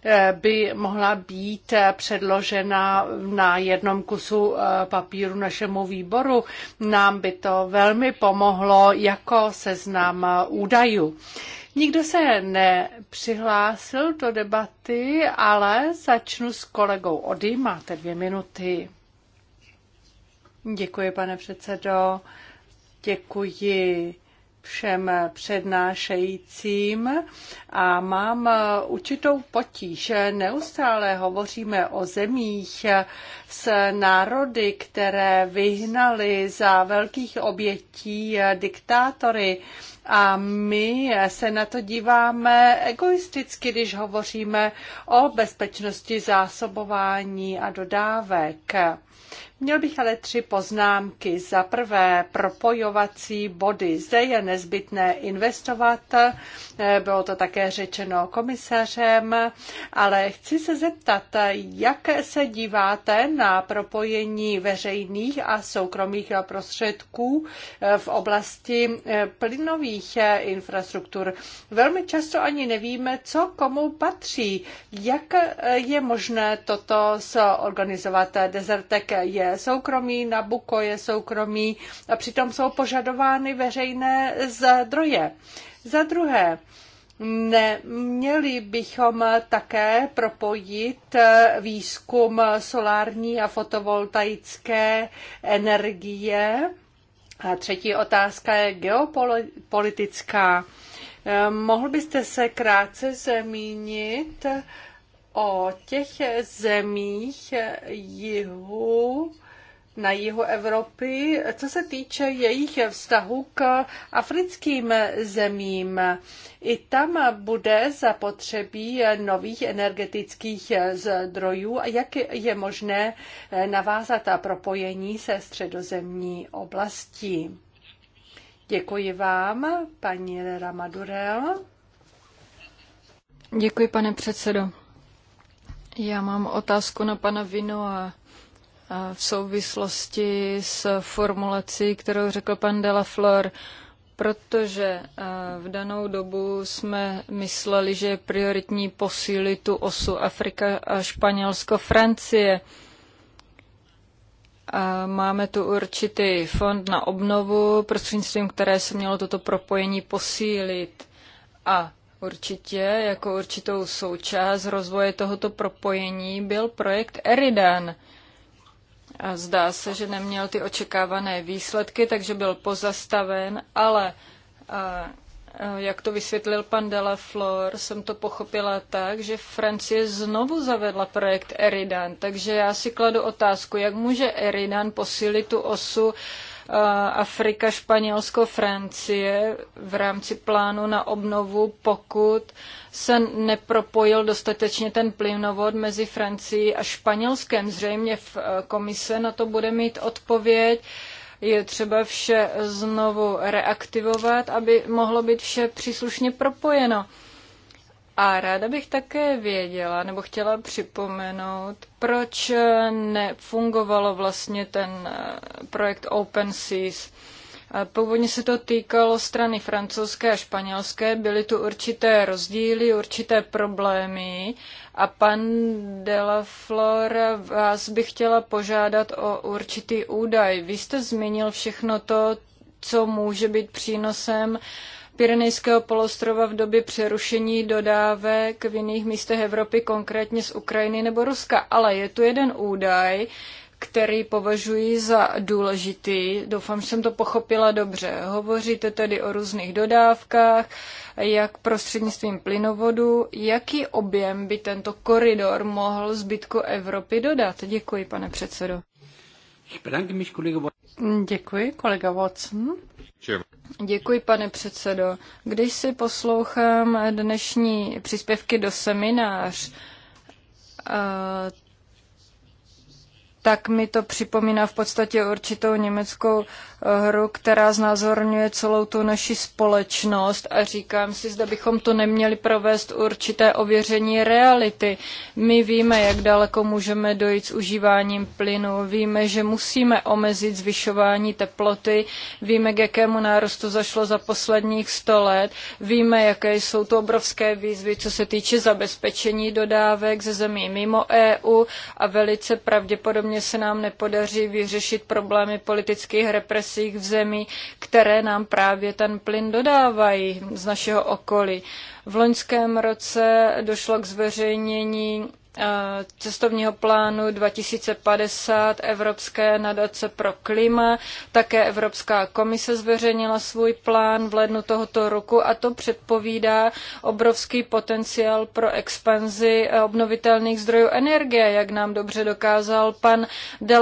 Eh, by mohla být eh, předložena na jednom kusu eh, papíru našemu výboru. Nám by to velmi pomohlo jako seznam údajů. Nikdo se nepřihlásil do debaty, ale začnu s kolegou Ody. Máte dvě minuty. Děkuji, pane předsedo. Děkuji všem přednášejícím a mám určitou potíž. Neustále hovoříme o zemích s národy, které vyhnali za velkých obětí diktátory. A my se na to díváme egoisticky, když hovoříme o bezpečnosti zásobování a dodávek. Měl bych ale tři poznámky. Za prvé propojovací body. Zde je nezbytné investovat. Eh, bylo to také řečeno komisařem, ale chci se zeptat, jak se díváte na propojení veřejných a soukromých prostředků eh, v oblasti eh, plynových infrastruktur. Velmi často ani nevíme, co komu patří. Jak je možné toto zorganizovat? Dezertek je soukromí soukromý, Nabuko je soukromí a přitom jsou požadovány veřejné zdroje. Za druhé, Neměli bychom také propojit výzkum solární a fotovoltaické energie? A třetí otázka je geopolitická. Mohl byste se krátce zmínit o těch zemích jihu na jihu Evropy, co se týče jejich vztahu k africkým zemím. I tam bude zapotřebí nových energetických zdrojů a jak je možné navázat a propojení se středozemní oblastí. Děkuji vám, paní Ramadurel. Děkuji, pane předsedo. Já mám otázku na pana Vinoa v souvislosti s formulací, kterou řekl pan de la Flor, protože eh, v danou dobu jsme mysleli, že je prioritní posílit tu osu Afrika a Španělsko, Francie. A máme tu určitý fond na obnovu, prostřednictvím které se mělo toto propojení posílit. A určitě jako určitou součást rozvoje tohoto propojení byl projekt Eridan – a zdá se, že neměl ty očekávané výsledky, takže byl pozastaven, ale a, jak to vysvětlil pan Delaflor, jsem to pochopila tak, že Francie znovu zavedla projekt Eridan. Takže já si kladu otázku, jak může Eridan posílit tu osu Afrika, Španělsko, Francie v rámci plánu na obnovu, pokud se nepropojil dostatečně ten plynovod mezi Francií a Španělskem. Zřejmě v eh, komise na to bude mít odpověď je třeba vše znovu reaktivovat, aby mohlo být vše příslušně propojeno. A ráda bych také věděla, nebo chtěla připomenout, proč nefungovalo vlastně ten eh, projekt Open Seas. Eh, původně se to týkalo strany francouzské a španělské, byly tu určité rozdíly, určité problémy a pan de la Flor vás bych chtěla požádat o určitý údaj. Vy jste zmínil všechno to, co může být přínosem uh, Pyrenejského polostrova v době přerušení dodávek v jiných místech Evropy, konkrétně z Ukrajiny nebo Ruska. Ale je tu jeden údaj, který považuji za důležitý. Doufám, že jsem to pochopila dobře. Hovoříte tedy o různých dodávkách, jak prostřednictvím plynovodu. Jaký objem by tento koridor mohl zbytku Evropy dodat? Děkuji, pane předsedo. Děkuji, kolega Watson. Děkuji, pane předsedo. Když si poslouchám dnešní příspěvky do seminář, eh, tak mi to připomíná v podstatě určitou německou hru, která znázorňuje celou tu naši společnost a říkám si, zda bychom to neměli provést určité ověření reality. My víme, jak daleko můžeme dojít s užíváním plynu, víme, že musíme omezit zvyšování teploty, víme, k jakému nárostu zašlo za posledních 100 let, víme, jaké jsou to obrovské výzvy, co se týče zabezpečení dodávek ze zemí mimo EU a velice pravděpodobně se nám nepodaří vyřešit problémy politických represí svých v zemí, které nám právě ten plyn dodávají z našeho okolí. V loňském roce došlo k zveřejnění Eh, cestovního plánu 2050 Evropské nadace pro klima. Také Evropská komise zveřejnila svůj plán v lednu tohoto roku a to předpovídá obrovský potenciál pro expanzi obnovitelných zdrojů energie, jak nám dobře dokázal pan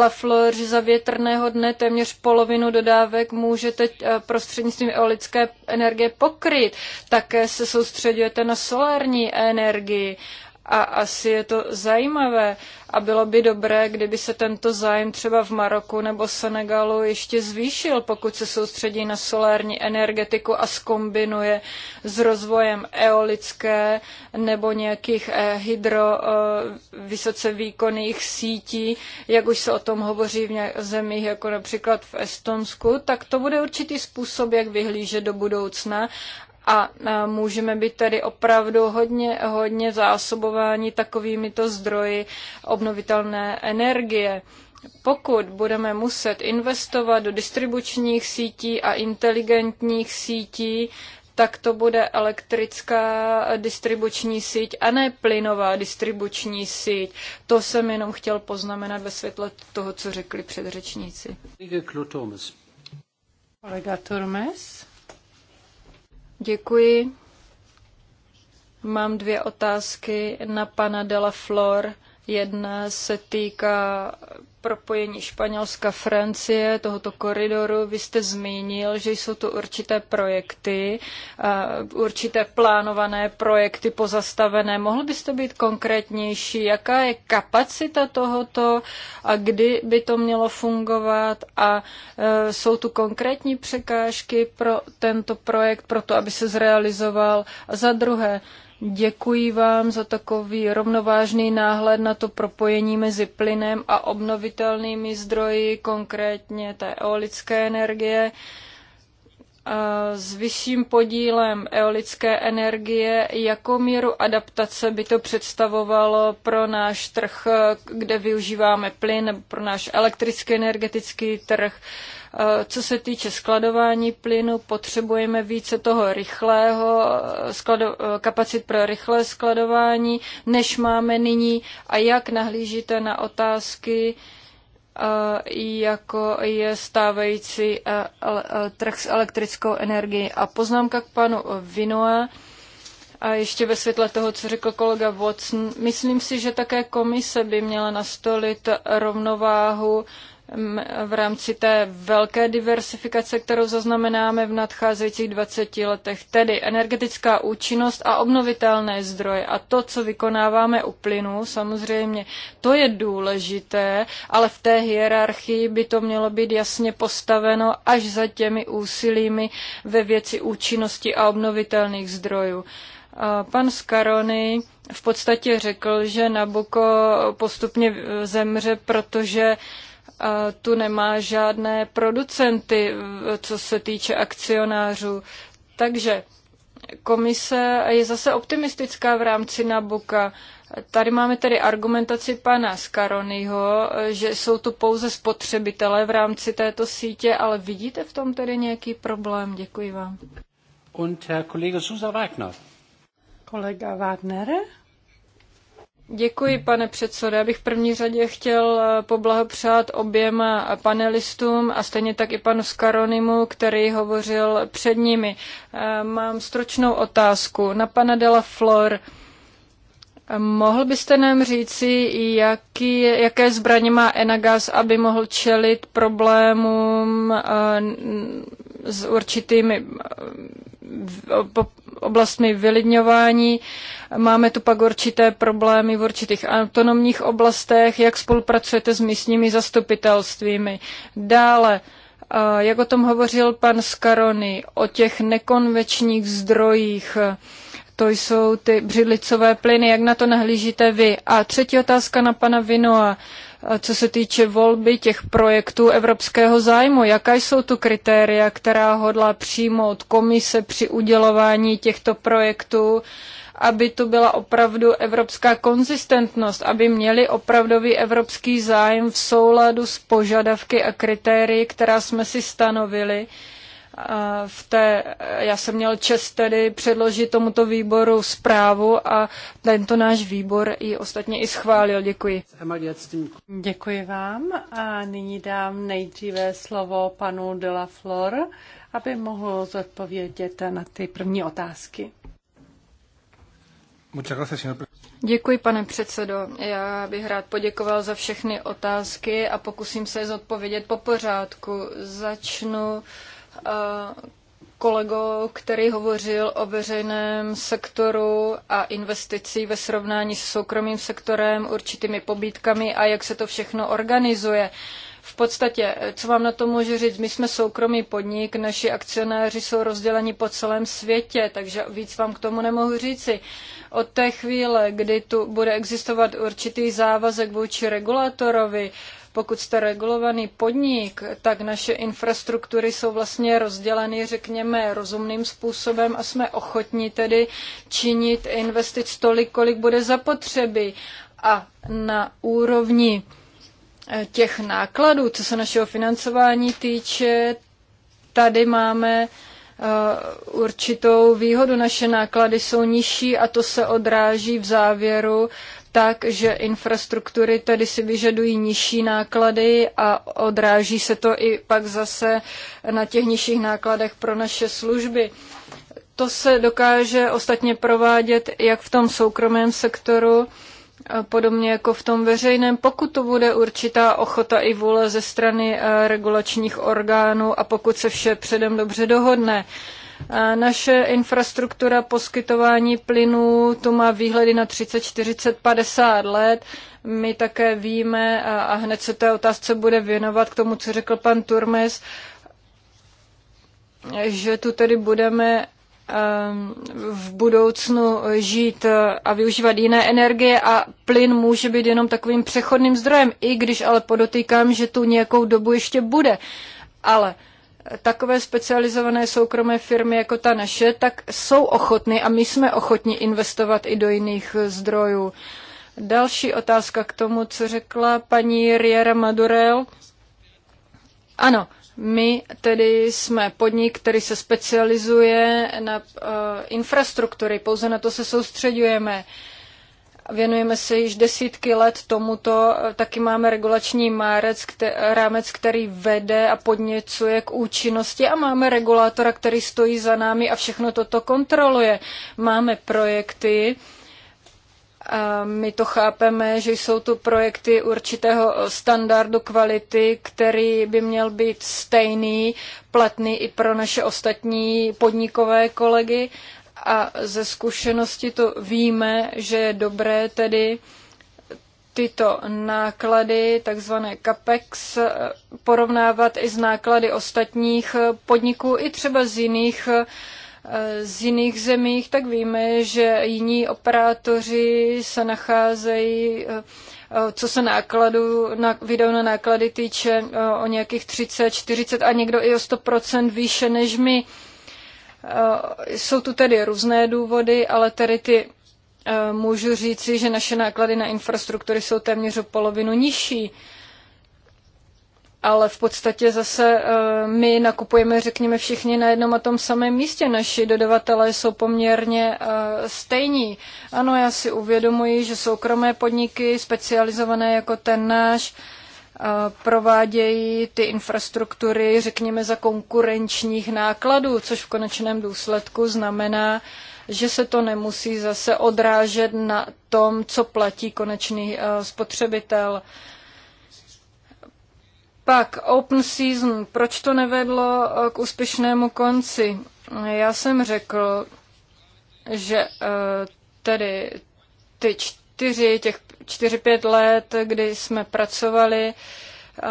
Flor, že za větrného dne téměř polovinu dodávek můžete eh, prostřednictvím eolické energie pokryt. Také se soustředujete na solární energii a asi je to zajímavé a bylo by dobré, kdyby se tento zájem třeba v Maroku nebo Senegalu ještě zvýšil, pokud se soustředí na solární energetiku a skombinuje s rozvojem eolické nebo nějakých eh, hydro eh, vysoce výkonných sítí, jak už se o tom hovoří v zemích, jako například v Estonsku, tak to bude určitý způsob, jak vyhlížet do budoucna a e, můžeme být tedy opravdu hodně, hodně zásobováni takovýmito zdroji obnovitelné energie. Pokud budeme muset investovat do distribučních sítí a inteligentních sítí, tak to bude elektrická distribuční síť a ne plynová distribuční síť. To jsem jenom chtěl poznamenat ve světle toho, co řekli předřečníci. Kolega Turmes. Děkuji. Mám dvě otázky na pana Dela Flor. Jedna se týká propojení Španělska, Francie, tohoto koridoru. Vy jste zmínil, že jsou to určité projekty, určité plánované projekty pozastavené. Mohl byste být konkrétnější? Jaká je kapacita tohoto a kdy by to mělo fungovat? A e, jsou tu konkrétní překážky pro tento projekt, pro to, aby se zrealizoval? A za druhé, Děkuji vám za takový rovnovážný náhled na to propojení mezi plynem a obnovitelnými zdroji, konkrétně té eolické energie. S vyšším podílem eolické energie, jakou míru adaptace by to představovalo pro náš trh, kde využíváme plyn, nebo pro náš elektrický energetický trh? Co se týče skladování plynu, potřebujeme více toho rychlého, eh, sklado, eh, kapacit pro rychlé skladování, než máme nyní. A jak nahlížíte na otázky, eh, jako je stávající trh s elektrickou energií. A poznámka k panu Vinoa. A ještě ve světle toho, co řekl kolega Watson, myslím si, že také komise by měla nastolit rovnováhu v rámci té velké diversifikace, kterou zaznamenáme v nadcházejících 20 letech, tedy energetická účinnost a obnovitelné zdroje. A to, co vykonáváme u plynu, samozřejmě, to je důležité, ale v té hierarchii by to mělo být jasně postaveno až za těmi úsilími ve věci účinnosti a obnovitelných zdrojů. Pan Skarony v podstatě řekl, že Nabuko postupně e, zemře, protože uh, tu nemá žádné producenty, co se týče akcionářů. Takže komise je zase optimistická v rámci Nabuka. Tady máme tedy argumentaci pana Skaronyho, že jsou tu pouze spotřebitelé v rámci této sítě, ale vidíte v tom tedy nějaký problém? Děkuji vám. Und Herr Kollege Susa Wagner. Kolega Wagner? Děkuji, pane předsedo. Já bych v první řadě chtěl eh, poblahopřát oběma panelistům a stejně tak i panu Skaronimu, který hovořil před nimi. Eh, mám stručnou otázku na pana Dela Flor. Mohl byste nám říci, jaký, jaké zbraně má Enagas, aby mohl čelit problémům eh, s určitými eh, oblastmi vylidňování. Máme tu pak určité problémy v určitých autonomních oblastech, jak spolupracujete s místními zastupitelstvími. Dále, eh, jak o tom hovořil pan Skarony, o těch nekonvečních zdrojích, eh, to jsou ty břidlicové plyny, jak na to nahlížíte vy? A třetí otázka na pana Vinoa co se týče volby těch projektů evropského zájmu. Jaká jsou tu kritéria, která hodlá přijmout komise při udělování těchto projektů? aby tu byla opravdu evropská konzistentnost, aby měli opravdový evropský zájem v souladu s požadavky a kritérii, která jsme si stanovili v té, já jsem měl čest tedy předložit tomuto výboru zprávu a tento náš výbor ji ostatně i schválil. Děkuji. Děkuji vám a nyní dám nejdříve slovo panu de la Flor, aby mohl zodpovědět na ty první otázky. Děkuji, pane předsedo. Já bych rád poděkoval za všechny otázky a pokusím se je zodpovědět po pořádku. Začnu Eh, kolego, který hovořil o veřejném sektoru a investicích ve srovnání s soukromým sektorem, určitými pobídkami a jak se to všechno organizuje. V podstatě, eh, co vám na to můžu říct, my jsme soukromý podnik, naši akcionáři jsou rozděleni po celém světě, takže víc vám k tomu nemohu říci. Od té chvíle, kdy tu bude existovat určitý závazek vůči regulatorovi, pokud jste regulovaný podnik, tak naše infrastruktury jsou vlastně rozděleny, řekněme, rozumným způsobem a jsme ochotní tedy činit investic tolik, kolik bude zapotřeby. A na úrovni eh, těch nákladů, co se našeho financování týče, tady máme eh, určitou výhodu. Naše náklady jsou nižší a to se odráží v závěru tak, že infrastruktury tedy si vyžadují nižší náklady a odráží se to i pak zase na těch nižších nákladech pro naše služby. To se dokáže ostatně provádět jak v tom soukromém sektoru, podobně jako v tom veřejném, pokud to bude určitá ochota i vůle ze strany eh, regulačních orgánů a pokud se vše předem dobře dohodne. Naše infrastruktura poskytování plynu to má výhledy na 30, 40, 50 let. My také víme, a, a hned se té otázce bude věnovat k tomu, co řekl pan Turmes, že tu tedy budeme ehm, v budoucnu žít a využívat jiné energie a plyn může být jenom takovým přechodným zdrojem, i když ale podotýkám, že tu nějakou dobu ještě bude. Ale uh, takové specializované soukromé firmy jako ta naše, tak jsou ochotny a my jsme ochotni investovat i do jiných zdrojů. Další otázka k tomu, co řekla paní Riera Madurel. Ano, my tedy jsme podnik, který se specializuje na uh, infrastruktury, pouze na to se soustředujeme. Uh, Věnujeme se již desítky let tomuto, taky máme regulační márec, kte, rámec, který vede a podněcuje k účinnosti a máme regulátora, který stojí za námi a všechno toto kontroluje. Máme projekty, a my to chápeme, že jsou to projekty určitého standardu kvality, který by měl být stejný, platný i pro naše ostatní podnikové kolegy a ze zkušenosti to víme, že je dobré tedy tyto náklady, takzvané CAPEX, porovnávat i s náklady ostatních podniků, i třeba z jiných z jiných zemích, tak víme, že jiní operátoři se nacházejí, co se nákladu, na, video na náklady týče, o nějakých 30, 40 a někdo i o 100% výše než my. Eh, jsou tu tedy různé důvody, ale tedy ty eh, můžu říci, že naše náklady na infrastruktury jsou téměř o polovinu nižší. Ale v podstatě zase eh, my nakupujeme, řekněme, všichni na jednom a tom samém místě. Naši dodavatelé jsou poměrně stejní. Ano, já si uvědomuji, že soukromé podniky, specializované jako ten náš, provádějí ty infrastruktury, řekněme, za konkurenčních nákladů, což v konečném důsledku znamená, že se to nemusí zase odrážet na tom, co platí konečný e, spotřebitel. Pak Open Season. Proč to nevedlo e, k úspěšnému konci? Já jsem řekl, že e, tedy ty čtyři, těch čtyři, pět let, kdy jsme pracovali, eh,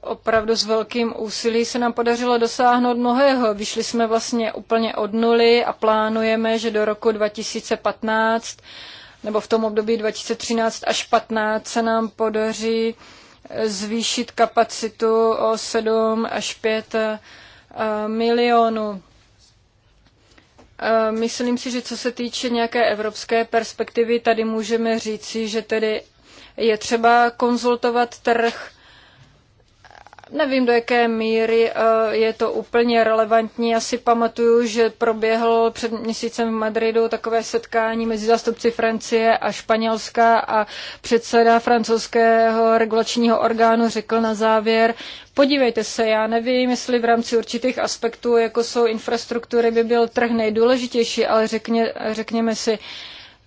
opravdu s velkým úsilí se nám podařilo dosáhnout mnohého. Vyšli jsme vlastně úplně od nuly a plánujeme, že do roku 2015 nebo v tom období 2013 až 15 se nám podaří eh, zvýšit kapacitu o 7 až 5 eh, milionů. Eh, myslím si, že co se týče nějaké evropské perspektivy, tady můžeme říci, že tedy je třeba konzultovat trh Nevím, do jaké míry eh, je to úplně relevantní. Já si pamatuju, že proběhl před měsícem v Madridu takové setkání mezi zástupci Francie a Španělska a předseda francouzského regulačního orgánu řekl na závěr, podívejte se, já nevím, jestli v rámci určitých aspektů, jako jsou infrastruktury, by byl trh nejdůležitější, ale řekně, řekněme si,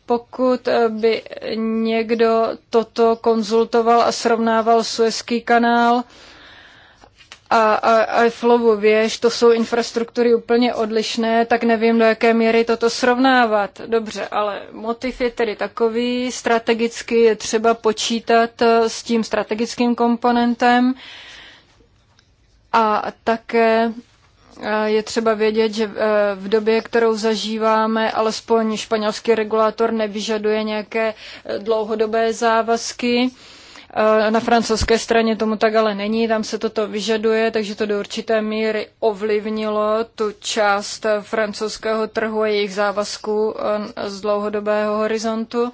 pokud eh, by někdo toto konzultoval a srovnával Suezký kanál, a, a Eiffelovu věž, to jsou infrastruktury úplně odlišné, tak nevím, do jaké míry toto srovnávat. Dobře, ale motiv je tedy takový, strategicky je třeba počítat eh, s tím strategickým komponentem a také eh, je třeba vědět, že eh, v době, kterou zažíváme, alespoň španělský regulátor nevyžaduje nějaké dlouhodobé závazky. Eh, na francouzské straně tomu tak ale není, tam se toto vyžaduje, takže to do určité míry ovlivnilo tu část francouzského trhu a jejich závazků eh, z dlouhodobého horizontu.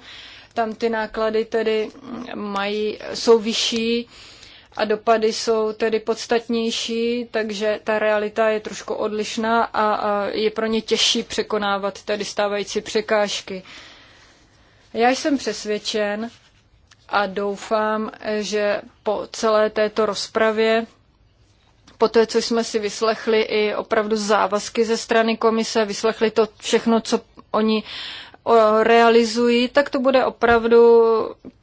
Tam ty náklady tedy mají, jsou vyšší a dopady jsou tedy podstatnější, takže ta realita je trošku odlišná a, je pro ně těžší překonávat tedy stávající překážky. Já jsem přesvědčen, a doufám, že po celé této rozpravě po té, co jsme si vyslechli i opravdu závazky ze strany komise, vyslechli to všechno, co oni realizují, tak to bude opravdu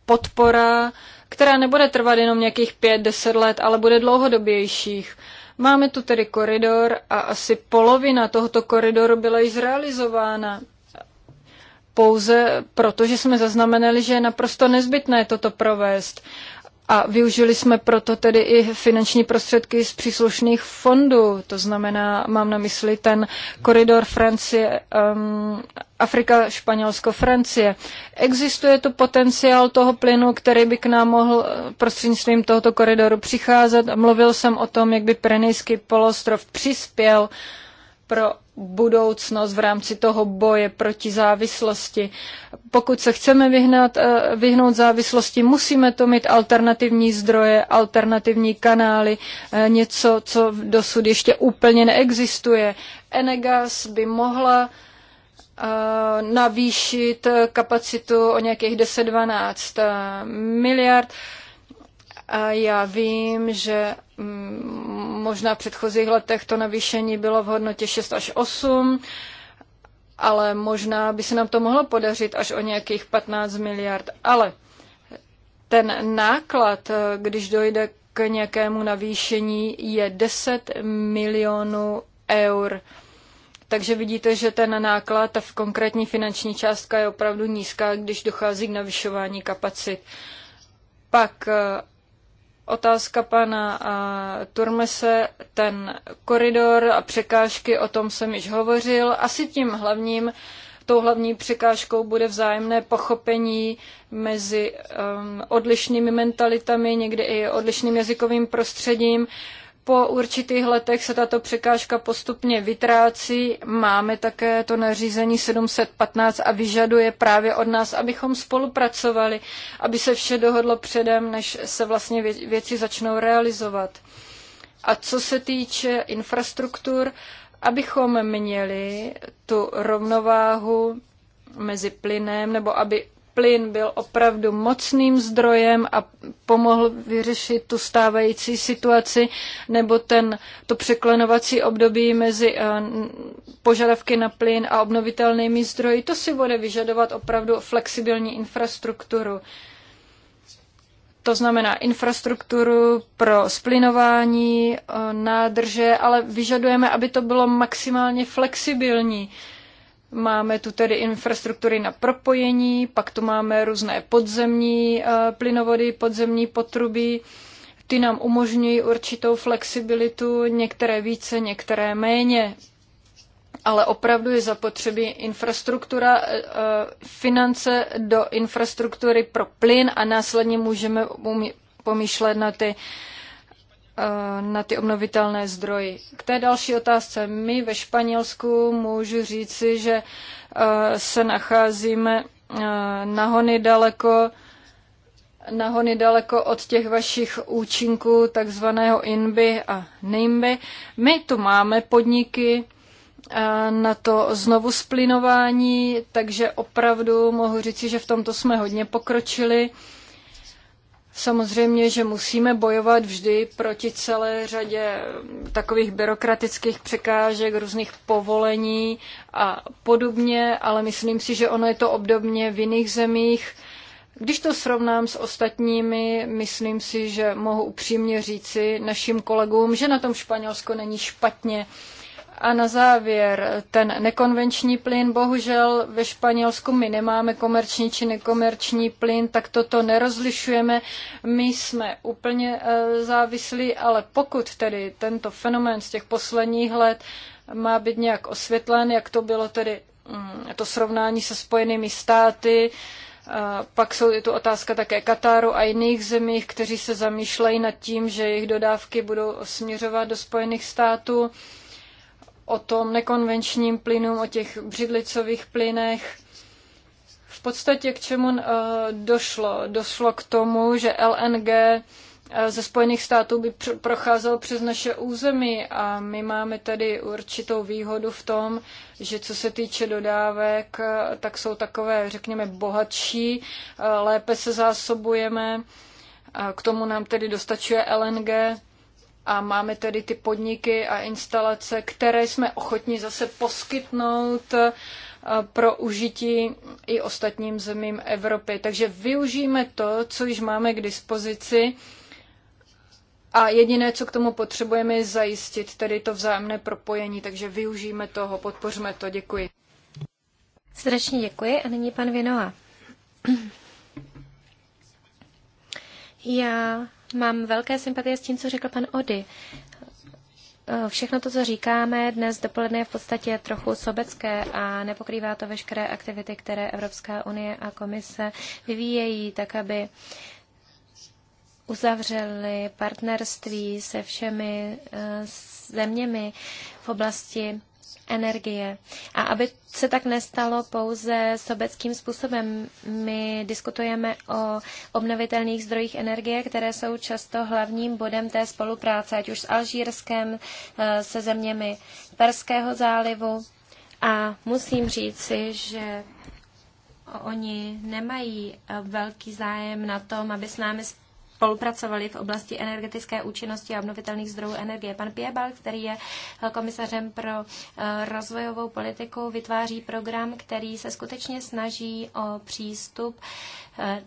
podpora, která nebude trvat jenom nějakých pět, deset let, ale bude dlouhodobějších. Máme tu tedy koridor a asi polovina tohoto koridoru byla již zrealizována pouze proto, že jsme zaznamenali, že je naprosto nezbytné toto provést. A využili jsme proto tedy i finanční prostředky z příslušných fondů, to znamená, mám na mysli ten koridor Francie, um, Afrika, Španělsko, Francie. Existuje tu potenciál toho plynu, který by k nám mohl eh, prostřednictvím tohoto koridoru přicházet. Mluvil jsem o tom, jak by Prenejský polostrov přispěl pro budoucnost v rámci toho boje proti závislosti. Pokud se chceme vyhnout, eh, vyhnout závislosti, musíme to mít alternativní zdroje, alternativní kanály, eh, něco, co dosud ještě úplně neexistuje. Enegas by mohla eh, navýšit kapacitu o nějakých 10-12 miliard a já vím, že mm, možná v předchozích letech to navýšení bylo v hodnotě 6 až 8, ale možná by se nám to mohlo podařit až o nějakých 15 miliard. Ale ten náklad, eh, když dojde k nějakému navýšení, je 10 milionů eur. Takže vidíte, že ten náklad, ta konkrétní finanční částka je opravdu nízká, když dochází k navyšování kapacit. Pak eh, Otázka pana Turmese, ten koridor a překážky, o tom jsem již hovořil. Asi tím hlavním, tou hlavní překážkou bude vzájemné pochopení mezi um, odlišnými mentalitami, někdy i odlišným jazykovým prostředím. Uh, po určitých letech se tato překážka postupně vytrácí. Máme také to nařízení 715 a vyžaduje právě od nás, abychom spolupracovali, aby se vše dohodlo předem, než se vlastně věci začnou realizovat. A co se týče infrastruktur, abychom měli tu rovnováhu mezi plynem, nebo aby plyn byl opravdu mocným zdrojem a pomohl vyřešit tu stávající situaci nebo ten, to překlenovací období mezi eh, požadavky na plyn a obnovitelnými zdroji. To si bude vyžadovat opravdu flexibilní infrastrukturu to znamená infrastrukturu pro splinování eh, nádrže, ale vyžadujeme, aby to bylo maximálně flexibilní. Máme tu tedy infrastruktury na propojení, pak tu máme různé podzemní eh, plynovody, podzemní potrubí. Ty nám umožňují určitou flexibilitu, některé více, některé méně. Ale opravdu je zapotřebí infrastruktura, eh, eh, finance do infrastruktury pro plyn a následně můžeme pomýšlet na ty uh, Eh, na ty obnovitelné zdroje. K té další otázce. My ve Španělsku můžu říci, že eh, se nacházíme eh, nahony daleko nahony daleko od těch vašich účinků takzvaného inby a nimby. My tu máme podniky na to znovu splinování, takže opravdu mohu říci, že v tomto jsme hodně pokročili. Samozřejmě, že musíme bojovat vždy proti celé řadě takových byrokratických překážek, různých povolení a podobně, ale myslím si, že ono je to obdobně v jiných zemích. Když to srovnám s ostatními, myslím si, že mohu upřímně říci našim kolegům, že na tom Španělsko není špatně. A na závěr, ten nekonvenční plyn, bohužel ve Španělsku my nemáme komerční či nekomerční plyn, tak toto nerozlišujeme. My jsme úplně eh, závislí, ale pokud tedy tento fenomén z těch posledních let má být nějak osvětlen, jak to bylo tedy mm, to srovnání se Spojenými státy, eh, pak jsou, je tu otázka také Kataru a jiných zemí, kteří se zamýšlejí nad tím, že jejich dodávky budou směřovat do Spojených států o tom nekonvenčním plynu, o těch břidlicových plynech. V podstatě k čemu eh, došlo? Došlo k tomu, že LNG eh, ze Spojených států by procházel přes naše území a my máme tady určitou výhodu v tom, že co se týče dodávek, eh, tak jsou takové, řekněme, bohatší, lépe se zásobujeme, k tomu nám tedy dostačuje LNG. A máme tedy ty podniky a instalace, které jsme ochotni zase poskytnout eh, pro užití i ostatním zemím Evropy. Takže využijeme to, co již máme k dispozici. A jediné, co k tomu potřebujeme, je zajistit tedy to vzájemné propojení, takže využijeme toho, podpořme to. Děkuji. Srdečně děkuji a nyní pan Vinoa. Já Mám velké sympatie s tím, co řekl pan Ody. Eh, všechno to, co říkáme dnes dopoledne, je v podstatě trochu sobecké a nepokrývá to veškeré aktivity, které Evropská unie a komise vyvíjejí, tak aby uzavřeli partnerství se všemi eh, zeměmi v oblasti energie. A aby se tak nestalo pouze sobeckým způsobem, my diskutujeme o obnovitelných zdrojích energie, které jsou často hlavním bodem té spolupráce, ať už s Alžírskem, eh, se zeměmi Perského zálivu. A musím říci, že oni nemají velký zájem na tom, aby s námi spolupracovali v oblasti energetické účinnosti a obnovitelných zdrojů energie. Pan Piebal, který je eh, komisařem pro eh, rozvojovou politiku, vytváří program, který se skutečně snaží o přístup eh,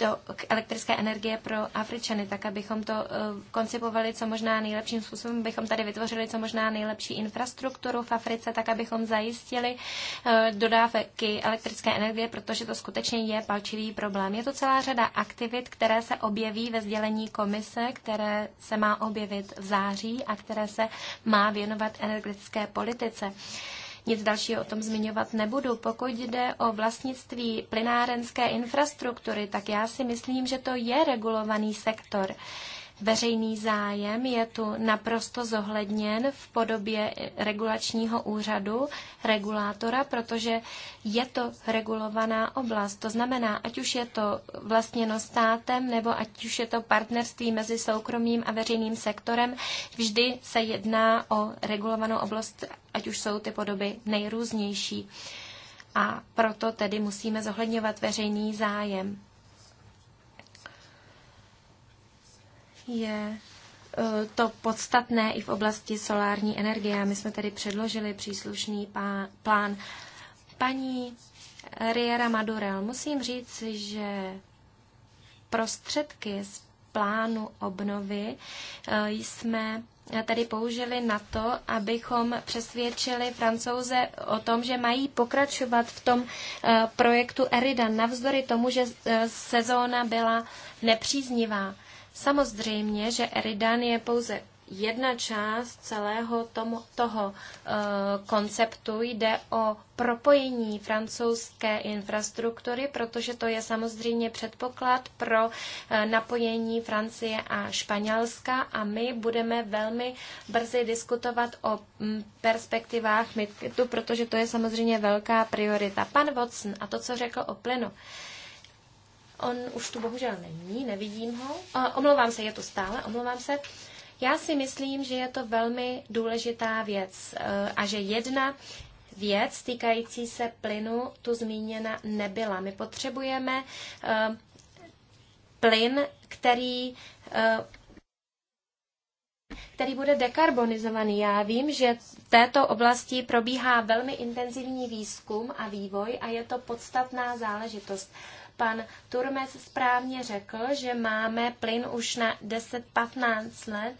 do elektrické energie pro Afričany, tak abychom to eh, koncipovali co možná nejlepším způsobem, abychom tady vytvořili co možná nejlepší infrastrukturu v Africe, tak abychom zajistili eh, dodávky elektrické energie, protože to skutečně je palčivý problém. Je to celá řada aktivit, které se objeví ve sdělení komise, které se má objevit v září a které se má věnovat energetické politice. Nic dalšího o tom zmiňovat nebudu. Pokud jde o vlastnictví plynárenské infrastruktury, tak já si myslím, že to je regulovaný sektor veřejný zájem je tu naprosto zohledněn v podobě regulačního úřadu, regulátora, protože je to regulovaná oblast. To znamená, ať už je to vlastněno státem, nebo ať už je to partnerství mezi soukromým a veřejným sektorem, vždy se jedná o regulovanou oblast, ať už jsou ty podoby nejrůznější. A proto tedy musíme zohledňovat veřejný zájem. je e, to podstatné i v oblasti solární energie. A my jsme tady předložili příslušný plán. Paní Riera Madurel, musím říct, že prostředky z plánu obnovy e, jsme tady použili na to, abychom přesvědčili francouze o tom, že mají pokračovat v tom e, projektu Eridan, navzdory tomu, že sezóna byla nepříznivá. Samozřejmě, že Eridan je pouze jedna část celého tomu, toho e, konceptu. Jde o propojení francouzské infrastruktury, protože to je samozřejmě předpoklad pro e, napojení Francie a Španělska a my budeme velmi brzy diskutovat o m, mm, perspektivách MITKITu, protože to je samozřejmě velká priorita. Pan Watson a to, co řekl o plynu. E, On už tu bohužel není, nevidím ho. A omlouvám se, je to stále, omlouvám se. Já si myslím, že je to velmi důležitá věc eh, a že jedna věc týkající se plynu tu zmíněna nebyla. My potřebujeme eh, plyn, který eh, který bude dekarbonizovaný. Já vím, že v této oblasti probíhá velmi intenzivní výzkum a vývoj a je to podstatná záležitost. Pan Turmes správně řekl, že máme plyn už na 10-15 let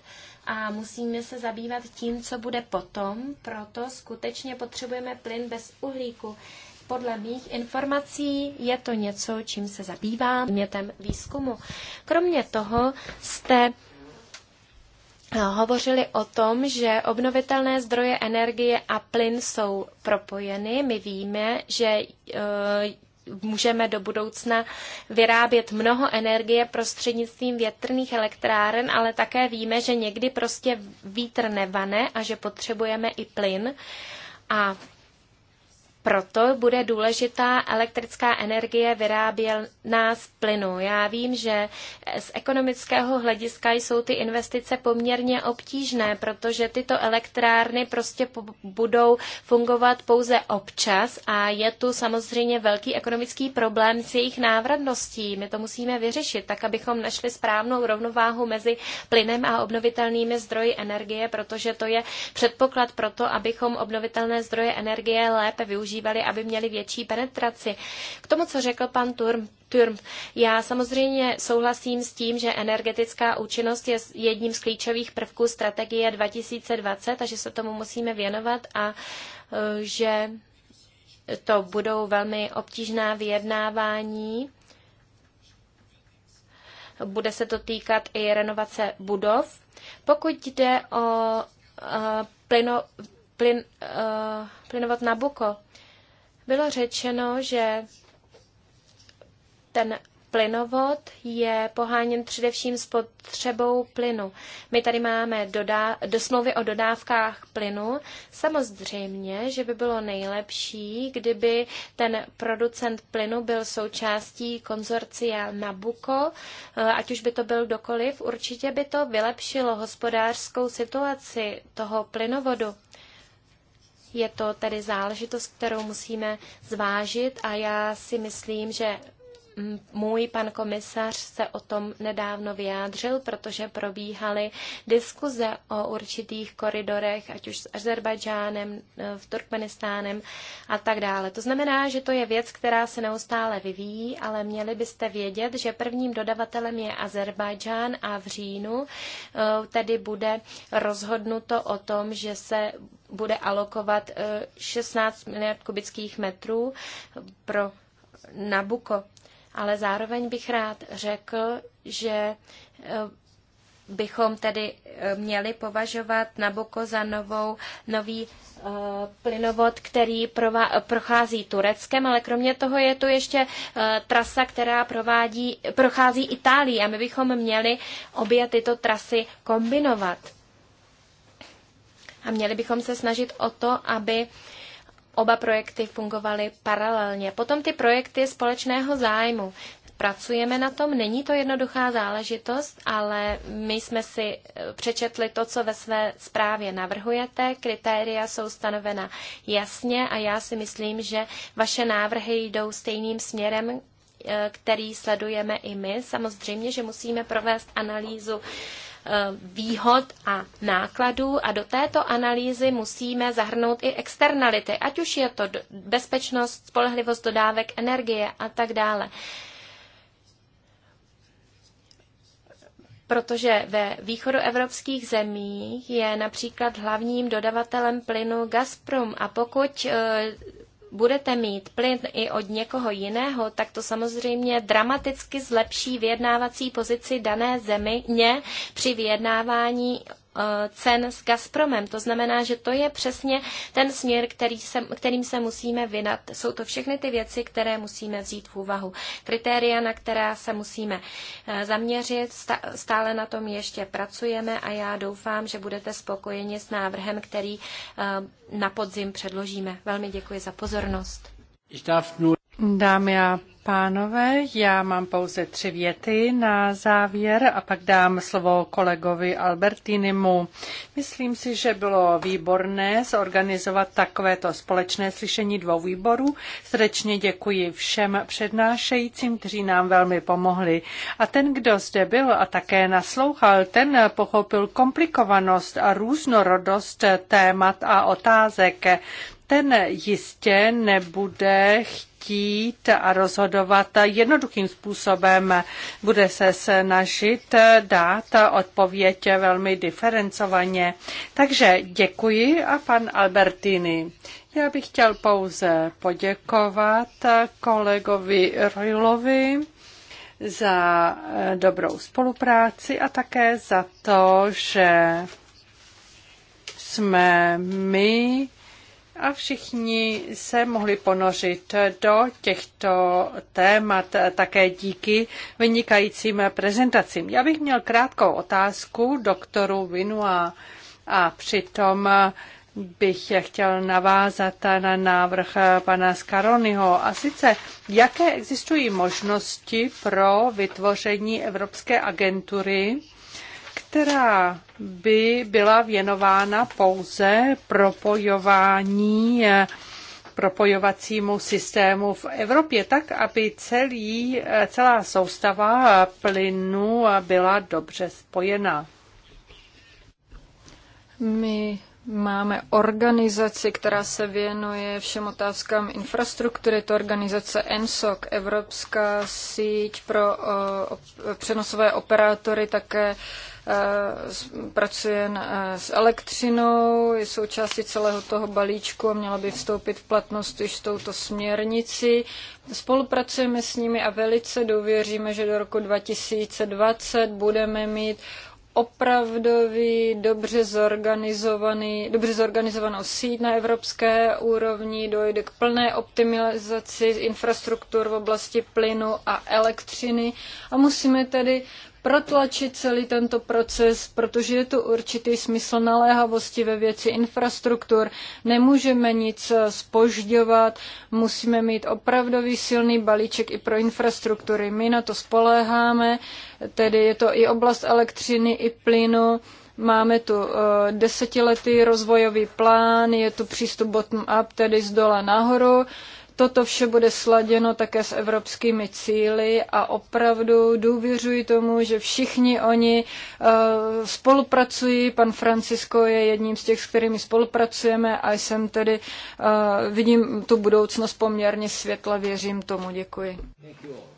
a musíme se zabývat tím, co bude potom. Proto skutečně potřebujeme plyn bez uhlíku. Podle mých informací je to něco, čím se zabývám mětem výzkumu. Kromě toho jste eh, hovořili o tom, že obnovitelné zdroje energie a plyn jsou propojeny. My víme, že eh, můžeme do budoucna vyrábět mnoho energie prostřednictvím větrných elektráren, ale také víme, že někdy prostě vítr nevane a že potřebujeme i plyn. A proto bude důležitá elektrická energie vyráběná z plynu. Já vím, že z ekonomického hlediska jsou ty investice poměrně obtížné, protože tyto elektrárny prostě budou fungovat pouze občas a je tu samozřejmě velký ekonomický problém s jejich návratností. My to musíme vyřešit, tak abychom našli správnou rovnováhu mezi plynem a obnovitelnými zdroji energie, protože to je předpoklad pro to, abychom obnovitelné zdroje energie lépe využili používali, aby měli větší penetraci. K tomu, co řekl pan Turm, Turm. Já samozřejmě souhlasím s tím, že energetická účinnost je jedním z klíčových prvků strategie 2020 a že se tomu musíme věnovat a e, že to budou velmi obtížná vyjednávání. Bude se to týkat i renovace budov. Pokud jde o uh, plyno, plyn, uh, plynovod Nabuko, bylo řečeno, že ten plynovod je poháněn především spotřebou plynu. My tady máme dodá- do smlouvy o dodávkách plynu. Samozřejmě, že by bylo nejlepší, kdyby ten producent plynu byl součástí konzorcia Nabuko, eh, ať už by to byl dokoliv, určitě by to vylepšilo hospodářskou situaci toho plynovodu. Je to tedy záležitost, kterou musíme zvážit a já si myslím, že můj pan komisař se o tom nedávno vyjádřil, protože probíhaly diskuze o určitých koridorech, ať už s Azerbajdžánem, e, v Turkmenistánem a tak dále. To znamená, že to je věc, která se neustále vyvíjí, ale měli byste vědět, že prvním dodavatelem je Azerbajdžán a v říjnu e, tedy bude rozhodnuto o tom, že se bude alokovat 16 e, miliard kubických metrů pro Nabuko ale zároveň bych rád řekl, že eh, bychom tedy eh, měli považovat Naboko za novou, nový uh, plynovod, který prová, prochází Tureckem, ale kromě toho je tu ještě uh, trasa, která provádí, prochází Itálií a my bychom měli obě tyto trasy kombinovat. A měli bychom se snažit o to, aby uh, oba projekty fungovaly paralelně. Potom ty projekty společného zájmu. Pracujeme na tom, není to jednoduchá záležitost, ale my jsme si eh, přečetli to, co ve své zprávě navrhujete. Kritéria jsou stanovena jasně a já si myslím, že vaše návrhy jdou stejným směrem, eh, který sledujeme i my. Samozřejmě, že musíme provést analýzu Eh, výhod a nákladů a do této analýzy musíme zahrnout i externality, ať už je to bezpečnost, spolehlivost dodávek energie a tak dále. protože ve východoevropských zemích je například hlavním dodavatelem plynu Gazprom a pokud eh, budete mít plyn i od někoho jiného, tak to samozřejmě dramaticky zlepší vyjednávací pozici dané země, při vyjednávání Eh, cen s Gazpromem. To znamená, že to je přesně ten směr, který se, kterým se musíme vynat. Jsou to všechny ty věci, které musíme vzít v úvahu. Kritéria, na která se musíme eh, zaměřit, stále na tom ještě pracujeme a já doufám, že budete spokojeni s návrhem, který eh, na podzim předložíme. Velmi děkuji za pozornost. Dámy a pánové, já mám pouze tři věty na závěr a pak dám slovo kolegovi Albertinimu. Myslím si, že bylo výborné zorganizovat takovéto společné slyšení dvou výborů. Srdečně děkuji všem přednášejícím, kteří nám velmi pomohli. A ten, kdo zde byl a také naslouchal, ten pochopil komplikovanost a různorodost témat a otázek ten jistě nebude chtít chtít a rozhodovat jednoduchým způsobem. Bude se snažit dát odpověď velmi diferencovaně. Takže děkuji a pan Albertini. Já bych chtěl pouze poděkovat kolegovi Rojlovi za dobrou spolupráci a také za to, že jsme my a všichni se mohli ponořit do těchto témat také díky vynikajícím prezentacím. Já bych měl krátkou otázku doktoru Vinua a přitom bych chtěl navázat na návrh pana Skaronyho. A sice, jaké existují možnosti pro vytvoření Evropské agentury která by byla věnována pouze propojování eh, propojovacímu systému v Evropě, tak aby celý, eh, celá soustava plynu byla dobře spojena. My máme organizaci, která se věnuje všem otázkám infrastruktury. To organizace ENSOC, Evropská síť pro eh, o, přenosové operátory, také Eh, pracuje eh, s elektřinou, je součástí celého toho balíčku a měla by vstoupit v platnost již s touto směrnici. Spolupracujeme s nimi a velice důvěříme, že do roku 2020 budeme mít opravdový, dobře, zorganizovaný, dobře zorganizovanou síť na evropské úrovni, dojde k plné optimalizaci infrastruktur v oblasti plynu a elektřiny a musíme tedy protlačit celý tento proces, protože je tu určitý smysl naléhavosti ve věci infrastruktur. Nemůžeme nic spožďovat, eh, musíme mít opravdový silný balíček i pro infrastruktury. My na to spoléháme, tedy je to i oblast elektřiny, i plynu. Máme tu eh, desetiletý rozvojový plán, je tu přístup bottom-up, tedy z dola nahoru. Toto vše bude sladěno také s evropskými cíly a opravdu důvěřuji tomu, že všichni oni eh, spolupracují. Pan Francisco je jedním z těch, s kterými spolupracujeme a jsem tedy, eh, vidím tu budoucnost poměrně světla, věřím tomu. Děkuji. Děkuji.